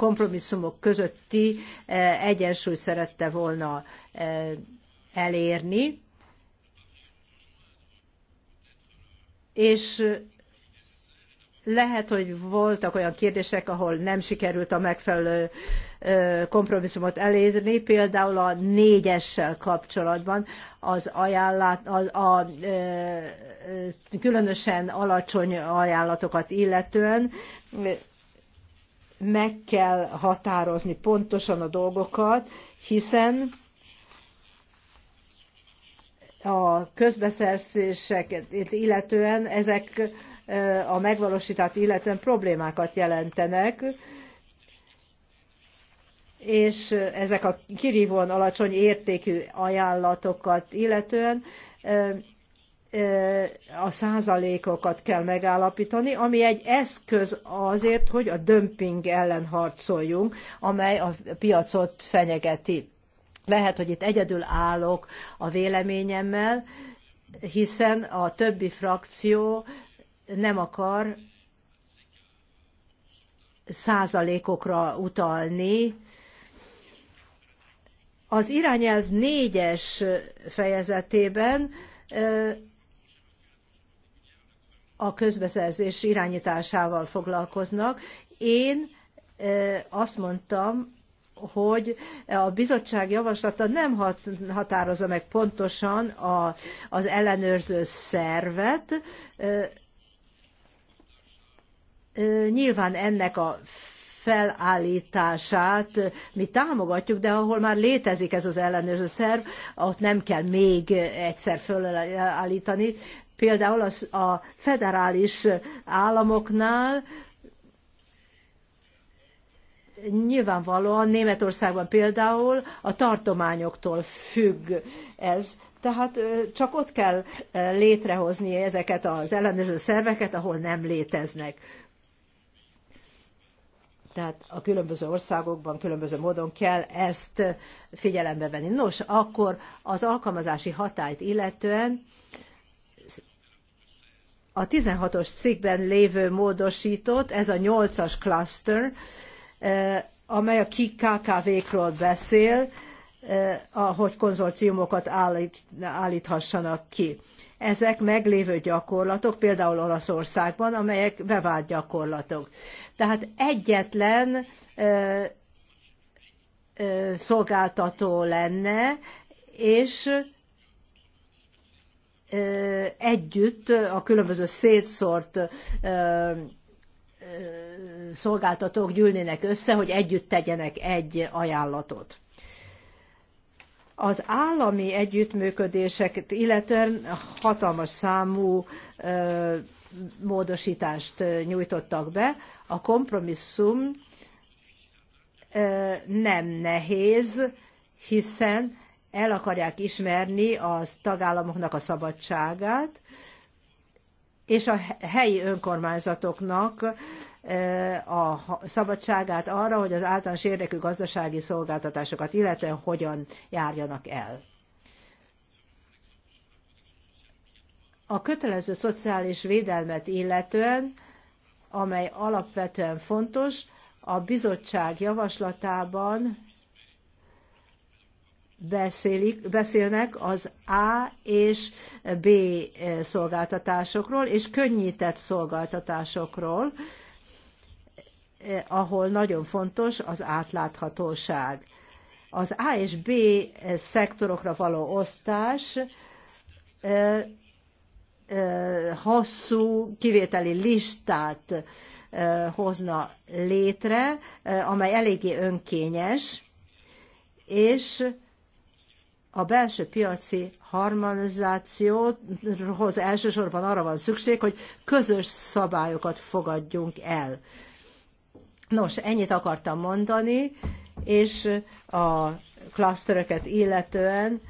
kompromisszumok közötti e, egyensúlyt szerette volna e, elérni, és lehet, hogy voltak olyan kérdések, ahol nem sikerült a megfelelő e, kompromisszumot elérni, például a négyessel kapcsolatban az ajánlát, a, a, a különösen alacsony ajánlatokat illetően meg kell határozni pontosan a dolgokat, hiszen a közbeszerzéseket illetően ezek a megvalósítást illetően problémákat jelentenek, és ezek a kirívóan alacsony értékű ajánlatokat illetően a százalékokat kell megállapítani, ami egy eszköz azért, hogy a dömping ellen harcoljunk, amely a piacot fenyegeti. Lehet, hogy itt egyedül állok a véleményemmel, hiszen a többi frakció nem akar százalékokra utalni. Az irányelv négyes fejezetében a közbeszerzés irányításával foglalkoznak. Én azt mondtam, hogy a bizottság javaslata nem határozza meg pontosan a, az ellenőrző szervet. Nyilván ennek a felállítását mi támogatjuk, de ahol már létezik ez az ellenőrző szerv, ott nem kell még egyszer felállítani, Például az, a federális államoknál nyilvánvalóan Németországban például a tartományoktól függ ez. Tehát csak ott kell létrehozni ezeket az ellenőrző szerveket, ahol nem léteznek. Tehát a különböző országokban különböző módon kell ezt figyelembe venni. Nos, akkor az alkalmazási hatályt illetően a 16-os cikkben lévő módosított ez a 8-as cluster, eh, amely a KKV-król beszél, eh, hogy konzorciumokat állíthassanak ki. Ezek meglévő gyakorlatok, például Olaszországban, amelyek bevált gyakorlatok. Tehát egyetlen eh, szolgáltató lenne, és együtt a különböző szétszórt szolgáltatók gyűlnének össze, hogy együtt tegyenek egy ajánlatot. Az állami együttműködéseket illetően hatalmas számú módosítást nyújtottak be. A kompromisszum nem nehéz, hiszen el akarják ismerni a tagállamoknak a szabadságát, és a helyi önkormányzatoknak e, a szabadságát arra, hogy az általános érdekű gazdasági szolgáltatásokat illetően hogyan járjanak el. A kötelező szociális védelmet illetően, amely alapvetően fontos, a bizottság javaslatában beszélik, beszélnek az A és B eh, szolgáltatásokról, és könnyített szolgáltatásokról, eh, ahol nagyon fontos az átláthatóság. Az A és B eh, szektorokra való osztás hosszú kivételi listát hozna létre, amely eléggé önkényes, és a belső piaci harmonizációhoz elsősorban arra van szükség, hogy közös szabályokat fogadjunk el. Nos, ennyit akartam mondani, és a klasztereket illetően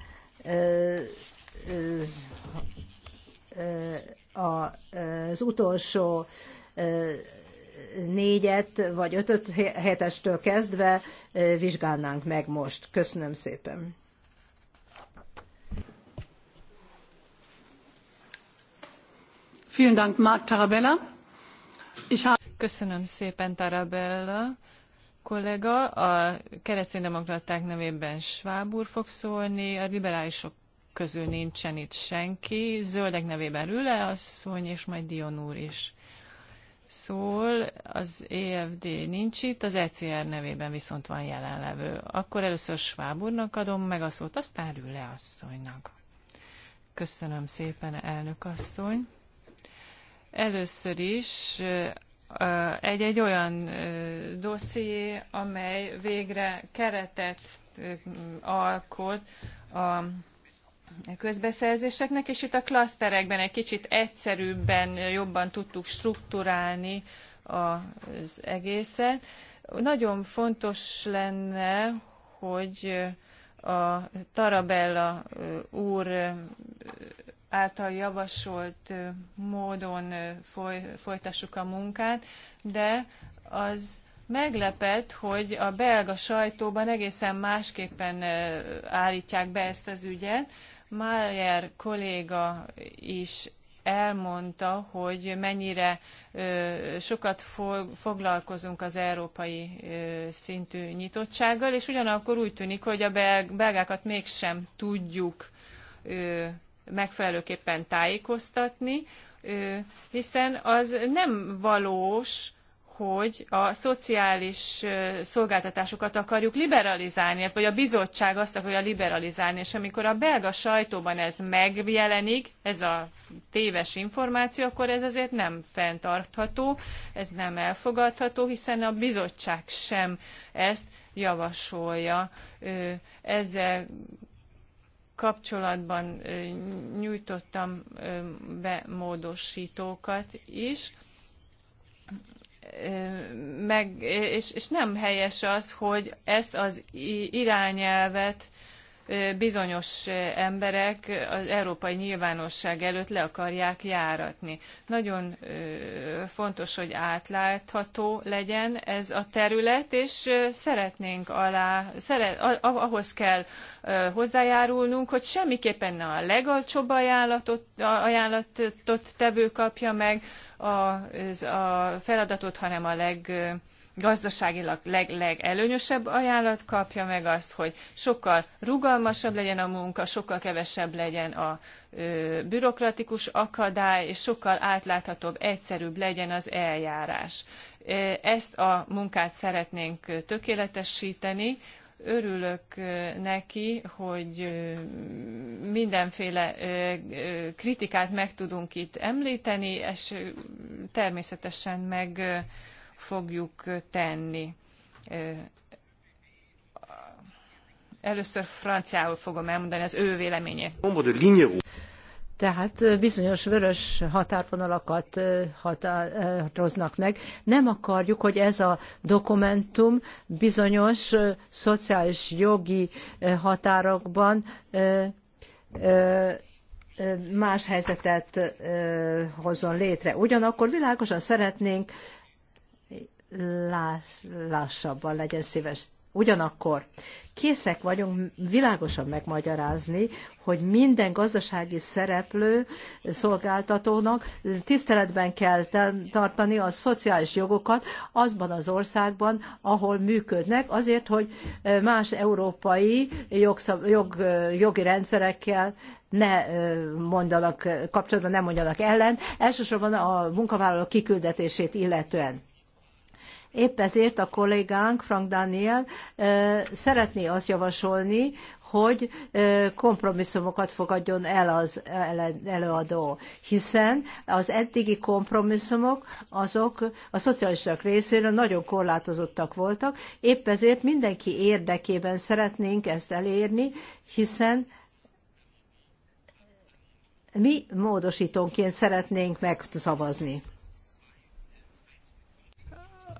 az utolsó négyet vagy ötöt hetestől kezdve vizsgálnánk meg most. Köszönöm szépen. Köszönöm szépen, Tarabella kollega. A kereszténydemokraták nevében Schwab úr fog szólni, a liberálisok közül nincsen itt senki. Zöldek nevében Rüle asszony, és majd Dion úr is szól. Az EFD nincs itt, az ECR nevében viszont van jelenlevő. Akkor először Schwab úrnak adom meg a szót, aztán Rüle asszonynak. Köszönöm szépen, elnök asszony. Először is egy-egy olyan dosszié, amely végre keretet alkot a közbeszerzéseknek, és itt a klaszterekben egy kicsit egyszerűbben jobban tudtuk strukturálni az egészet. Nagyon fontos lenne, hogy a Tarabella úr által javasolt módon foly, folytassuk a munkát, de az meglepett, hogy a belga sajtóban egészen másképpen állítják be ezt az ügyet. Mayer kolléga is elmondta, hogy mennyire sokat foglalkozunk az európai szintű nyitottsággal, és ugyanakkor úgy tűnik, hogy a belgákat mégsem tudjuk megfelelőképpen tájékoztatni, hiszen az nem valós, hogy a szociális szolgáltatásokat akarjuk liberalizálni, hát vagy a bizottság azt akarja liberalizálni, és amikor a belga sajtóban ez megjelenik, ez a téves információ, akkor ez azért nem fenntartható, ez nem elfogadható, hiszen a bizottság sem ezt javasolja. Ezzel kapcsolatban nyújtottam be módosítókat is, meg, és, és nem helyes az, hogy ezt az irányelvet bizonyos emberek az európai nyilvánosság előtt le akarják járatni. Nagyon fontos, hogy átlátható legyen ez a terület, és szeretnénk alá, szeret, ahhoz kell hozzájárulnunk, hogy semmiképpen ne a legalcsóbb ajánlatot, ajánlatot tevő kapja meg a feladatot, hanem a leg gazdaságilag legelőnyösebb -leg ajánlat kapja meg azt, hogy sokkal rugalmasabb legyen a munka, sokkal kevesebb legyen a ö, bürokratikus akadály, és sokkal átláthatóbb, egyszerűbb legyen az eljárás. Ezt a munkát szeretnénk tökéletesíteni, örülök neki, hogy mindenféle kritikát meg tudunk itt említeni, és természetesen meg fogjuk tenni. Először franciául fogom elmondani az ő véleményét. Tehát bizonyos vörös határvonalakat határoznak meg. Nem akarjuk, hogy ez a dokumentum bizonyos szociális jogi határokban más helyzetet hozzon létre. Ugyanakkor világosan szeretnénk lássabban legyen szíves. Ugyanakkor készek vagyunk világosan megmagyarázni, hogy minden gazdasági szereplő szolgáltatónak tiszteletben kell tartani a szociális jogokat azban az országban, ahol működnek, azért, hogy más európai jogszab, jog, jogi rendszerekkel ne mondanak, kapcsolatban nem mondjanak ellen, elsősorban a munkavállalók kiküldetését illetően Épp ezért a kollégánk, Frank Daniel, szeretné azt javasolni, hogy kompromisszumokat fogadjon el az előadó, hiszen az eddigi kompromisszumok azok a szocialisták részéről nagyon korlátozottak voltak, épp ezért mindenki érdekében szeretnénk ezt elérni, hiszen mi módosítónként szeretnénk megszavazni.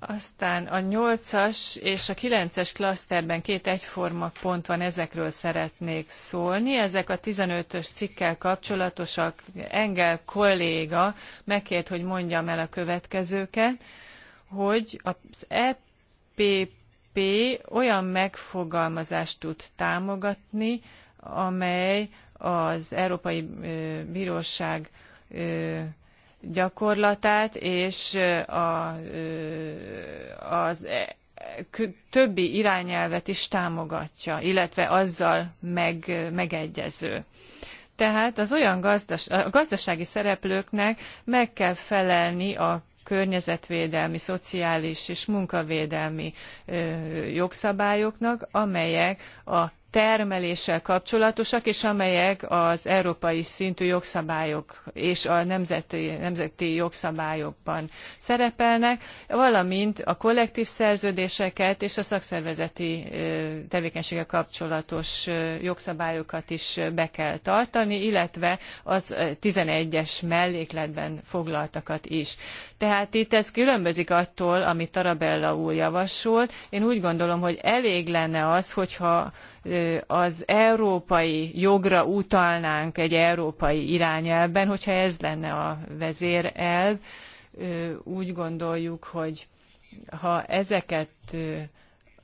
Aztán a 8-as és a 9-es klaszterben két egyforma pont van, ezekről szeretnék szólni. Ezek a 15-ös cikkel kapcsolatosak. Engel kolléga megkért, hogy mondjam el a következőket, hogy az EPP olyan megfogalmazást tud támogatni, amely az Európai Bíróság gyakorlatát, és a, az e, többi irányelvet is támogatja, illetve azzal meg, megegyező. Tehát az olyan gazdas, a gazdasági szereplőknek meg kell felelni a környezetvédelmi, szociális és munkavédelmi ö, jogszabályoknak, amelyek a termeléssel kapcsolatosak, és amelyek az európai szintű jogszabályok és a nemzeti, nemzeti jogszabályokban szerepelnek, valamint a kollektív szerződéseket és a szakszervezeti tevékenységgel kapcsolatos jogszabályokat is be kell tartani, illetve az 11-es mellékletben foglaltakat is. Tehát itt ez különbözik attól, amit Tarabella úr javasolt. Én úgy gondolom, hogy elég lenne az, hogyha az európai jogra utalnánk egy európai irányelben, hogyha ez lenne a vezérelv, úgy gondoljuk, hogy ha ezeket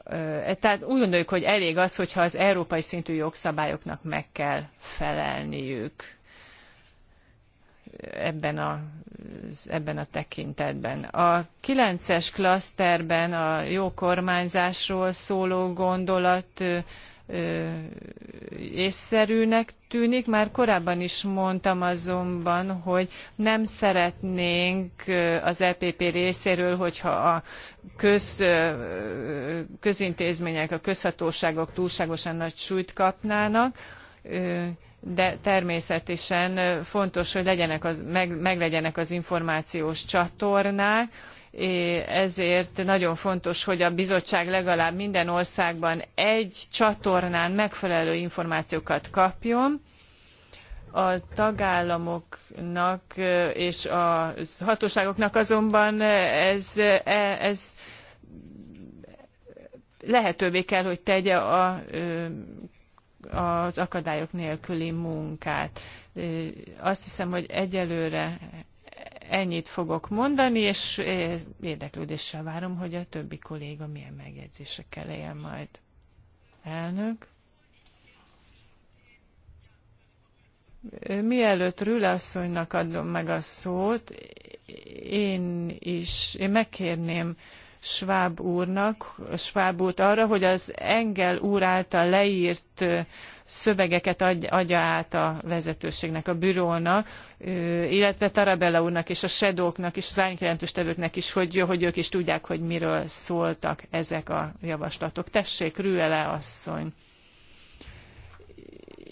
e, tehát úgy gondoljuk, hogy elég az, hogyha az európai szintű jogszabályoknak meg kell felelniük ebben a, ebben a tekintetben. A 9-es klaszterben a jó kormányzásról szóló gondolat észszerűnek tűnik. Már korábban is mondtam azonban, hogy nem szeretnénk az EPP részéről, hogyha a köz, közintézmények, a közhatóságok túlságosan nagy súlyt kapnának, de természetesen fontos, hogy legyenek az, meg, meglegyenek az információs csatornák, ezért nagyon fontos, hogy a bizottság legalább minden országban egy csatornán megfelelő információkat kapjon, a tagállamoknak és a hatóságoknak azonban ez, e, ez lehetővé kell, hogy tegye a, az akadályok nélküli munkát. Azt hiszem, hogy egyelőre ennyit fogok mondani, és eh, érdeklődéssel várom, hogy a többi kolléga milyen megjegyzésekkel él majd. Elnök. Mielőtt Rülasszonynak adom meg a szót, én is én megkérném Schwab úrnak, Schwab úrt arra, hogy az Engel úr által leírt szövegeket adja át a vezetőségnek, a bürónak, illetve Tarabella úrnak és a sedóknak és az árnyékjelentőstevőknek is, hogy, hogy ők is tudják, hogy miről szóltak ezek a javaslatok. Tessék, Rüele asszony!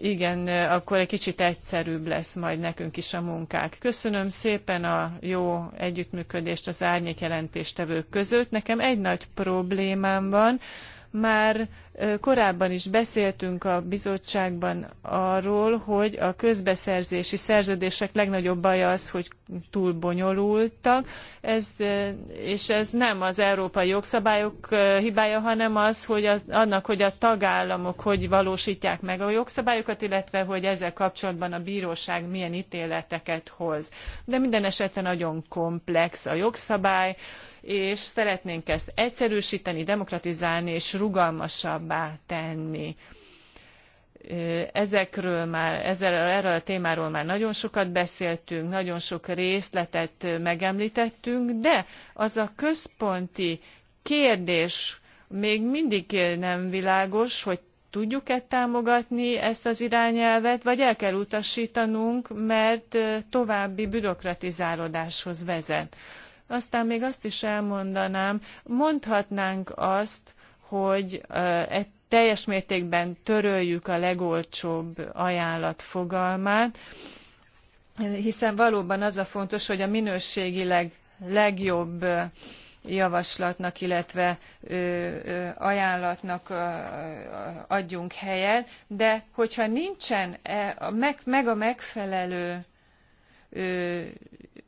igen, akkor egy kicsit egyszerűbb lesz majd nekünk is a munkák. Köszönöm szépen a jó együttműködést az árnyék jelentéstevők között. Nekem egy nagy problémám van, már Korábban is beszéltünk a bizottságban arról, hogy a közbeszerzési szerződések legnagyobb baja az, hogy túl bonyolultak, ez, és ez nem az európai jogszabályok hibája, hanem az, hogy a, annak, hogy a tagállamok hogy valósítják meg a jogszabályokat, illetve hogy ezzel kapcsolatban a bíróság milyen ítéleteket hoz. De minden esetben nagyon komplex a jogszabály, és szeretnénk ezt egyszerűsíteni, demokratizálni és rugalmasabb hatékonyabbá tenni. Ezekről már, ezzel, erről a témáról már nagyon sokat beszéltünk, nagyon sok részletet megemlítettünk, de az a központi kérdés még mindig nem világos, hogy tudjuk-e támogatni ezt az irányelvet, vagy el kell utasítanunk, mert további bürokratizálódáshoz vezet. Aztán még azt is elmondanám, mondhatnánk azt, hogy egy teljes mértékben töröljük a legolcsóbb ajánlat fogalmát, hiszen valóban az a fontos, hogy a minőségileg legjobb javaslatnak, illetve ajánlatnak adjunk helyet, de hogyha nincsen e, meg a megfelelő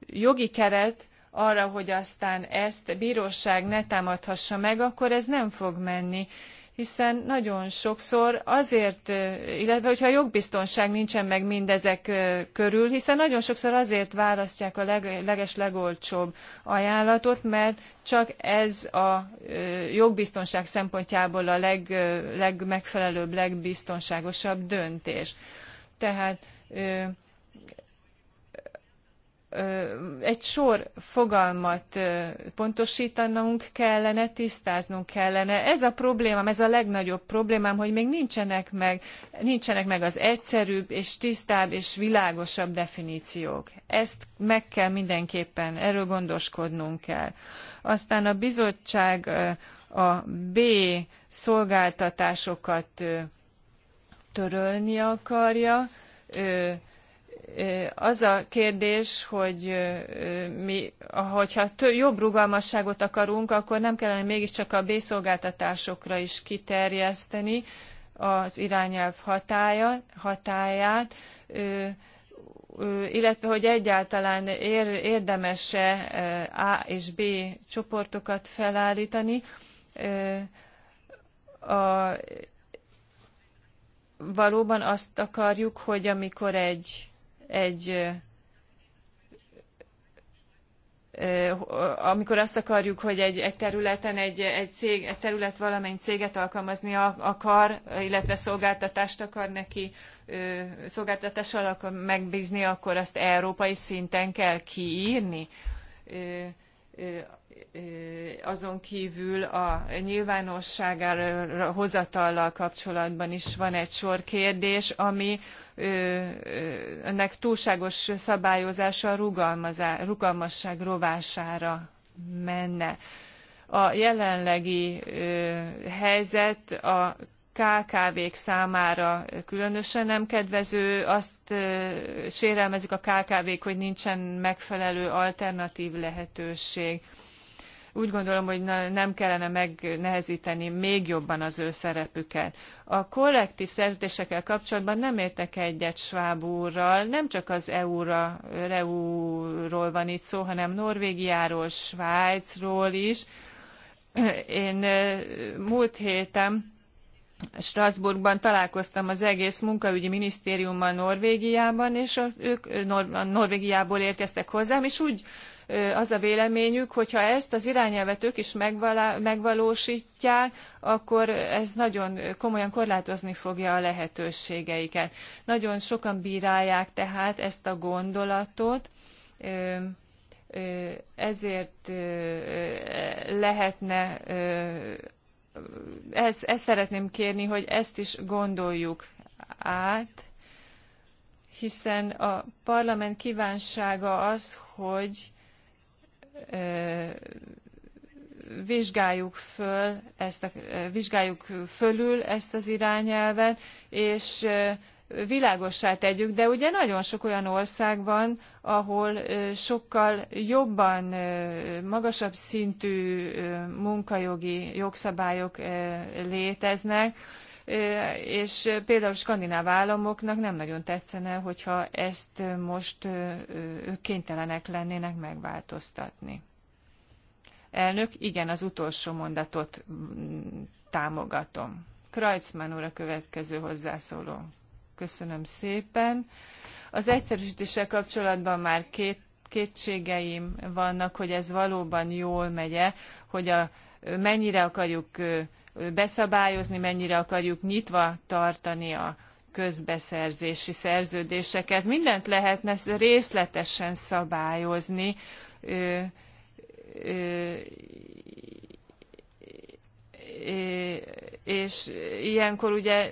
jogi keret, arra, hogy aztán ezt bíróság ne támadhassa meg, akkor ez nem fog menni hiszen nagyon sokszor azért, illetve hogyha jogbiztonság nincsen meg mindezek körül, hiszen nagyon sokszor azért választják a leg, leges legolcsóbb ajánlatot, mert csak ez a jogbiztonság szempontjából a leg, legmegfelelőbb, legbiztonságosabb döntés. Tehát egy sor fogalmat pontosítanunk kellene, tisztáznunk kellene. Ez a problémám, ez a legnagyobb problémám, hogy még nincsenek meg, nincsenek meg az egyszerűbb és tisztább és világosabb definíciók. Ezt meg kell mindenképpen, erről gondoskodnunk kell. Aztán a bizottság a B szolgáltatásokat törölni akarja, az a kérdés, hogy mi, hogyha jobb rugalmasságot akarunk, akkor nem kellene mégiscsak a B-szolgáltatásokra is kiterjeszteni az irányelv hatája, hatáját, illetve hogy egyáltalán ér, érdemese A és B csoportokat felállítani. A, valóban azt akarjuk, hogy amikor egy egy amikor azt akarjuk, hogy egy, egy területen egy, egy, cég, egy terület valamennyi céget alkalmazni akar, illetve szolgáltatást akar neki, szolgáltatással akar megbízni, akkor azt európai szinten kell kiírni. Azon kívül a nyilvánosságára hozatallal kapcsolatban is van egy sor kérdés, ami ennek túlságos szabályozása rugalmasság rovására menne. A jelenlegi helyzet a KKV-k számára különösen nem kedvező, azt sérelmezik a KKV-k, hogy nincsen megfelelő alternatív lehetőség úgy gondolom, hogy nem kellene megnehezíteni még jobban az ő szerepüket. A kollektív szerződésekkel kapcsolatban nem értek egyet Schwab úrral, nem csak az EU-ra, EU-ról van itt szó, hanem Norvégiáról, Svájcról is. Én múlt héten Strasbourgban találkoztam az egész munkaügyi minisztériummal Norvégiában, és ők Nor- Norvégiából érkeztek hozzám, és úgy az a véleményük, hogy ha ezt az irányelvet ők is megvalósítják, akkor ez nagyon komolyan korlátozni fogja a lehetőségeiket. Nagyon sokan bírálják tehát ezt a gondolatot, ezért lehetne, ezt, ezt szeretném kérni, hogy ezt is gondoljuk át, hiszen a parlament kívánsága az, hogy vizsgáljuk föl ezt a, vizsgáljuk fölül ezt az irányelvet, és világossá tegyük, de ugye nagyon sok olyan ország van, ahol sokkal jobban, magasabb szintű munkajogi jogszabályok léteznek, és például a skandináv államoknak nem nagyon tetszene, hogyha ezt most ők kénytelenek lennének megváltoztatni. Elnök, igen, az utolsó mondatot mm, támogatom. Krajcman úr a következő hozzászóló. Köszönöm szépen. Az egyszerűsítéssel kapcsolatban már két kétségeim vannak, hogy ez valóban jól megye, hogy a, mennyire akarjuk beszabályozni, mennyire akarjuk nyitva tartani a közbeszerzési szerződéseket. Mindent lehetne részletesen szabályozni. és ilyenkor ugye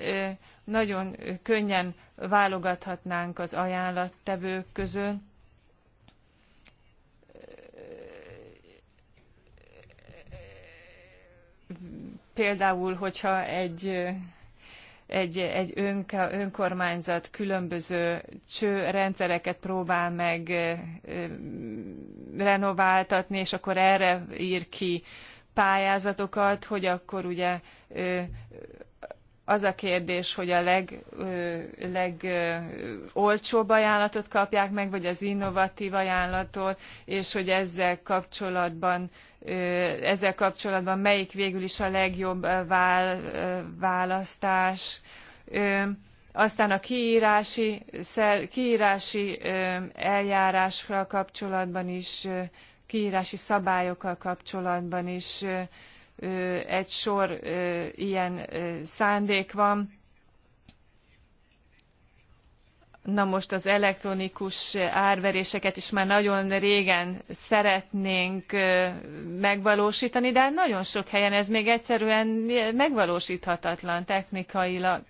nagyon könnyen válogathatnánk az ajánlattevők között, például, hogyha egy egy, egy önk, önkormányzat különböző csőrendszereket próbál meg renováltatni, és akkor erre ír ki pályázatokat, hogy akkor ugye az a kérdés, hogy a leg, ajánlatot kapják meg, vagy az innovatív ajánlatot, és hogy ezzel kapcsolatban, ezzel kapcsolatban melyik végül is a legjobb választás. Aztán a kiírási, kiírási eljárásra kapcsolatban is, kiírási szabályokkal kapcsolatban is egy sor ilyen szándék van. Na most az elektronikus árveréseket is már nagyon régen szeretnénk megvalósítani, de nagyon sok helyen ez még egyszerűen megvalósíthatatlan technikailag.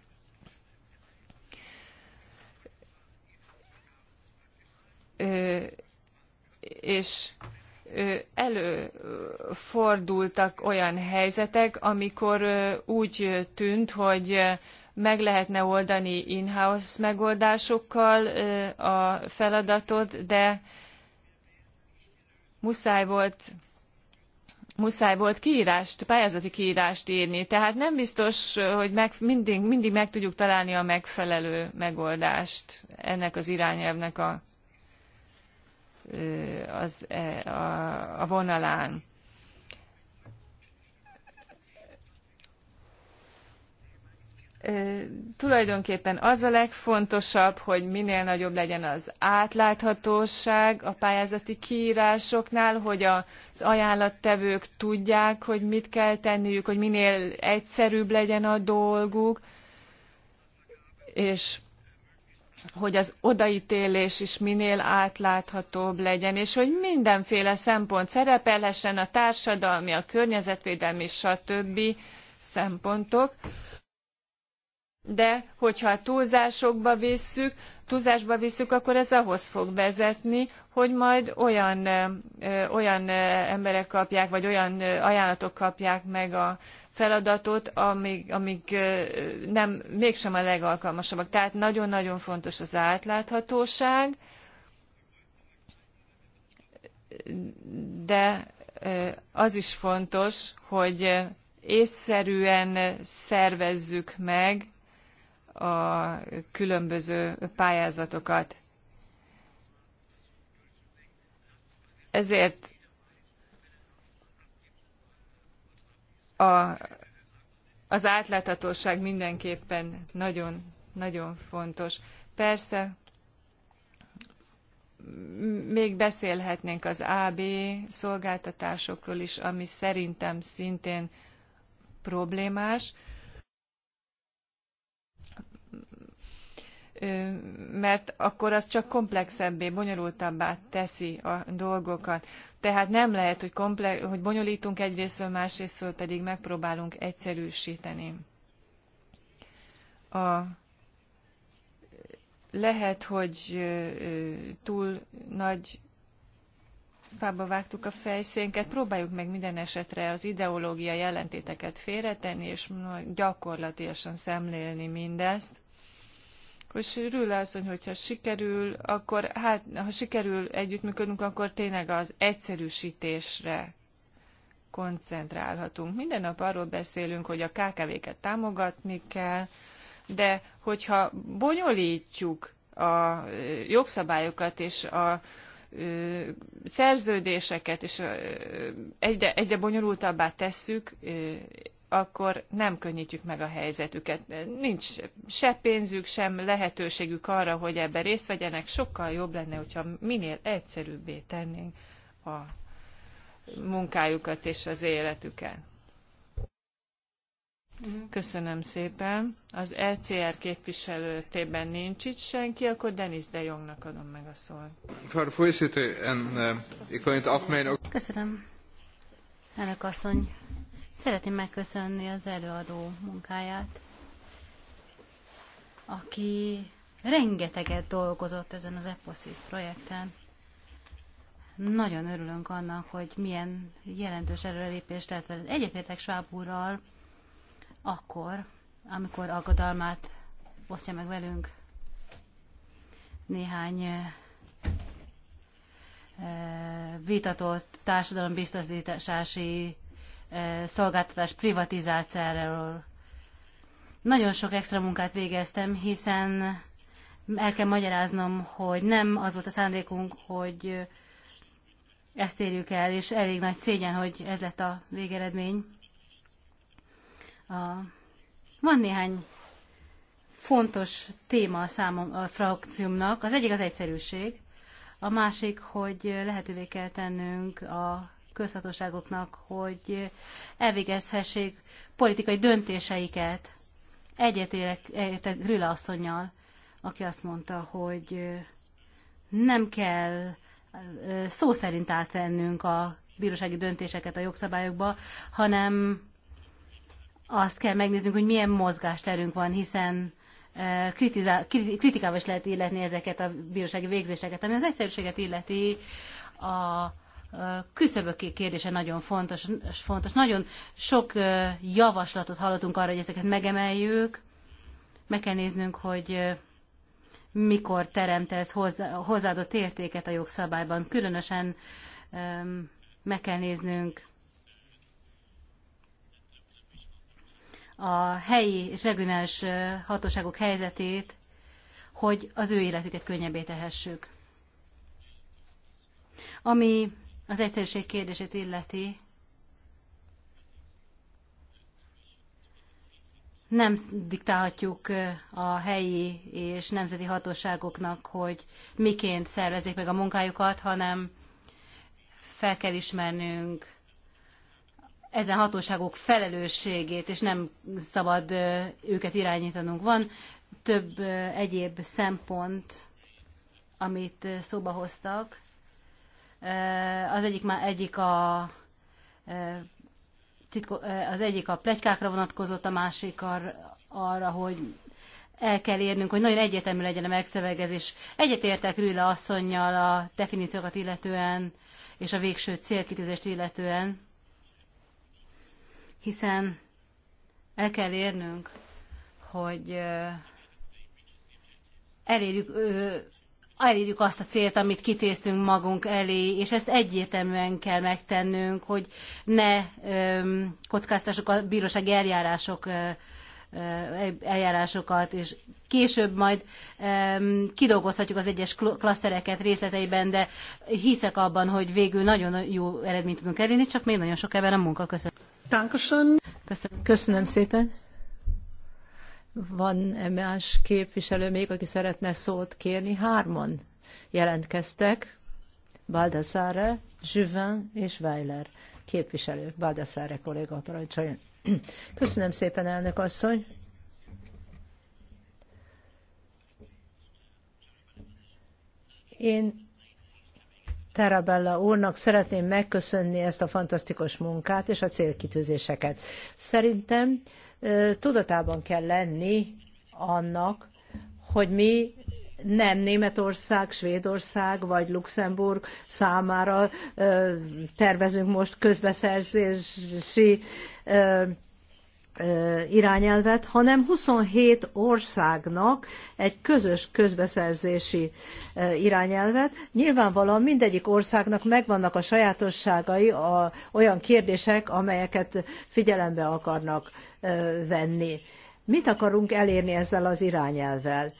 és előfordultak olyan helyzetek, amikor úgy tűnt, hogy meg lehetne oldani in-house megoldásokkal a feladatot, de muszáj volt muszáj volt kiírást, pályázati kiírást írni, tehát nem biztos, hogy meg, mindig, mindig meg tudjuk találni a megfelelő megoldást ennek az irányelvnek a az, e, a, a vonalán. tulajdonképpen az a legfontosabb, hogy minél nagyobb legyen az átláthatóság a pályázati kiírásoknál, hogy az ajánlattevők tudják, hogy mit kell tenniük, hogy minél egyszerűbb legyen a dolguk, és hogy az odaítélés is minél átláthatóbb legyen, és hogy mindenféle szempont szerepelhessen a társadalmi, a környezetvédelmi, stb. szempontok. De hogyha a túlzásokba visszük, túlzásba visszük, akkor ez ahhoz fog vezetni, hogy majd olyan, olyan emberek kapják, vagy olyan ajánlatok kapják meg a feladatot, amíg, amíg nem, mégsem a legalkalmasabbak. Tehát nagyon-nagyon fontos az átláthatóság, de az is fontos, hogy észszerűen szervezzük meg a különböző pályázatokat. Ezért a, az átláthatóság mindenképpen nagyon, nagyon fontos. Persze még beszélhetnénk az AB szolgáltatásokról is, ami szerintem szintén problémás. mert akkor az csak komplexebbé, bonyolultabbá teszi a dolgokat. Tehát nem lehet, hogy, komple- hogy bonyolítunk egyrésztől, másrésztől pedig megpróbálunk egyszerűsíteni. A lehet, hogy túl nagy fába vágtuk a fejszénket, próbáljuk meg minden esetre az ideológiai ellentéteket félretenni, és gyakorlatilag szemlélni mindezt és Rüle asszony, hogyha sikerül, akkor hát, ha sikerül együttműködnünk, akkor tényleg az egyszerűsítésre koncentrálhatunk. Minden nap arról beszélünk, hogy a KKV-ket támogatni kell, de hogyha bonyolítjuk a jogszabályokat és a szerződéseket, és egyre, egyre bonyolultabbá tesszük, akkor nem könnyítjük meg a helyzetüket. Nincs se pénzük, sem lehetőségük arra, hogy ebben részt vegyenek. Sokkal jobb lenne, hogyha minél egyszerűbbé tennénk a munkájukat és az életüket. Köszönöm szépen. Az ECR képviselőtében nincs itt senki, akkor Denis de Jongnak adom meg a szót. Eh, Köszönöm, elnök asszony. Szeretném megköszönni az előadó munkáját, aki rengeteget dolgozott ezen az EPOSZI projekten. Nagyon örülünk annak, hogy milyen jelentős előrelépést tett veled. Egyetértek Schwab úrral akkor, amikor aggodalmát osztja meg velünk néhány eh, eh, vitatott társadalombiztosítási szolgáltatás privatizációról. Nagyon sok extra munkát végeztem, hiszen el kell magyaráznom, hogy nem az volt a szándékunk, hogy ezt érjük el, és elég nagy szégyen, hogy ez lett a végeredmény. A, van néhány fontos téma a, számom, a frakciumnak. Az egyik az egyszerűség, a másik, hogy lehetővé kell tennünk a közhatóságoknak, hogy elvégezhessék politikai döntéseiket. Egyetértek értek Rüle asszonynal, aki azt mondta, hogy nem kell szó szerint átvennünk a bírósági döntéseket a jogszabályokba, hanem azt kell megnéznünk, hogy milyen mozgásterünk van, hiszen kritizál, kritikával is lehet illetni ezeket a bírósági végzéseket. Ami az egyszerűséget illeti, a küszöböki kérdése nagyon fontos, fontos. Nagyon sok javaslatot hallottunk arra, hogy ezeket megemeljük. Meg kell néznünk, hogy mikor teremt ez hozzáadott értéket a jogszabályban. Különösen meg kell néznünk a helyi és regionális hatóságok helyzetét, hogy az ő életüket könnyebbé tehessük. Ami az egyszerűség kérdését illeti, nem diktálhatjuk a helyi és nemzeti hatóságoknak, hogy miként szervezik meg a munkájukat, hanem fel kell ismernünk ezen hatóságok felelősségét, és nem szabad őket irányítanunk. Van több egyéb szempont, amit szóba hoztak. Eh, az egyik, már egyik a eh, titko, eh, az egyik a plegykákra vonatkozott, a másik ar, arra, hogy el kell érnünk, hogy nagyon egyetemű legyen a megszövegezés. Egyetértek Rüle asszonynal a definíciókat illetően, és a végső célkitűzést illetően, hiszen el kell érnünk, hogy elérjük elérjük azt a célt, amit kitéztünk magunk elé, és ezt egyértelműen kell megtennünk, hogy ne öm, kockáztassuk a bíróság eljárások, eljárásokat, és később majd kidolgozhatjuk az egyes klasztereket részleteiben, de hiszek abban, hogy végül nagyon jó eredményt tudunk elérni, csak még nagyon sok ebben a munka. Köszönöm. Köszönöm. Köszönöm szépen van -e más képviselő még, aki szeretne szót kérni? Hárman jelentkeztek. Baldassare, Juvin és Weiler képviselő. Baldassare kolléga parancsoljon. Köszönöm szépen, elnök asszony. Én Terabella úrnak szeretném megköszönni ezt a fantasztikus munkát és a célkitűzéseket. Szerintem tudatában kell lenni annak, hogy mi nem Németország, Svédország vagy Luxemburg számára tervezünk most közbeszerzési irányelvet, hanem 27 országnak egy közös közbeszerzési irányelvet. Nyilvánvalóan mindegyik országnak megvannak a sajátosságai, a, olyan kérdések, amelyeket figyelembe akarnak venni. Mit akarunk elérni ezzel az irányelvel?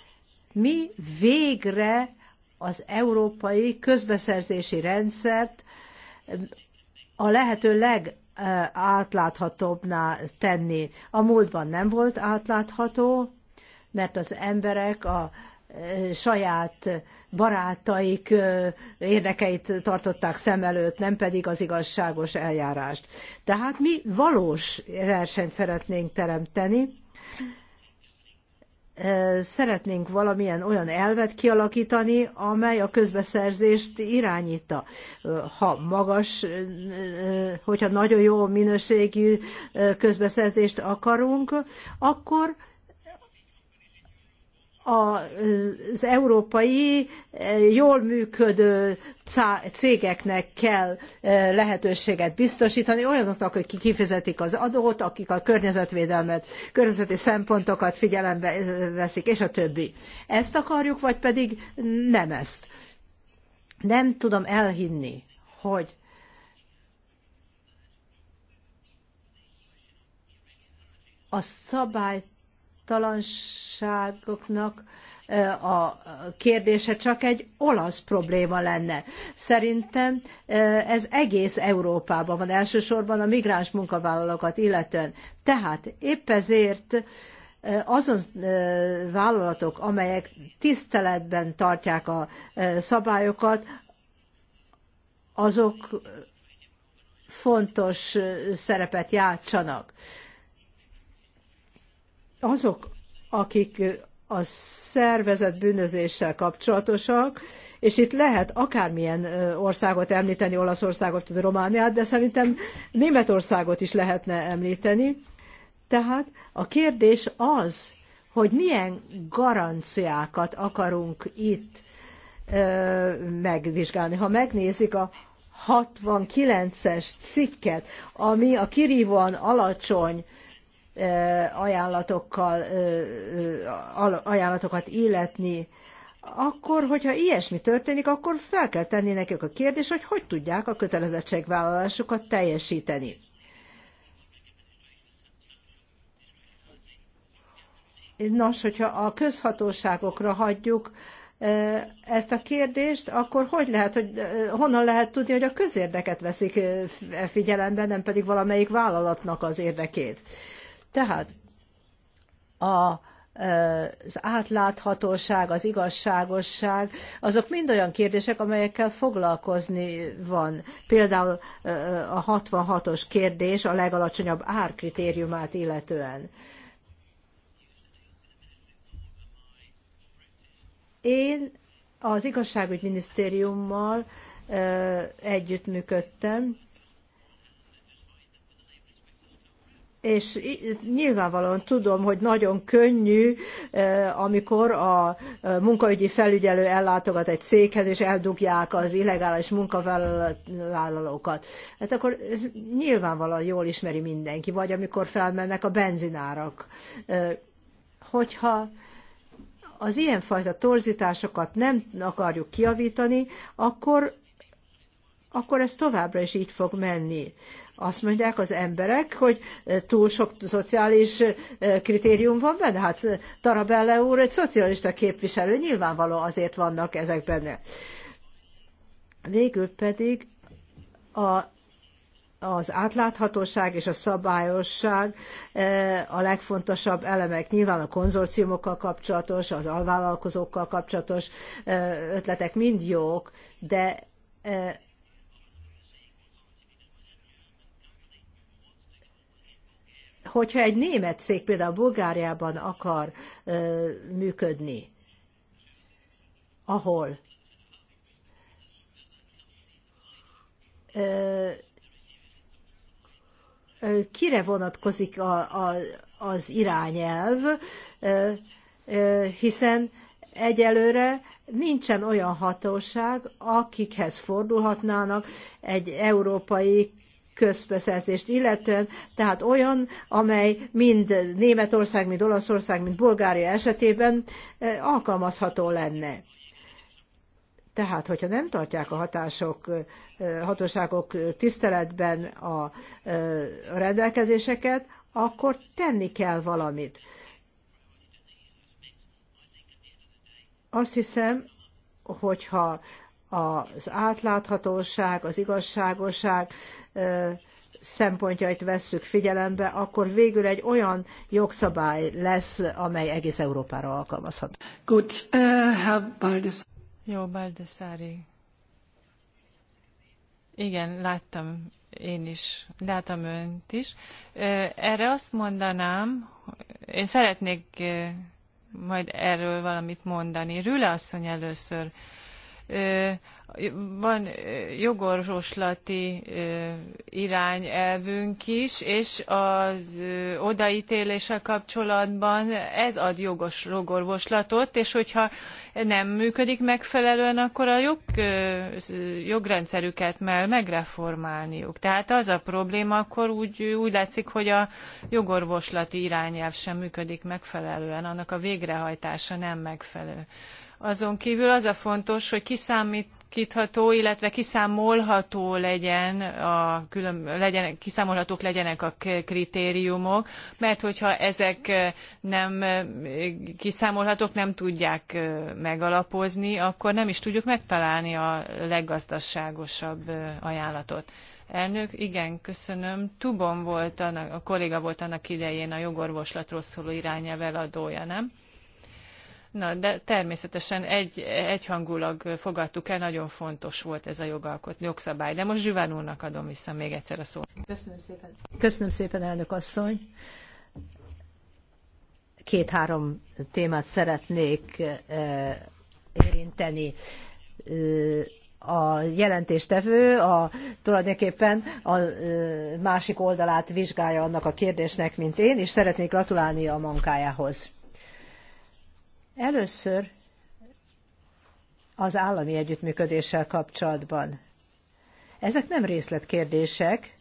Mi végre az európai közbeszerzési rendszert a lehető leg átláthatóbbná tenni. A múltban nem volt átlátható, mert az emberek a saját barátaik érdekeit tartották szem előtt, nem pedig az igazságos eljárást. Tehát mi valós versenyt szeretnénk teremteni, szeretnénk valamilyen olyan elvet kialakítani, amely a közbeszerzést irányítja. Ha magas, hogyha nagyon jó minőségű közbeszerzést akarunk, akkor az európai eh, jól működő cégeknek kell eh, lehetőséget biztosítani, olyanoknak, akik kifizetik az adót, akik a környezetvédelmet, környezeti szempontokat figyelembe eh, veszik, és a többi. Ezt akarjuk, vagy pedig nem ezt. Nem tudom elhinni, hogy a szabályt talanságoknak a kérdése csak egy olasz probléma lenne. Szerintem ez egész Európában van, elsősorban a migráns munkavállalókat illetően. Tehát épp ezért azon vállalatok, amelyek tiszteletben tartják a szabályokat, azok fontos szerepet játszanak azok, akik a szervezett bűnözéssel kapcsolatosak, és itt lehet akármilyen országot említeni, Olaszországot, vagy Romániát, de szerintem Németországot is lehetne említeni. Tehát a kérdés az, hogy milyen garanciákat akarunk itt ö, megvizsgálni. Ha megnézik a 69-es cikket, ami a kirívóan alacsony ajánlatokkal, ajánlatokat illetni, akkor, hogyha ilyesmi történik, akkor fel kell tenni nekik a kérdés, hogy hogy tudják a kötelezettségvállalásukat teljesíteni. Nos, hogyha a közhatóságokra hagyjuk ezt a kérdést, akkor hogy lehet, hogy honnan lehet tudni, hogy a közérdeket veszik figyelembe, nem pedig valamelyik vállalatnak az érdekét. Tehát a az átláthatóság, az igazságosság, azok mind olyan kérdések, amelyekkel foglalkozni van. Például a 66-os kérdés a legalacsonyabb árkritériumát illetően. Én az igazságügyminisztériummal együttműködtem, és nyilvánvalóan tudom, hogy nagyon könnyű, e, amikor a e, munkaügyi felügyelő ellátogat egy céghez, és eldugják az illegális munkavállalókat. Hát akkor ez nyilvánvalóan jól ismeri mindenki, vagy amikor felmennek a benzinárak. E, hogyha az ilyenfajta torzításokat nem akarjuk kiavítani, akkor akkor ez továbbra is így fog menni. Azt mondják az emberek, hogy eh, túl sok szociális eh, kritérium van benne. Hát eh, Tarabella úr egy szocialista képviselő, nyilvánvaló azért vannak ezek benne. Végül pedig a az átláthatóság és a szabályosság a legfontosabb elemek. Nyilván a konzorciumokkal kapcsolatos, az alvállalkozókkal kapcsolatos ötletek mind jók, de hogyha egy német cég például Bulgáriában akar működni, ahol kire vonatkozik a, a, az irányelv, hiszen egyelőre nincsen olyan hatóság, akikhez fordulhatnának egy európai közbeszerzést illetően, tehát olyan, amely mind Németország, mind Olaszország, mind Bulgária esetében eh, alkalmazható lenne. Tehát, hogyha nem tartják a hatások, eh, hatóságok tiszteletben eh, a rendelkezéseket, akkor tenni kell valamit. Azt hiszem, hogyha az átláthatóság, az igazságosság szempontjait vesszük figyelembe, akkor végül egy olyan jogszabály lesz, amely egész Európára alkalmazható. Good. uh, äh, Baldes. Jó, Baldessari. Igen, láttam én is, láttam önt is. Erre azt mondanám, én szeretnék majd erről valamit mondani. Rüle asszony először van jogorvoslati irányelvünk is, és az odaítélése kapcsolatban ez ad jogos jogorvoslatot, és hogyha nem működik megfelelően, akkor a jog, jogrendszerüket mell megreformálniuk. Tehát az a probléma, akkor úgy, úgy látszik, hogy a jogorvoslati irányelv sem működik megfelelően, annak a végrehajtása nem megfelelő azon kívül az a fontos, hogy kiszámítható illetve kiszámolható legyen a külön, legyen, kiszámolhatók legyenek a kritériumok, mert hogyha ezek eh, nem eh, kiszámolhatók, nem tudják eh, megalapozni, akkor nem is tudjuk megtalálni a leggazdaságosabb ajánlatot. Elnök, igen, köszönöm. Tubon volt, annak, a kolléga volt annak idején a jogorvoslatról szóló irányelv eladója, nem? Na, de természetesen egy, egyhangulag fogadtuk el, nagyon fontos volt ez a jogalkot, jogszabály. De most Zsiván úrnak adom vissza még egyszer a szót. Köszönöm szépen. Köszönöm szépen, elnök asszony. Két-három témát szeretnék eh, érinteni eh, a jelentéstevő a, tulajdonképpen a eh, másik oldalát vizsgálja annak a kérdésnek, mint én, és szeretnék gratulálni a munkájához. Először az állami együttműködéssel kapcsolatban. Ezek nem részletkérdések,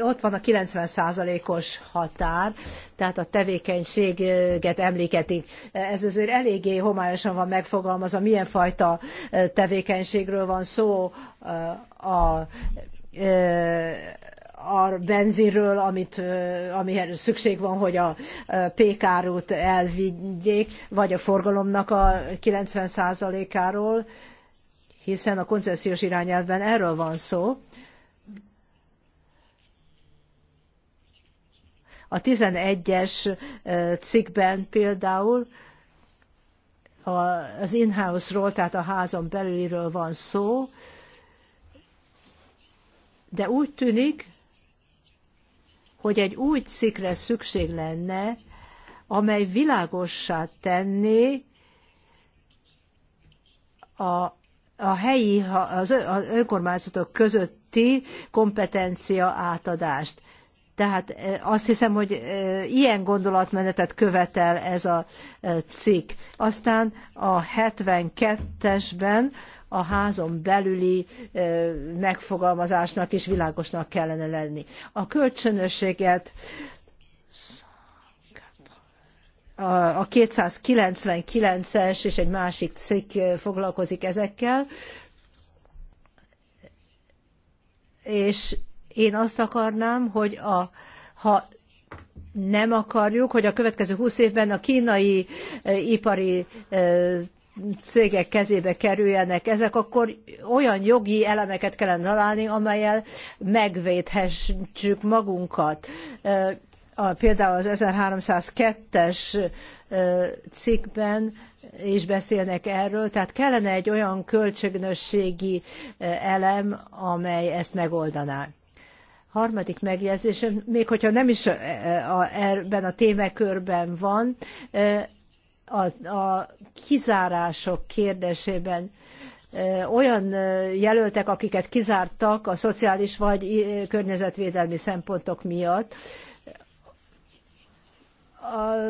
ott van a 90%-os határ, tehát a tevékenységet említetik. Ez azért eléggé homályosan van megfogalmazva, milyen fajta tevékenységről van szó a, a a benzinről, amit, amihez szükség van, hogy a pékárút elvigyék, vagy a forgalomnak a 90%-áról, hiszen a koncesziós irányelvben erről van szó. A 11-es cikkben például az in-house-ról, tehát a házon belüliről van szó, de úgy tűnik, hogy egy új cikkre szükség lenne, amely világossá tenné a, a helyi, az önkormányzatok közötti kompetencia átadást. Tehát azt hiszem, hogy ilyen gondolatmenetet követel ez a cikk. Aztán a 72-esben a házon belüli megfogalmazásnak is világosnak kellene lenni. A kölcsönösséget a 299-es és egy másik cikk foglalkozik ezekkel, és én azt akarnám, hogy a, ha nem akarjuk, hogy a következő 20 évben a kínai ipari cégek kezébe kerüljenek ezek, akkor olyan jogi elemeket kellene találni, amelyel megvédhessük magunkat. A, például az 1302-es cikkben is beszélnek erről, tehát kellene egy olyan kölcsönösségi elem, amely ezt megoldaná. Harmadik megjegyzésem, még hogyha nem is ebben a témakörben van, a, a kizárások kérdésében olyan jelöltek, akiket kizártak a szociális vagy környezetvédelmi szempontok miatt.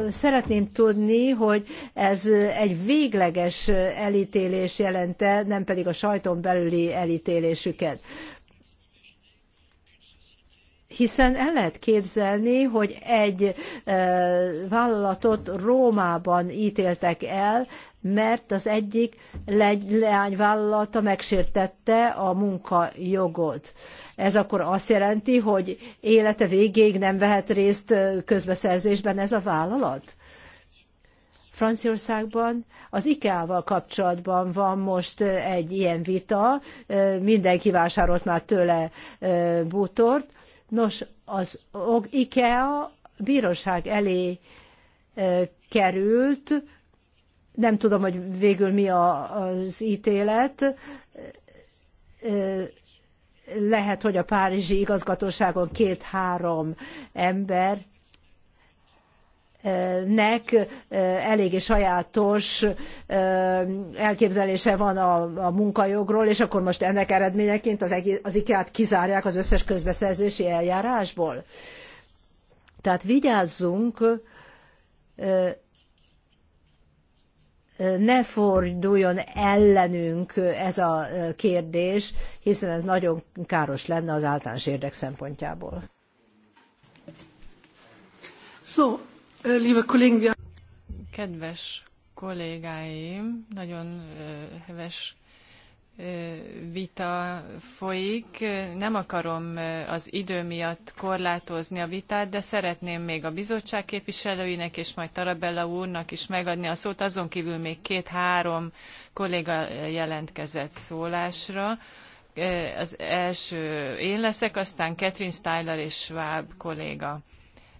Szeretném tudni, hogy ez egy végleges elítélés jelente, nem pedig a sajton belüli elítélésüket hiszen el lehet képzelni, hogy egy eh, vállalatot Rómában ítéltek el, mert az egyik leányvállalata megsértette a munkajogot. Ez akkor azt jelenti, hogy élete végéig nem vehet részt eh, közbeszerzésben ez a vállalat? Franciaországban az IKEA-val kapcsolatban van most eh, egy ilyen vita, mindenki vásárolt már tőle bútort, Nos, az IKEA bíróság elé került, nem tudom, hogy végül mi az ítélet, lehet, hogy a párizsi igazgatóságon két-három ember nek eléggé sajátos elképzelése van a, a munkajogról, és akkor most ennek eredményeként az, az IKEA-t kizárják az összes közbeszerzési eljárásból. Tehát vigyázzunk, ne forduljon ellenünk ez a kérdés, hiszen ez nagyon káros lenne az általános érdek szempontjából. So, Kedves kollégáim, nagyon heves vita folyik. Nem akarom az idő miatt korlátozni a vitát, de szeretném még a bizottság képviselőinek és majd Tarabella úrnak is megadni a szót. Azon kívül még két-három kolléga jelentkezett szólásra. Az első én leszek, aztán Catherine Styler és Schwab kolléga.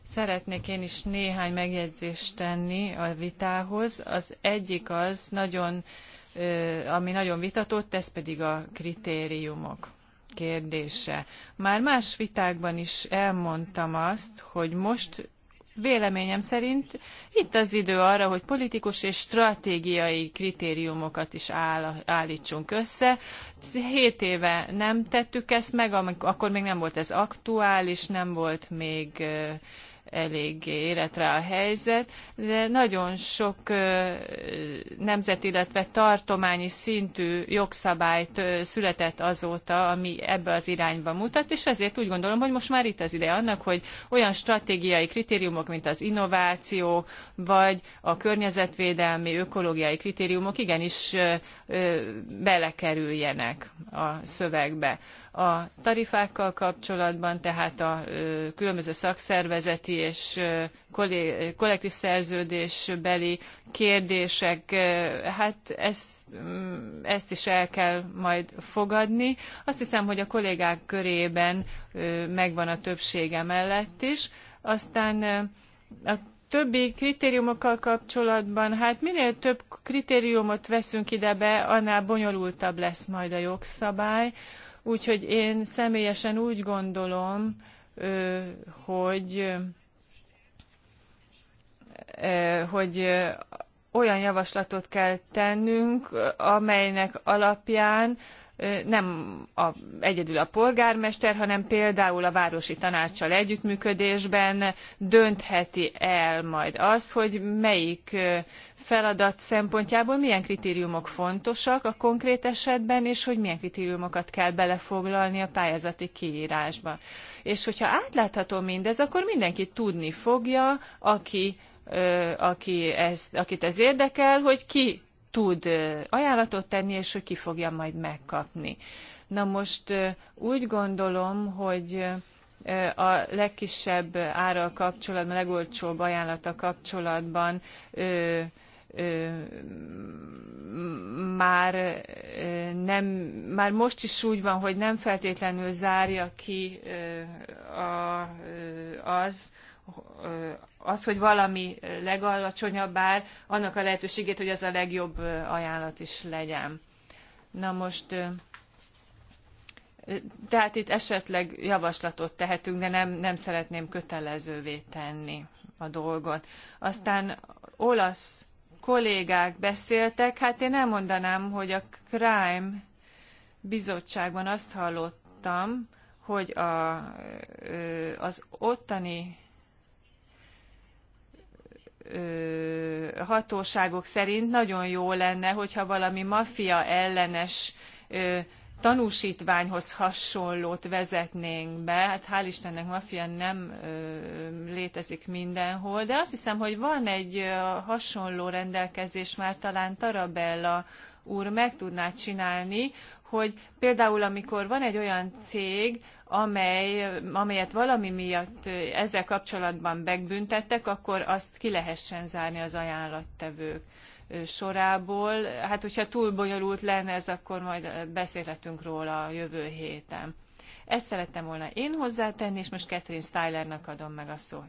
Szeretnék én is néhány megjegyzést tenni a vitához. Az egyik az nagyon, ami nagyon vitatott, ez pedig a kritériumok kérdése. Már más vitákban is elmondtam azt, hogy most véleményem szerint itt az idő arra, hogy politikus és stratégiai kritériumokat is áll, állítsunk össze. Hét éve nem tettük ezt meg, akkor még nem volt ez aktuális, nem volt még eléggé életre a helyzet, de nagyon sok nemzet, illetve tartományi szintű jogszabályt született azóta, ami ebbe az irányba mutat, és ezért úgy gondolom, hogy most már itt az ideje annak, hogy olyan stratégiai kritériumok, mint az innováció, vagy a környezetvédelmi, ökológiai kritériumok igenis belekerüljenek a szövegbe a tarifákkal kapcsolatban, tehát a különböző szakszervezeti és kollektív szerződésbeli kérdések, hát ezt, mm, ezt is el kell majd fogadni. Azt hiszem, hogy a kollégák körében megvan a többsége mellett is. Aztán a többi kritériumokkal kapcsolatban, hát minél több kritériumot veszünk ide be, annál bonyolultabb lesz majd a jogszabály. Úgyhogy én személyesen úgy gondolom, hogy hogy olyan javaslatot kell tennünk, amelynek alapján nem a, egyedül a polgármester, hanem például a városi tanácssal együttműködésben döntheti el majd azt, hogy melyik feladat szempontjából milyen kritériumok fontosak a konkrét esetben, és hogy milyen kritériumokat kell belefoglalni a pályázati kiírásba. És hogyha átlátható mindez, akkor mindenki tudni fogja, aki aki ez akit ez érdekel, hogy ki tud ajánlatot tenni, és ő ki fogja majd megkapni. Na most úgy gondolom, hogy a legkisebb ára kapcsolatban, a legolcsóbb ajánlata kapcsolatban ö, ö, már, nem, már most is úgy van, hogy nem feltétlenül zárja ki ö, a, az, az, hogy valami legalacsonyabb ár, annak a lehetőségét, hogy az a legjobb ajánlat is legyen. Na most, tehát itt esetleg javaslatot tehetünk, de nem, nem szeretném kötelezővé tenni a dolgot. Aztán olasz kollégák beszéltek, hát én nem mondanám, hogy a Crime bizottságban azt hallottam, hogy a, az ottani hatóságok szerint nagyon jó lenne, hogyha valami maffia ellenes tanúsítványhoz hasonlót vezetnénk be. Hát hál' Istennek maffia nem ö, létezik mindenhol, de azt hiszem, hogy van egy ö, hasonló rendelkezés már talán Tarabella úr meg tudná csinálni, hogy például amikor van egy olyan cég, amely, amelyet valami miatt ezzel kapcsolatban megbüntettek, akkor azt ki lehessen zárni az ajánlattevők sorából. Hát, hogyha túl bonyolult lenne ez, akkor majd beszélhetünk róla a jövő héten. Ezt szerettem volna én hozzátenni, és most Catherine Stylernak adom meg a szót.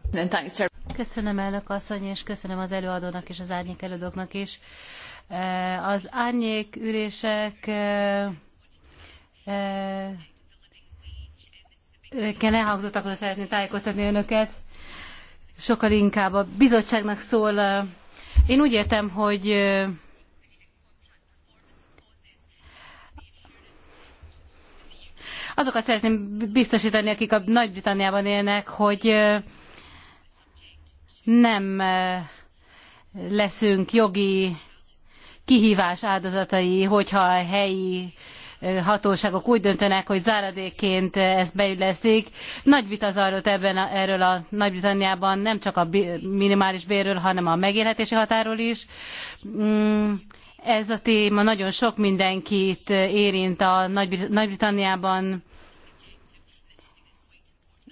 Köszönöm elnök asszony, és köszönöm az előadónak és az árnyék előadóknak is. Az árnyék ürések elhangzottakról akkor szeretném tájékoztatni önöket. Sokkal inkább a bizottságnak szól. Én úgy értem, hogy azokat szeretném biztosítani, akik a Nagy-Britanniában élnek, hogy nem leszünk jogi kihívás áldozatai, hogyha a helyi hatóságok úgy döntenek, hogy záradékként ezt beilleszik. Nagy vita zajlott ebben a, erről a Nagy-Britanniában nem csak a minimális bérről, hanem a megélhetési határól is. Mm, ez a téma nagyon sok mindenkit érint a Nagy-Britanniában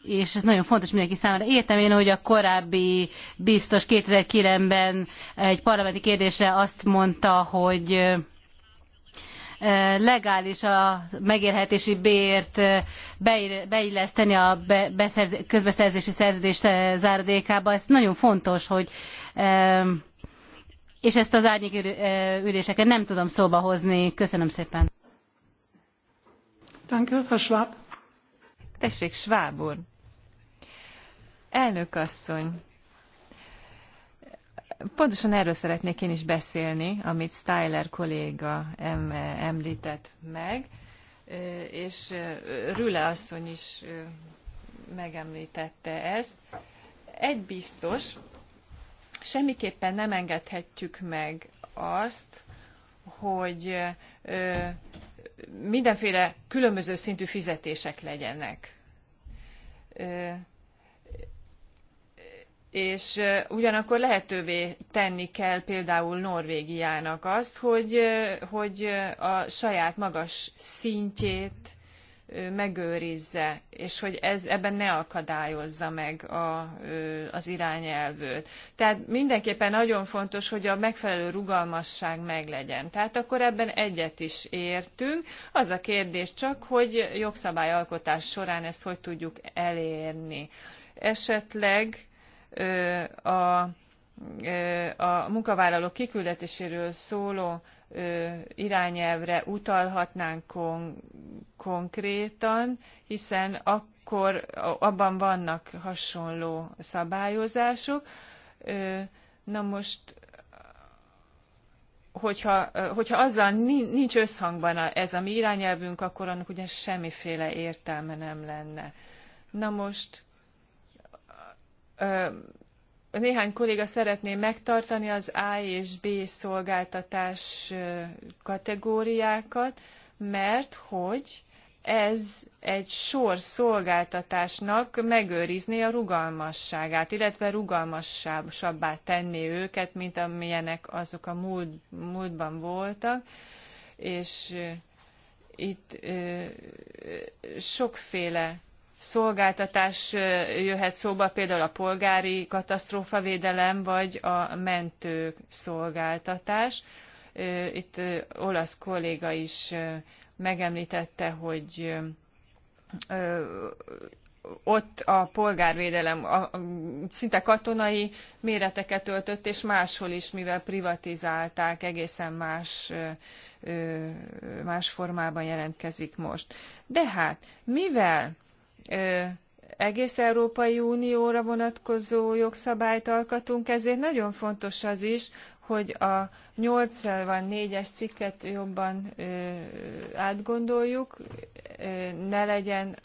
és ez nagyon fontos mindenki számára. Értem én, hogy a korábbi biztos 2009-ben egy parlamenti kérdésre azt mondta, hogy legális a megélhetési bért beilleszteni a közbeszerzési szerződés záradékába. Ez nagyon fontos, hogy és ezt az árnyék nem tudom szóba hozni. Köszönöm szépen. Danke, Herr Schwab. Tessék, Schwab úr. Elnök asszony, pontosan erről szeretnék én is beszélni, amit Styler kolléga említett meg, és Rüle asszony is megemlítette ezt. Egy biztos, semmiképpen nem engedhetjük meg azt, hogy mindenféle különböző szintű fizetések legyenek és ugyanakkor lehetővé tenni kell például Norvégiának azt, hogy, hogy a saját magas szintjét megőrizze, és hogy ez ebben ne akadályozza meg a, az irányelvőt. Tehát mindenképpen nagyon fontos, hogy a megfelelő rugalmasság meglegyen. Tehát akkor ebben egyet is értünk. Az a kérdés csak, hogy jogszabályalkotás során ezt hogy tudjuk elérni. Esetleg a, a munkavállalók kiküldetéséről szóló irányelvre utalhatnánk kon konkrétan, hiszen akkor abban vannak hasonló szabályozások. Na most hogyha, hogyha azzal nincs összhangban ez a mi irányelvünk, akkor annak ugye semmiféle értelme nem lenne. Na most néhány kolléga szeretné megtartani az A és B szolgáltatás kategóriákat, mert hogy ez egy sor szolgáltatásnak megőrizné a rugalmasságát, illetve rugalmasabbá tenni őket, mint amilyenek azok a múlt, múltban voltak, és itt ö, sokféle szolgáltatás jöhet szóba, például a polgári katasztrófavédelem vagy a mentő szolgáltatás. Itt olasz kolléga is megemlítette, hogy ott a polgárvédelem a, a, szinte katonai méreteket öltött, és máshol is, mivel privatizálták, egészen más, ö, más formában jelentkezik most. De hát, mivel egész Európai Unióra vonatkozó jogszabályt alkatunk, ezért nagyon fontos az is, hogy a 84-es cikket jobban átgondoljuk, ne legyen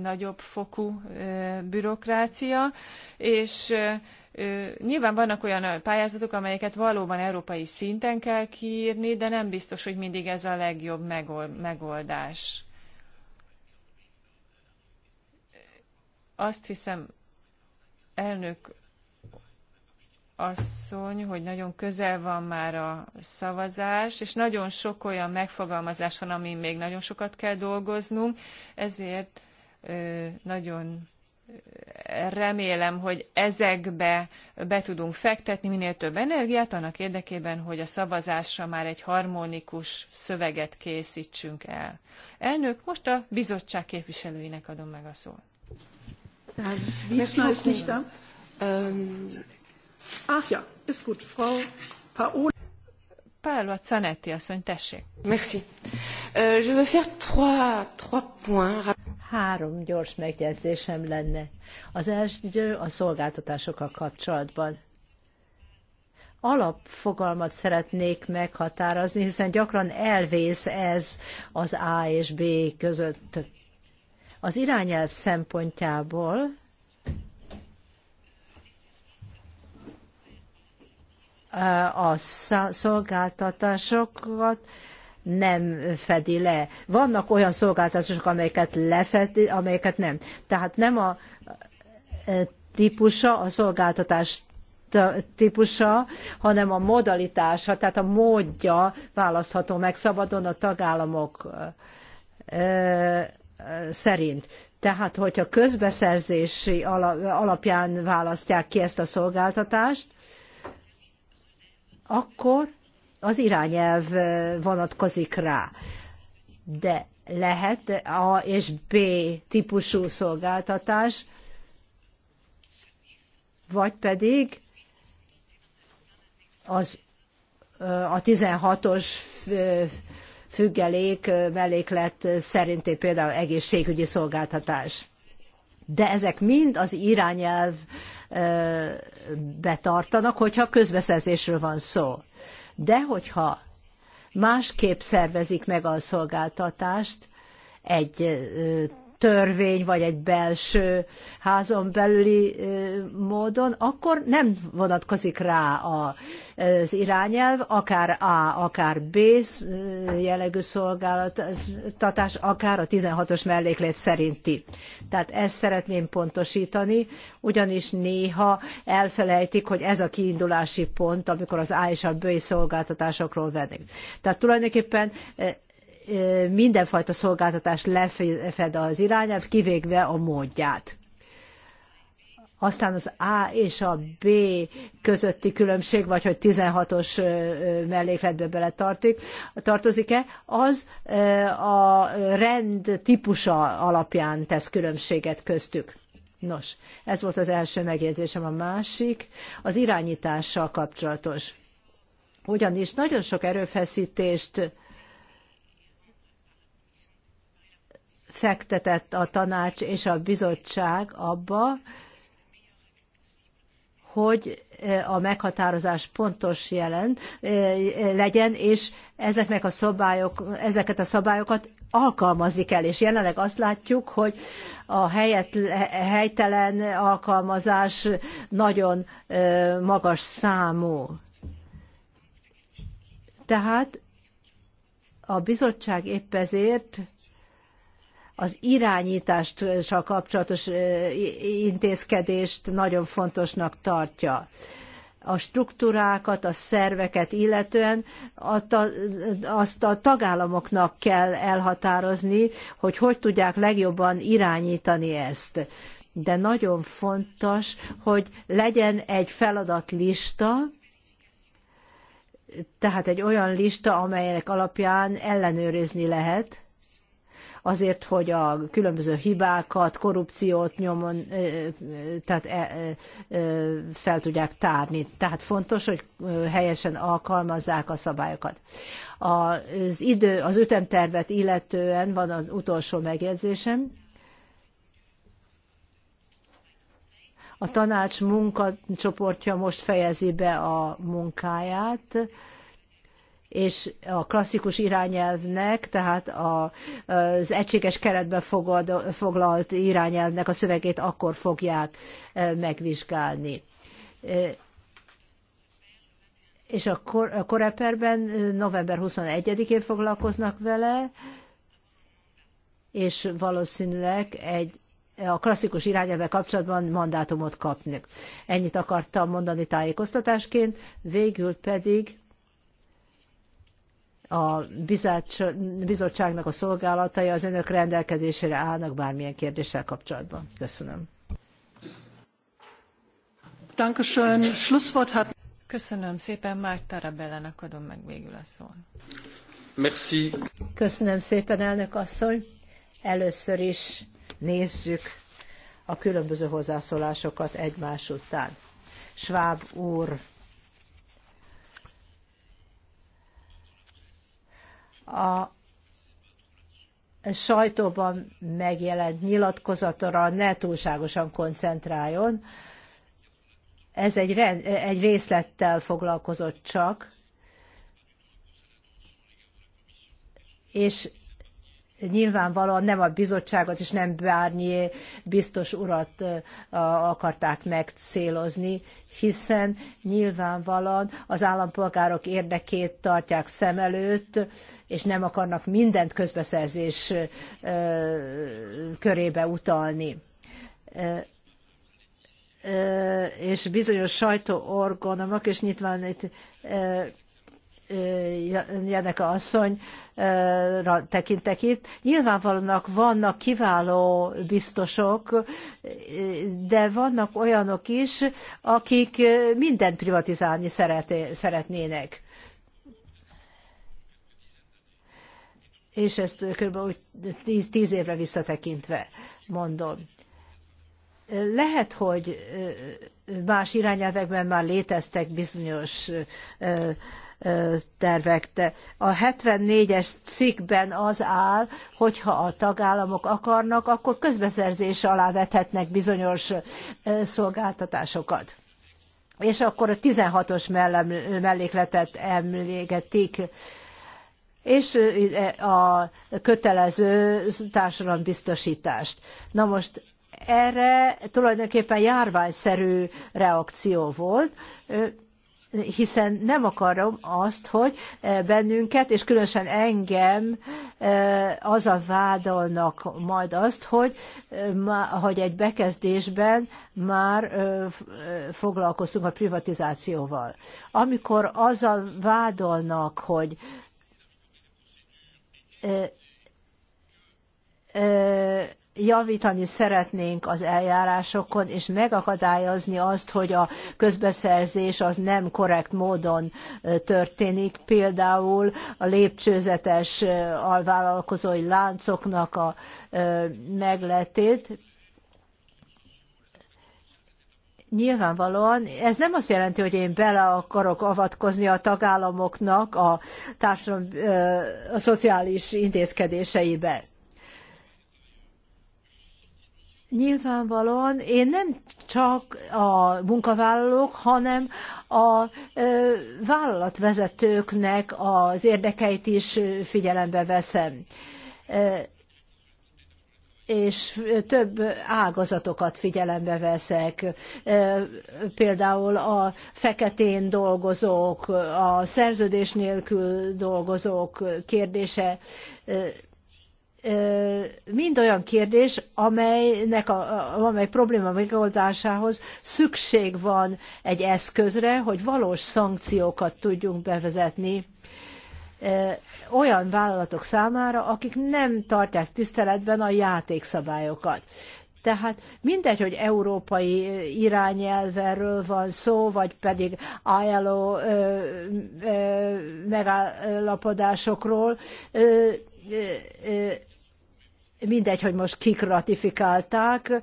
nagyobb fokú bürokrácia, és nyilván vannak olyan pályázatok, amelyeket valóban európai szinten kell kiírni, de nem biztos, hogy mindig ez a legjobb megoldás Azt hiszem, elnök asszony, hogy nagyon közel van már a szavazás, és nagyon sok olyan megfogalmazás van, amin még nagyon sokat kell dolgoznunk, ezért nagyon remélem, hogy ezekbe be tudunk fektetni minél több energiát, annak érdekében, hogy a szavazásra már egy harmonikus szöveget készítsünk el. Elnök, most a bizottság képviselőinek adom meg a szót. Wiesner ist nicht da. Ähm, ach ja, ist gut. Frau Paola. Paola Zanetti asszony, tessék. Merci. Uh, je veux faire trois, trois points. Három gyors megjegyzésem lenne. Az első a szolgáltatásokkal kapcsolatban alapfogalmat szeretnék meghatározni, hiszen gyakran elvész ez az A és B között az irányelv szempontjából a szolgáltatásokat nem fedi le. Vannak olyan szolgáltatások, amelyeket lefedi, amelyeket nem. Tehát nem a e, típusa, a szolgáltatás típusa, hanem a modalitása, tehát a módja választható meg szabadon a tagállamok e, szerint. Tehát, hogyha közbeszerzési alapján választják ki ezt a szolgáltatást, akkor az irányelv vonatkozik rá. De lehet A és B típusú szolgáltatás, vagy pedig az a 16-os függelék melléklet szerinti például egészségügyi szolgáltatás. De ezek mind az irányelv betartanak, hogyha közbeszerzésről van szó. De hogyha másképp szervezik meg a szolgáltatást, egy törvény, vagy egy belső házon belüli módon, akkor nem vonatkozik rá az irányelv, akár A, akár B jellegű szolgáltatás, akár a 16-os melléklet szerinti. Tehát ezt szeretném pontosítani, ugyanis néha elfelejtik, hogy ez a kiindulási pont, amikor az A és a B szolgáltatásokról vennék. Tehát tulajdonképpen mindenfajta szolgáltatás lefed az irányelv, kivéve a módját. Aztán az A és a B közötti különbség, vagy hogy 16-os mellékletbe bele tartik, tartozik-e, az a rend típusa alapján tesz különbséget köztük. Nos, ez volt az első megjegyzésem. A másik az irányítással kapcsolatos. Ugyanis nagyon sok erőfeszítést fektetett a tanács és a bizottság abba, hogy e, a meghatározás pontos jelent e, legyen, és ezeknek a szabályok, ezeket a szabályokat alkalmazni kell, és jelenleg azt látjuk, hogy a helyet, helytelen alkalmazás nagyon e, magas számú. Tehát a bizottság épp ezért az irányítással kapcsolatos intézkedést nagyon fontosnak tartja a struktúrákat, a szerveket illetően azt a tagállamoknak kell elhatározni, hogy hogy tudják legjobban irányítani ezt. De nagyon fontos, hogy legyen egy feladatlista, tehát egy olyan lista, amelyek alapján ellenőrizni lehet, azért, hogy a különböző hibákat, korrupciót nyomon, tehát e, fel tudják tárni. Tehát fontos, hogy helyesen alkalmazzák a szabályokat. Az idő, az ütemtervet illetően van az utolsó megjegyzésem. A tanács munkacsoportja most fejezi be a munkáját és a klasszikus irányelvnek, tehát a, az egységes keretbe fogad, foglalt irányelvnek a szövegét akkor fogják e, megvizsgálni. E, és a, kor, a koreperben e, november 21-én foglalkoznak vele, és valószínűleg egy a klasszikus irányelvvel kapcsolatban mandátumot kapnak. Ennyit akartam mondani tájékoztatásként, végül pedig a bizottságnak a szolgálatai az önök rendelkezésére állnak bármilyen kérdéssel kapcsolatban. Köszönöm. Köszönöm szépen, Márk Tarabellának adom meg végül a szót. Merci. Köszönöm szépen, elnök asszony. Először is nézzük a különböző hozzászólásokat egymás után. Schwab úr a sajtóban megjelent nyilatkozatra ne túlságosan koncentráljon. Ez egy, rend, egy részlettel foglalkozott csak, és nyilvánvalóan nem a bizottságot és nem Bárnyé biztos urat akarták megcélozni, hiszen nyilvánvalóan az állampolgárok érdekét tartják szem előtt, és nem akarnak mindent közbeszerzés körébe utalni és bizonyos sajtóorganomok, és nyilván itt Jeneke asszony tekintek itt. Nyilvánvalóan vannak kiváló biztosok, de vannak olyanok is, akik mindent privatizálni szeretnének. És ezt kb. 10 évre visszatekintve mondom lehet, hogy más irányelvekben már léteztek bizonyos tervek, de a 74-es cikkben az áll, hogyha a tagállamok akarnak, akkor közbeszerzés alá vethetnek bizonyos szolgáltatásokat. És akkor a 16-os mellékletet emlégetik, és a kötelező társadalombiztosítást. Na most erre tulajdonképpen járványszerű reakció volt, hiszen nem akarom azt, hogy e, bennünket, és különösen engem e, az a vádolnak majd azt, hogy, e, hogy egy bekezdésben már foglalkoztunk a privatizációval. Amikor az a vádolnak, hogy javítani szeretnénk az eljárásokon, és megakadályozni azt, hogy a közbeszerzés az nem korrekt módon történik. Például a lépcsőzetes alvállalkozói láncoknak a megletét, nyilvánvalóan ez nem azt jelenti, hogy én bele akarok avatkozni a tagállamoknak a társadalom a szociális intézkedéseibe. Nyilvánvalóan én nem csak a munkavállalók, hanem a vállalatvezetőknek az érdekeit is figyelembe veszem. és több ágazatokat figyelembe veszek, például a feketén dolgozók, a szerződés nélkül dolgozók kérdése mind olyan kérdés, amelynek a, amely probléma megoldásához szükség van egy eszközre, hogy valós szankciókat tudjunk bevezetni olyan vállalatok számára, akik nem tartják tiszteletben a játékszabályokat. Tehát mindegy, hogy európai irányelvről van szó, vagy pedig ILO ö, ö, megállapodásokról, ö, ö, mindegy, hogy most kik ratifikálták,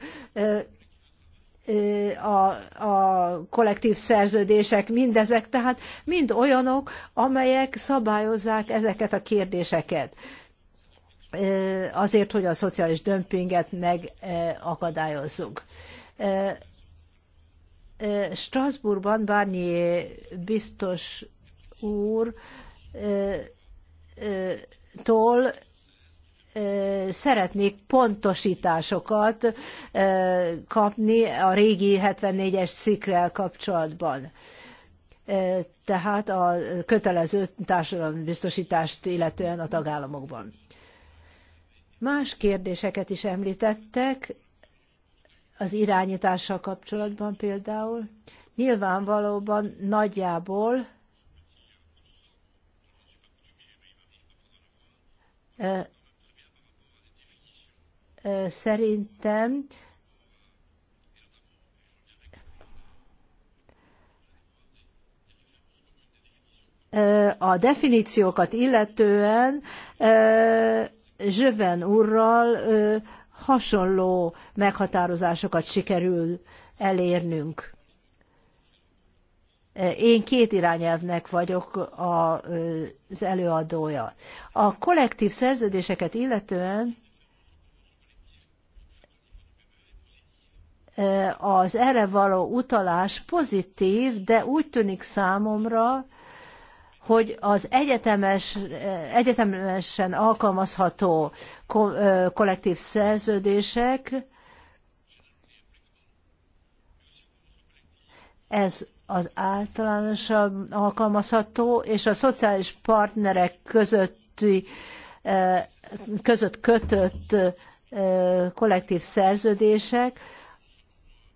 a, a kollektív szerződések, mindezek, tehát mind olyanok, amelyek szabályozzák ezeket a kérdéseket azért, hogy a szociális dömpinget megakadályozzuk. Strasbourgban Barnier biztos úr tól szeretnék pontosításokat kapni a régi 74-es cikkrel kapcsolatban. Tehát a kötelező biztosítást illetően a tagállamokban. Más kérdéseket is említettek, az irányítással kapcsolatban például. Nyilvánvalóban nagyjából Szerintem a definíciókat illetően Zsöven úrral hasonló meghatározásokat sikerül elérnünk. Én két irányelvnek vagyok az előadója. A kollektív szerződéseket illetően az erre való utalás pozitív, de úgy tűnik számomra, hogy az egyetemes, egyetemesen alkalmazható kollektív szerződések, ez az általánosabb alkalmazható, és a szociális partnerek közötti, között kötött kollektív szerződések,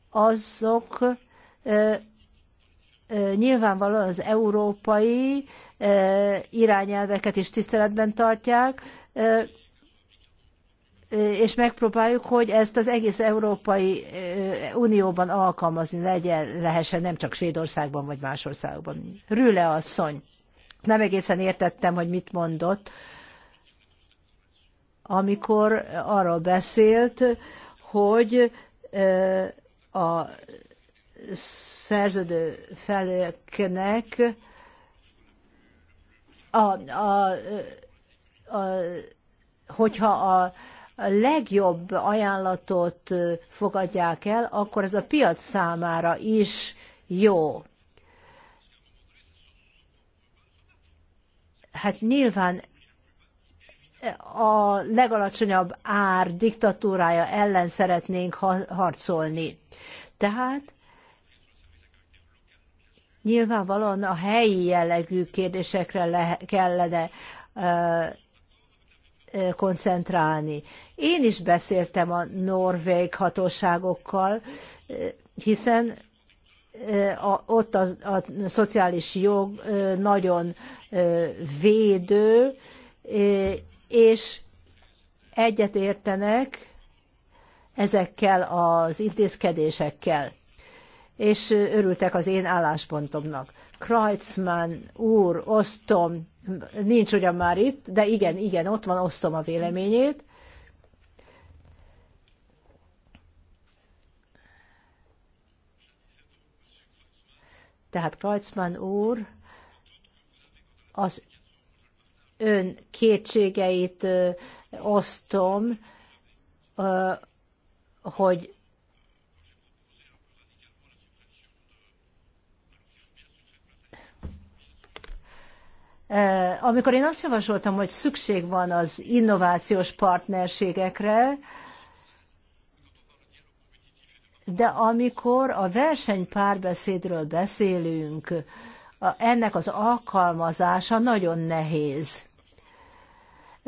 azok nyilvánvalóan az európai irányelveket is tiszteletben tartják, és megpróbáljuk, hogy ezt az egész Európai Unióban alkalmazni legyen, lehessen, nem csak Svédországban vagy más országban. Rüle asszony, nem egészen értettem, hogy mit mondott, amikor arról beszélt, hogy a szerződő feleknek a, a, a, hogyha a legjobb ajánlatot fogadják el, akkor ez a piac számára is jó. Hát nyilván a legalacsonyabb ár diktatúrája ellen szeretnénk harcolni. Tehát nyilvánvalóan a helyi jellegű kérdésekre le, kellene koncentrálni. Én is beszéltem a norvég hatóságokkal, hiszen a, ott a, a szociális jog nagyon védő, és egyet értenek ezekkel az intézkedésekkel, és örültek az én álláspontomnak. Kreutzmann úr, osztom, nincs ugyan már itt, de igen, igen, ott van, osztom a véleményét, Tehát Kreutzmann úr az ön kétségeit osztom, hogy Amikor én azt javasoltam, hogy szükség van az innovációs partnerségekre, de amikor a versenypárbeszédről beszélünk, ennek az alkalmazása nagyon nehéz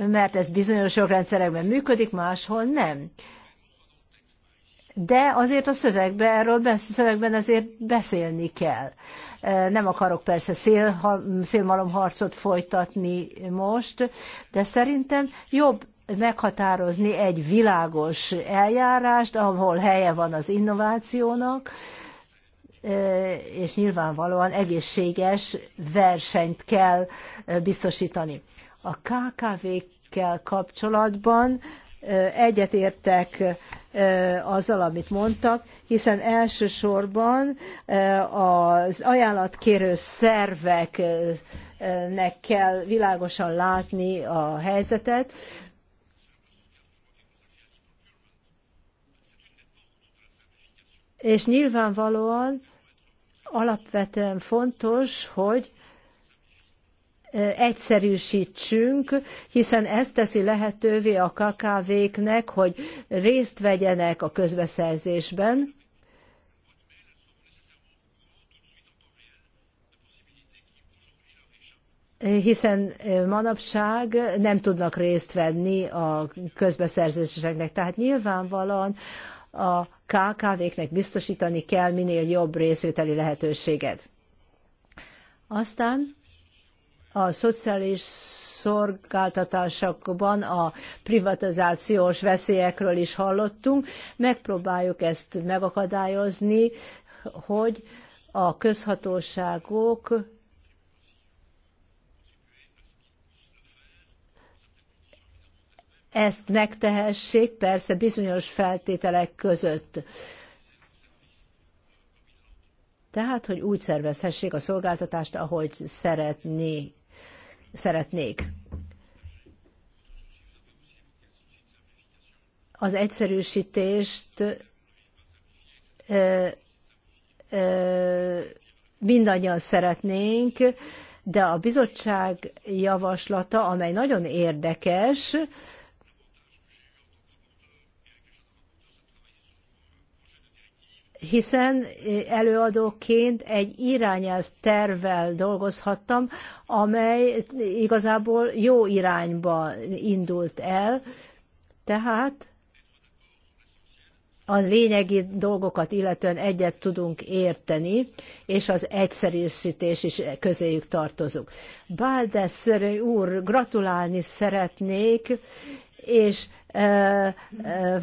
mert ez bizonyos jogrendszerekben működik, máshol nem. De azért a szövegben, erről a szövegben azért beszélni kell. E, nem akarok persze szél, szélmalomharcot folytatni most, de szerintem jobb meghatározni egy világos eljárást, ahol helye van az innovációnak, e, és nyilvánvalóan egészséges versenyt kell e, biztosítani. A KKV-kkel kapcsolatban egyetértek azzal, amit mondtak, hiszen elsősorban az ajánlatkérő szerveknek kell világosan látni a helyzetet, és nyilvánvalóan alapvetően fontos, hogy egyszerűsítsünk, hiszen ez teszi lehetővé a KKV-knek, hogy részt vegyenek a közbeszerzésben, hiszen manapság nem tudnak részt venni a közbeszerzéseknek. Tehát nyilvánvalóan a KKV-knek biztosítani kell minél jobb részvételi lehetőséget. Aztán a szociális szolgáltatásokban a privatizációs veszélyekről is hallottunk. Megpróbáljuk ezt megakadályozni, hogy a közhatóságok ezt megtehessék, persze bizonyos feltételek között. Tehát, hogy úgy szervezhessék a szolgáltatást, ahogy szeretnék szeretnék. Az egyszerűsítést mindannyian szeretnénk, de a bizottság javaslata, amely nagyon érdekes, hiszen eh, előadóként egy irányelv tervvel dolgozhattam, amely igazából jó irányba indult el, tehát a lényegi dolgokat illetően egyet tudunk érteni, és az egyszerűsítés is közéjük tartozunk. Baldesszerű úr, gratulálni szeretnék, és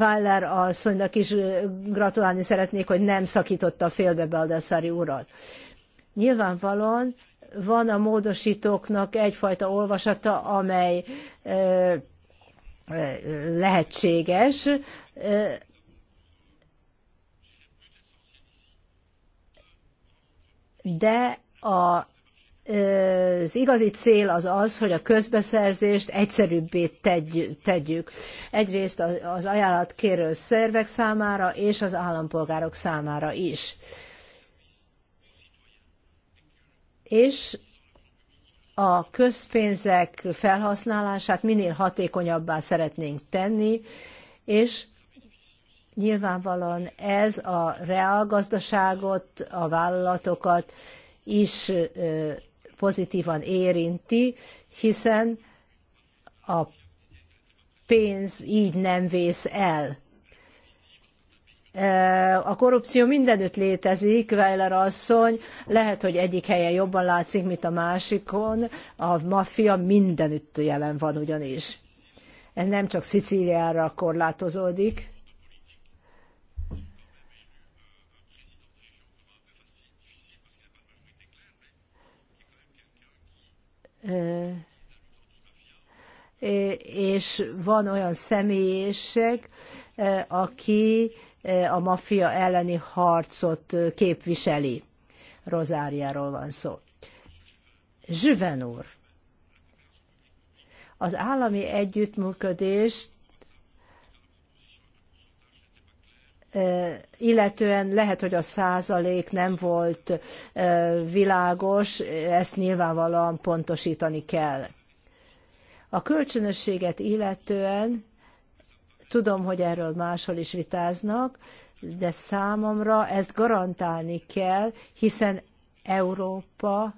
Weiler asszonynak is gratulálni szeretnék, hogy nem szakította félbe Baldassari urat. Nyilvánvalóan van a módosítóknak egyfajta olvasata, amely lehetséges. De a az igazi cél az az, hogy a közbeszerzést egyszerűbbé tegyük. Egyrészt az kérő szervek számára és az állampolgárok számára is. És a közpénzek felhasználását minél hatékonyabbá szeretnénk tenni, és nyilvánvalóan ez a reálgazdaságot, a vállalatokat is pozitívan érinti, hiszen a pénz így nem vész el. E, a korrupció mindenütt létezik, Weiler asszony, lehet, hogy egyik helyen jobban látszik, mint a másikon, a maffia mindenütt jelen van ugyanis. Ez nem csak Szicíliára korlátozódik, és van olyan személyiség, aki a maffia elleni harcot képviseli. Rozáriáról van szó. Zsüven úr, az állami együttműködést illetően lehet, hogy a százalék nem volt világos, ezt nyilvánvalóan pontosítani kell. A kölcsönösséget illetően tudom, hogy erről máshol is vitáznak, de számomra ezt garantálni kell, hiszen Európa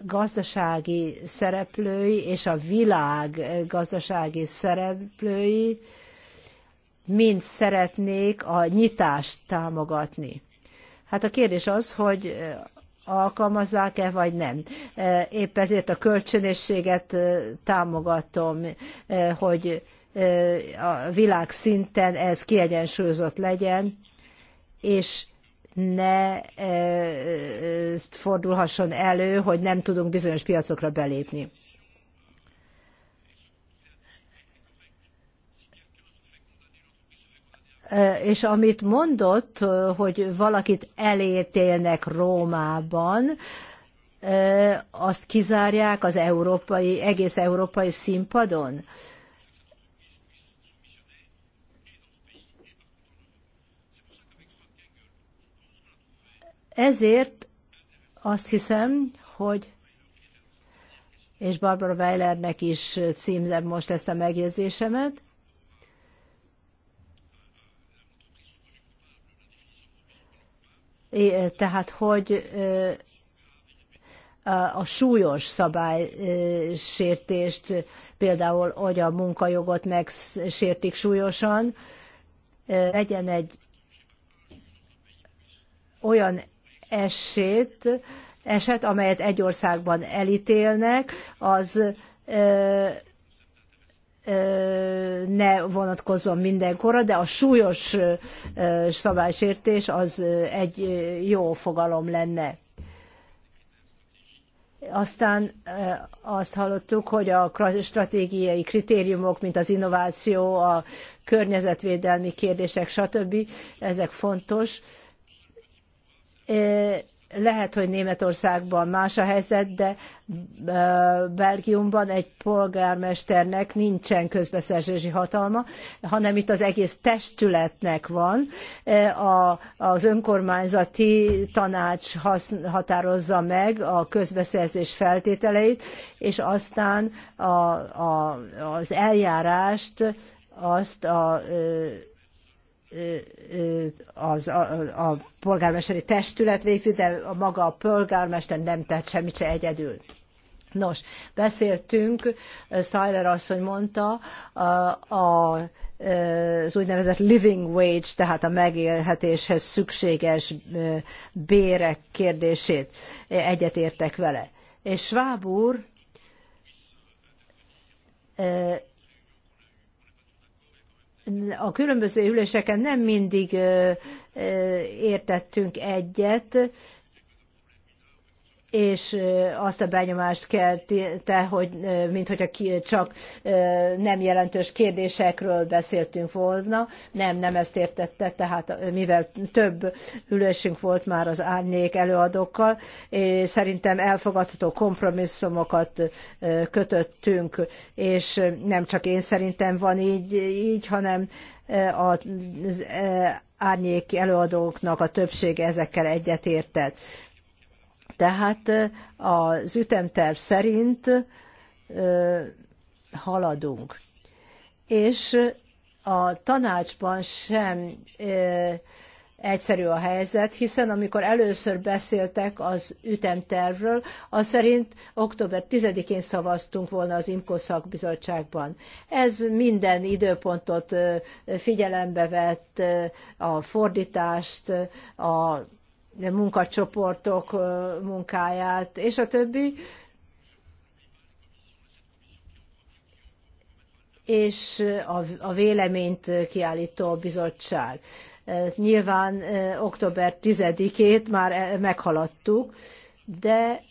gazdasági szereplői és a világ gazdasági szereplői mind szeretnék a nyitást támogatni. Hát a kérdés az, hogy alkalmazzák-e, vagy nem. Épp ezért a kölcsönösséget támogatom, hogy a világ szinten ez kiegyensúlyozott legyen, és ne fordulhasson elő, hogy nem tudunk bizonyos piacokra belépni. Eh, és amit mondott, eh, hogy valakit elértélnek Rómában, eh, azt kizárják az európai, egész európai színpadon. Ezért azt hiszem, hogy és Barbara Weilernek is címzem most ezt a megjegyzésemet, tehát hogy a súlyos szabálysértést, például, hogy a munkajogot megsértik súlyosan, legyen egy olyan esét, eset, amelyet egy országban elítélnek, az ne vonatkozzon mindenkorra, de a súlyos szabálysértés az egy jó fogalom lenne. Aztán azt hallottuk, hogy a stratégiai kritériumok, mint az innováció, a környezetvédelmi kérdések, stb. ezek fontos lehet, hogy Németországban más a helyzet, de Belgiumban egy polgármesternek nincsen közbeszerzési hatalma, hanem itt az egész testületnek van. az önkormányzati tanács határozza meg a közbeszerzés feltételeit, és aztán az eljárást azt a az, a, a polgármesteri testület végzi, de a maga a polgármester nem tett semmit se egyedül. Nos, beszéltünk, Styler asszony mondta, a, a, az úgynevezett living wage, tehát a megélhetéshez szükséges bérek kérdését. Egyetértek vele. És Schwab úr a különböző üléseken nem mindig értettünk egyet, és azt a benyomást kelte, hogy minthogyha csak nem jelentős kérdésekről beszéltünk volna. Nem, nem ezt értette, tehát mivel több ülésünk volt már az árnyék előadókkal, és szerintem elfogadható kompromisszumokat kötöttünk, és nem csak én szerintem van így, így hanem az árnyék előadóknak a többsége ezekkel egyetértett tehát az ütemterv szerint haladunk. És a tanácsban sem egyszerű a helyzet, hiszen amikor először beszéltek az ütemtervről, az szerint október 10-én szavaztunk volna az IMKO szakbizottságban. Ez minden időpontot figyelembe vett, a fordítást, a munkacsoportok munkáját, és a többi. és a, véleményt kiállító bizottság. Nyilván október 10-ét már meghaladtuk, de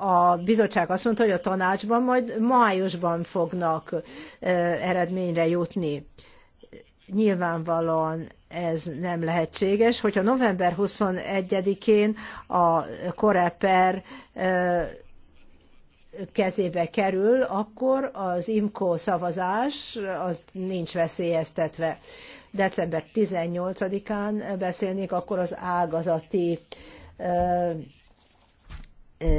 a bizottság azt mondta, hogy a tanácsban majd májusban fognak eredményre jutni. Nyilvánvalóan ez nem lehetséges, hogyha november 21-én a Koreper kezébe kerül, akkor az IMCO szavazás az nincs veszélyeztetve. December 18-án beszélnék, akkor az ágazati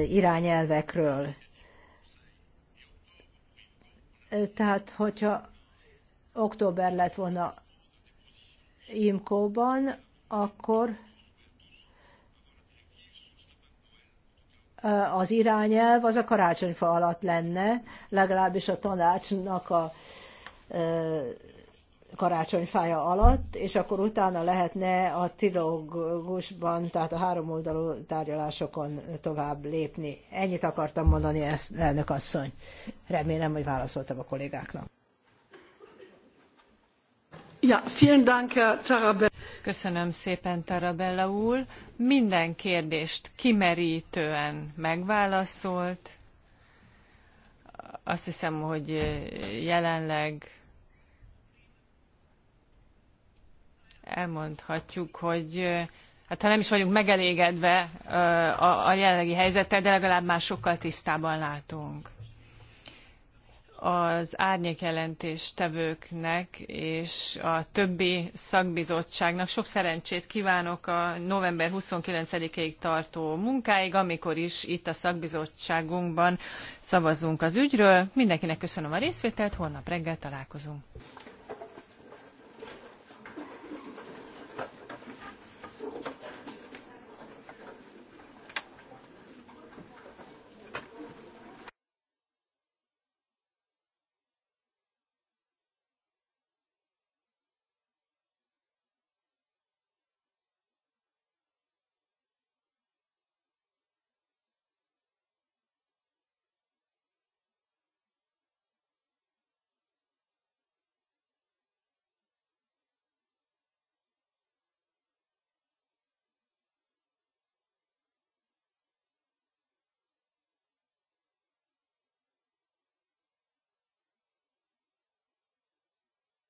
irányelvekről. Tehát, hogyha október lett volna Imkóban, akkor eh, az irányelv az a karácsonyfa alatt lenne, legalábbis a tanácsnak a eh, karácsonyfája alatt, és akkor utána lehetne a trilógusban, tehát a háromoldalú tárgyalásokon tovább lépni. Ennyit akartam mondani, ezt elnök asszony. Remélem, hogy válaszoltam a kollégáknak. Köszönöm szépen, Tarabella úr. Minden kérdést kimerítően megválaszolt. Azt hiszem, hogy jelenleg elmondhatjuk, hogy hát ha nem is vagyunk megelégedve a jelenlegi helyzettel, de legalább már sokkal tisztában látunk az tevőknek és a többi szakbizottságnak sok szerencsét kívánok a november 29-ig tartó munkáig, amikor is itt a szakbizottságunkban szavazunk az ügyről. Mindenkinek köszönöm a részvételt, holnap reggel találkozunk.